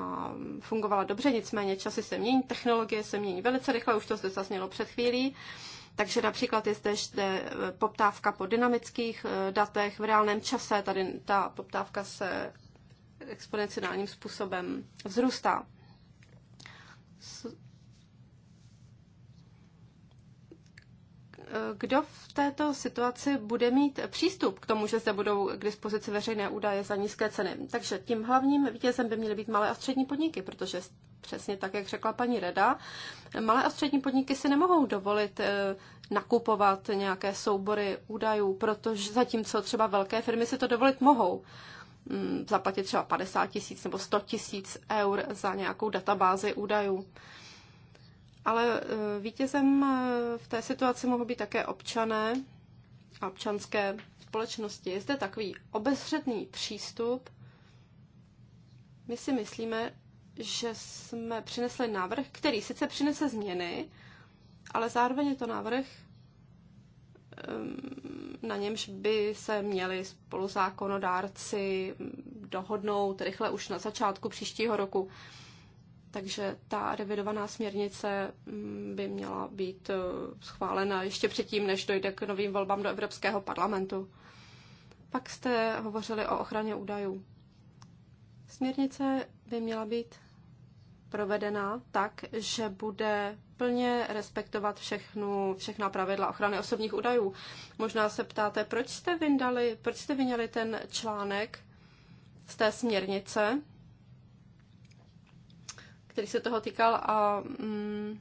fungovala dobře, nicméně časy se mění, technologie se mění velice rychle, už to zde zaznělo před chvílí. Takže například je zde, zde poptávka po dynamických eh, datech v reálném čase, tady ta poptávka se exponenciálním způsobem vzrůstá. kdo v této situaci bude mít přístup k tomu, že zde budou k dispozici veřejné údaje za nízké ceny. Takže tím hlavním vítězem by měly být malé a střední podniky, protože přesně tak, jak řekla paní Reda, malé a střední podniky si nemohou dovolit eh, nakupovat nějaké soubory údajů, protože zatímco třeba velké firmy si to dovolit mohou mm, zaplatit třeba 50 tisíc nebo 100 tisíc eur za nějakou databázi údajů. Ale e, vítězem e, v té situaci mohou být také občané a občanské společnosti. Je zde takový obezřetný přístup. My si myslíme, že jsme přinesli návrh, který sice přinese změny, ale zároveň je to návrh, na němž by se měli spoluzákonodárci dohodnout rychle už na začátku příštího roku. Takže ta revidovaná směrnice mm, by měla být eh, schválena ještě předtím, než dojde k novým volbám do Evropského parlamentu. Pak jste hovořili o ochraně údajů. Směrnice by měla být provedena tak, že bude plně respektovat všechnu, všechna pravidla ochrany osobních údajů. Možná se ptáte, proč jste, vyndali, proč jste vyňali ten článek z té směrnice, který se toho týkal a mm,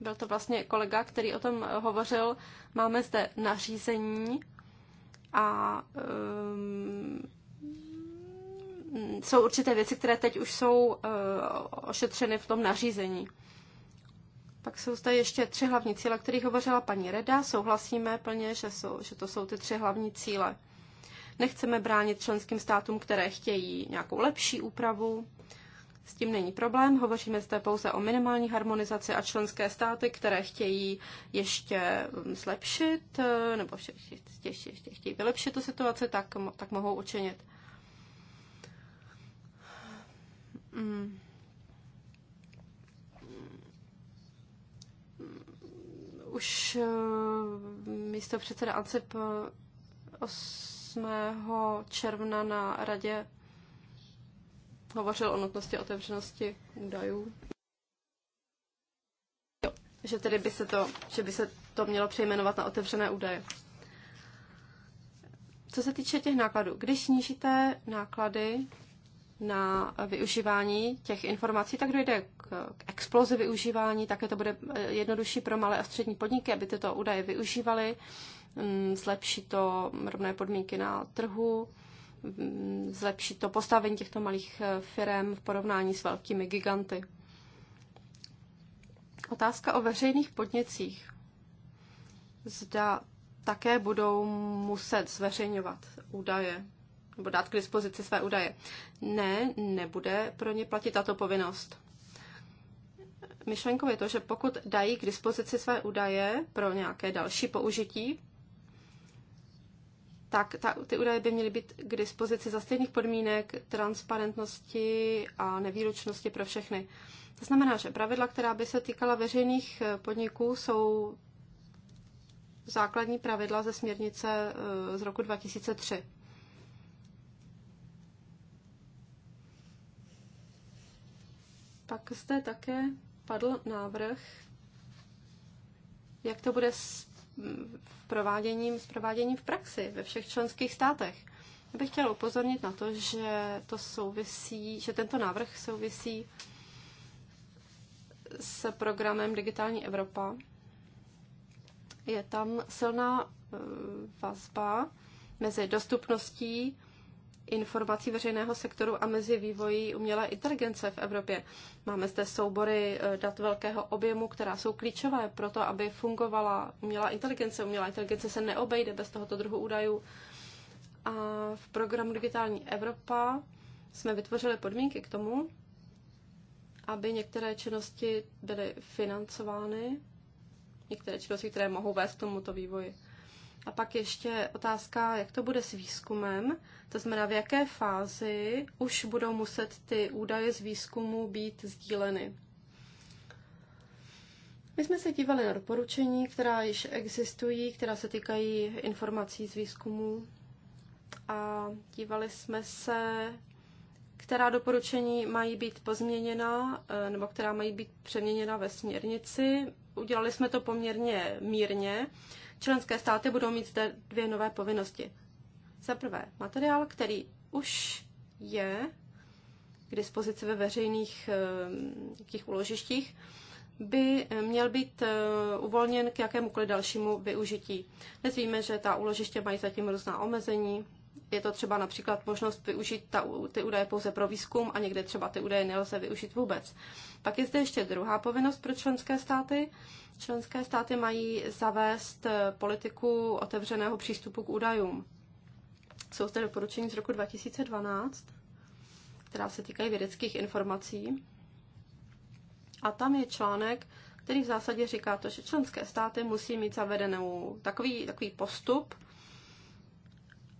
byl to vlastně kolega, který o tom hovořil. Máme zde nařízení a um, jsou určité věci, které teď už jsou uh, ošetřeny v tom nařízení. Pak jsou zde ještě tři hlavní cíle, o kterých hovořila paní Reda. Souhlasíme plně, že, jsou, že to jsou ty tři hlavní cíle. Nechceme bránit členským státům, které chtějí nějakou lepší úpravu. S tím není problém, hovoříme zde pouze o minimální harmonizaci a členské státy, které chtějí ještě um, zlepšit eh, nebo ještě, ještě, ještě chtějí vylepšit tu situaci, tak, tak mohou učinit. Mm. mm. Už eh, místo předseda ANCIP 8. Eh, června na radě hovořil o nutnosti otevřenosti údajů. Jo, že tedy by se to, že by se to mělo přejmenovat na otevřené údaje. Co se týče těch nákladů, když snížíte náklady na využívání těch informací, tak dojde k explozi využívání, také to bude eh, jednodušší pro malé a střední podniky, aby tyto údaje využívaly, mm, zlepší to rovné podmínky na trhu, Mm, zlepšit to postavení těchto malých eh, firm v porovnání s velkými giganty. Otázka o veřejných podnicích. Zda také budou muset zveřejňovat údaje nebo dát k dispozici své údaje. Ne, nebude pro ně platit tato povinnost. Myšlenkou je to, že pokud dají k dispozici své údaje pro nějaké další použití, tak ta, ty údaje by měly být k dispozici za stejných podmínek transparentnosti a nevýlučnosti pro všechny. To znamená, že pravidla, která by se týkala veřejných eh, podniků, jsou základní pravidla ze směrnice eh, z roku 2003. Pak zde také padl návrh, jak to bude s prováděním, s prováděním v praxi ve všech členských státech. Já bych chtěla upozornit na to, že to souvisí, že tento návrh souvisí s programem Digitální Evropa. Je tam silná eh, vazba mezi dostupností informací veřejného sektoru a mezi vývoji umělé inteligence v Evropě. Máme zde soubory eh, dat velkého objemu, která jsou klíčové pro to, aby fungovala umělá inteligence. Umělá inteligence se neobejde bez tohoto druhu údajů. A v programu Digitální Evropa jsme vytvořili podmínky k tomu, aby některé činnosti byly financovány, některé činnosti, které mohou vést k tomuto vývoji. A pak ještě otázka, jak to bude s výzkumem, to znamená, v jaké fázi už budou muset ty údaje z výzkumu být sdíleny. My jsme se dívali na doporučení, která již existují, která se týkají informací z výzkumu a dívali jsme se, která doporučení mají být pozměněna eh, nebo která mají být přeměněna ve směrnici. Udělali jsme to poměrně mírně. Členské státy budou mít zde dvě nové povinnosti. Za prvé, materiál, který už je k dispozici ve veřejných těch eh, uložištích, by eh, měl být eh, uvolněn k jakémukoliv dalšímu využití. Dnes víme, že ta uložiště mají zatím různá omezení, je to třeba například možnost využít ta, ty údaje pouze pro výzkum a někde třeba ty údaje nelze využít vůbec. Pak je zde ještě druhá povinnost pro členské státy. Členské státy mají zavést eh, politiku otevřeného přístupu k údajům. Jsou zde doporučení z roku 2012, která se týkají vědeckých informací. A tam je článek, který v zásadě říká to, že členské státy musí mít zavedenou takový, takový postup,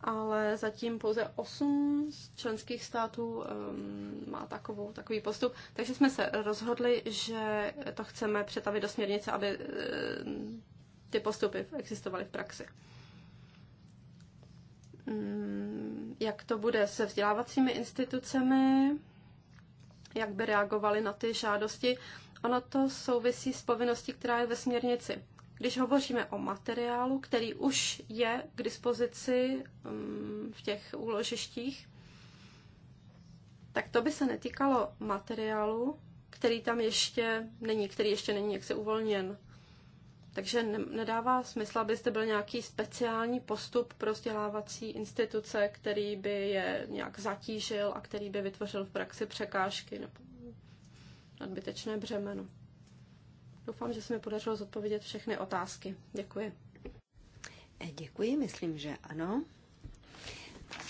ale zatím pouze 8 z členských států um, má takovou, takový postup. Takže jsme se rozhodli, že to chceme přetavit do směrnice, aby um, ty postupy existovaly v praxi. Um, jak to bude se vzdělávacími institucemi, jak by reagovali na ty žádosti, ono to souvisí s povinností, která je ve směrnici když hovoříme o materiálu, který už je k dispozici mm, v těch úložištích, tak to by se netýkalo materiálu, který tam ještě není, který ještě není jaksi uvolněn. Takže nedává smysl, aby zde byl nějaký speciální postup pro vzdělávací instituce, který by je nějak zatížil a který by vytvořil v praxi překážky nebo nadbytečné břemeno. Doufám, že se mi podařilo zodpovědět všechny otázky. Děkuji. E, děkuji, myslím, že ano.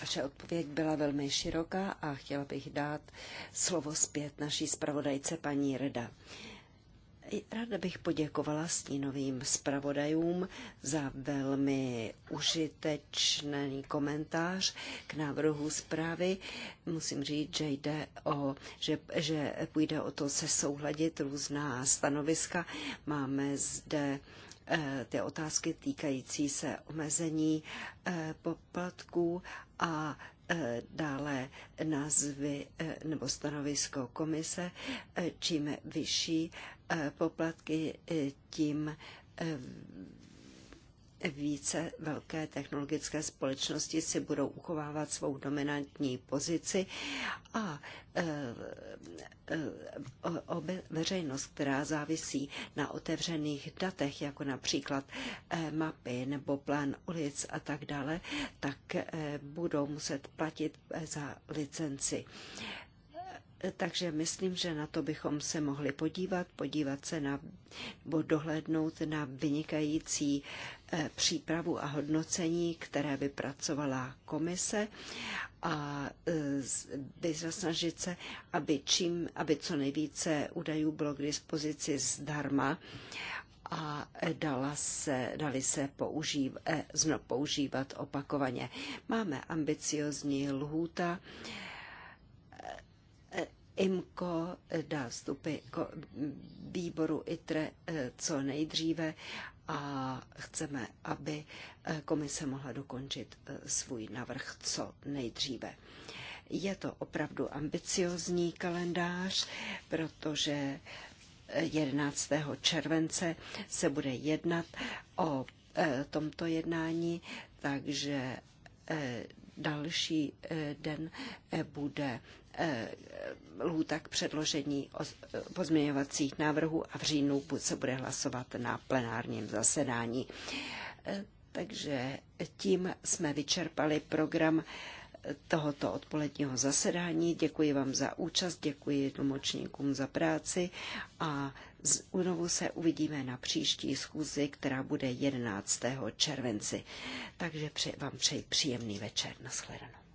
Vaše odpověď byla velmi široká a chtěla bych dát slovo zpět naší zpravodajce paní Reda. Ráda bych poděkovala stínovým zpravodajům za velmi užitečný komentář k návrhu zprávy. Musím říct, že jde o, že, že půjde o to se souhladit různá stanoviska. Máme zde eh, ty otázky týkající se omezení eh, poplatků a eh, dále názvy nebo stanovisko komise. Čím vyšší E, poplatky, e, tím e, více velké technologické společnosti si budou uchovávat svou dominantní pozici a veřejnost, která závisí na otevřených datech, jako například mapy nebo plán ulic a tak dále, tak budou muset platit za licenci. Takže myslím, že na to bychom se mohli podívat, podívat se na, nebo dohlédnout na vynikající eh, přípravu a hodnocení, které vypracovala komise a vysnažit eh, se, aby, čím, aby co nejvíce údajů bylo k dispozici zdarma a dala se, dali se použív, eh, znovu používat opakovaně. Máme ambiciozní lhůta, eh, IMCO dá vstupy k výboru ITRE eh, co nejdříve a chceme, aby eh, komise mohla dokončit eh, svůj navrh co nejdříve. Je to opravdu ambiciozní kalendář, protože 11. července se bude jednat o tomto jednání, takže další den bude Eh, lhůta k předložení eh, pozměňovacích návrhů a v říjnu se bude hlasovat na plenárním zasedání. Eh, takže tím jsme vyčerpali program tohoto odpoledního zasedání. Děkuji vám za účast, děkuji tlumočníkům za práci a znovu se uvidíme na příští schůzi, která bude 11. červenci. Takže vám přeji příjemný večer. Naschledanou.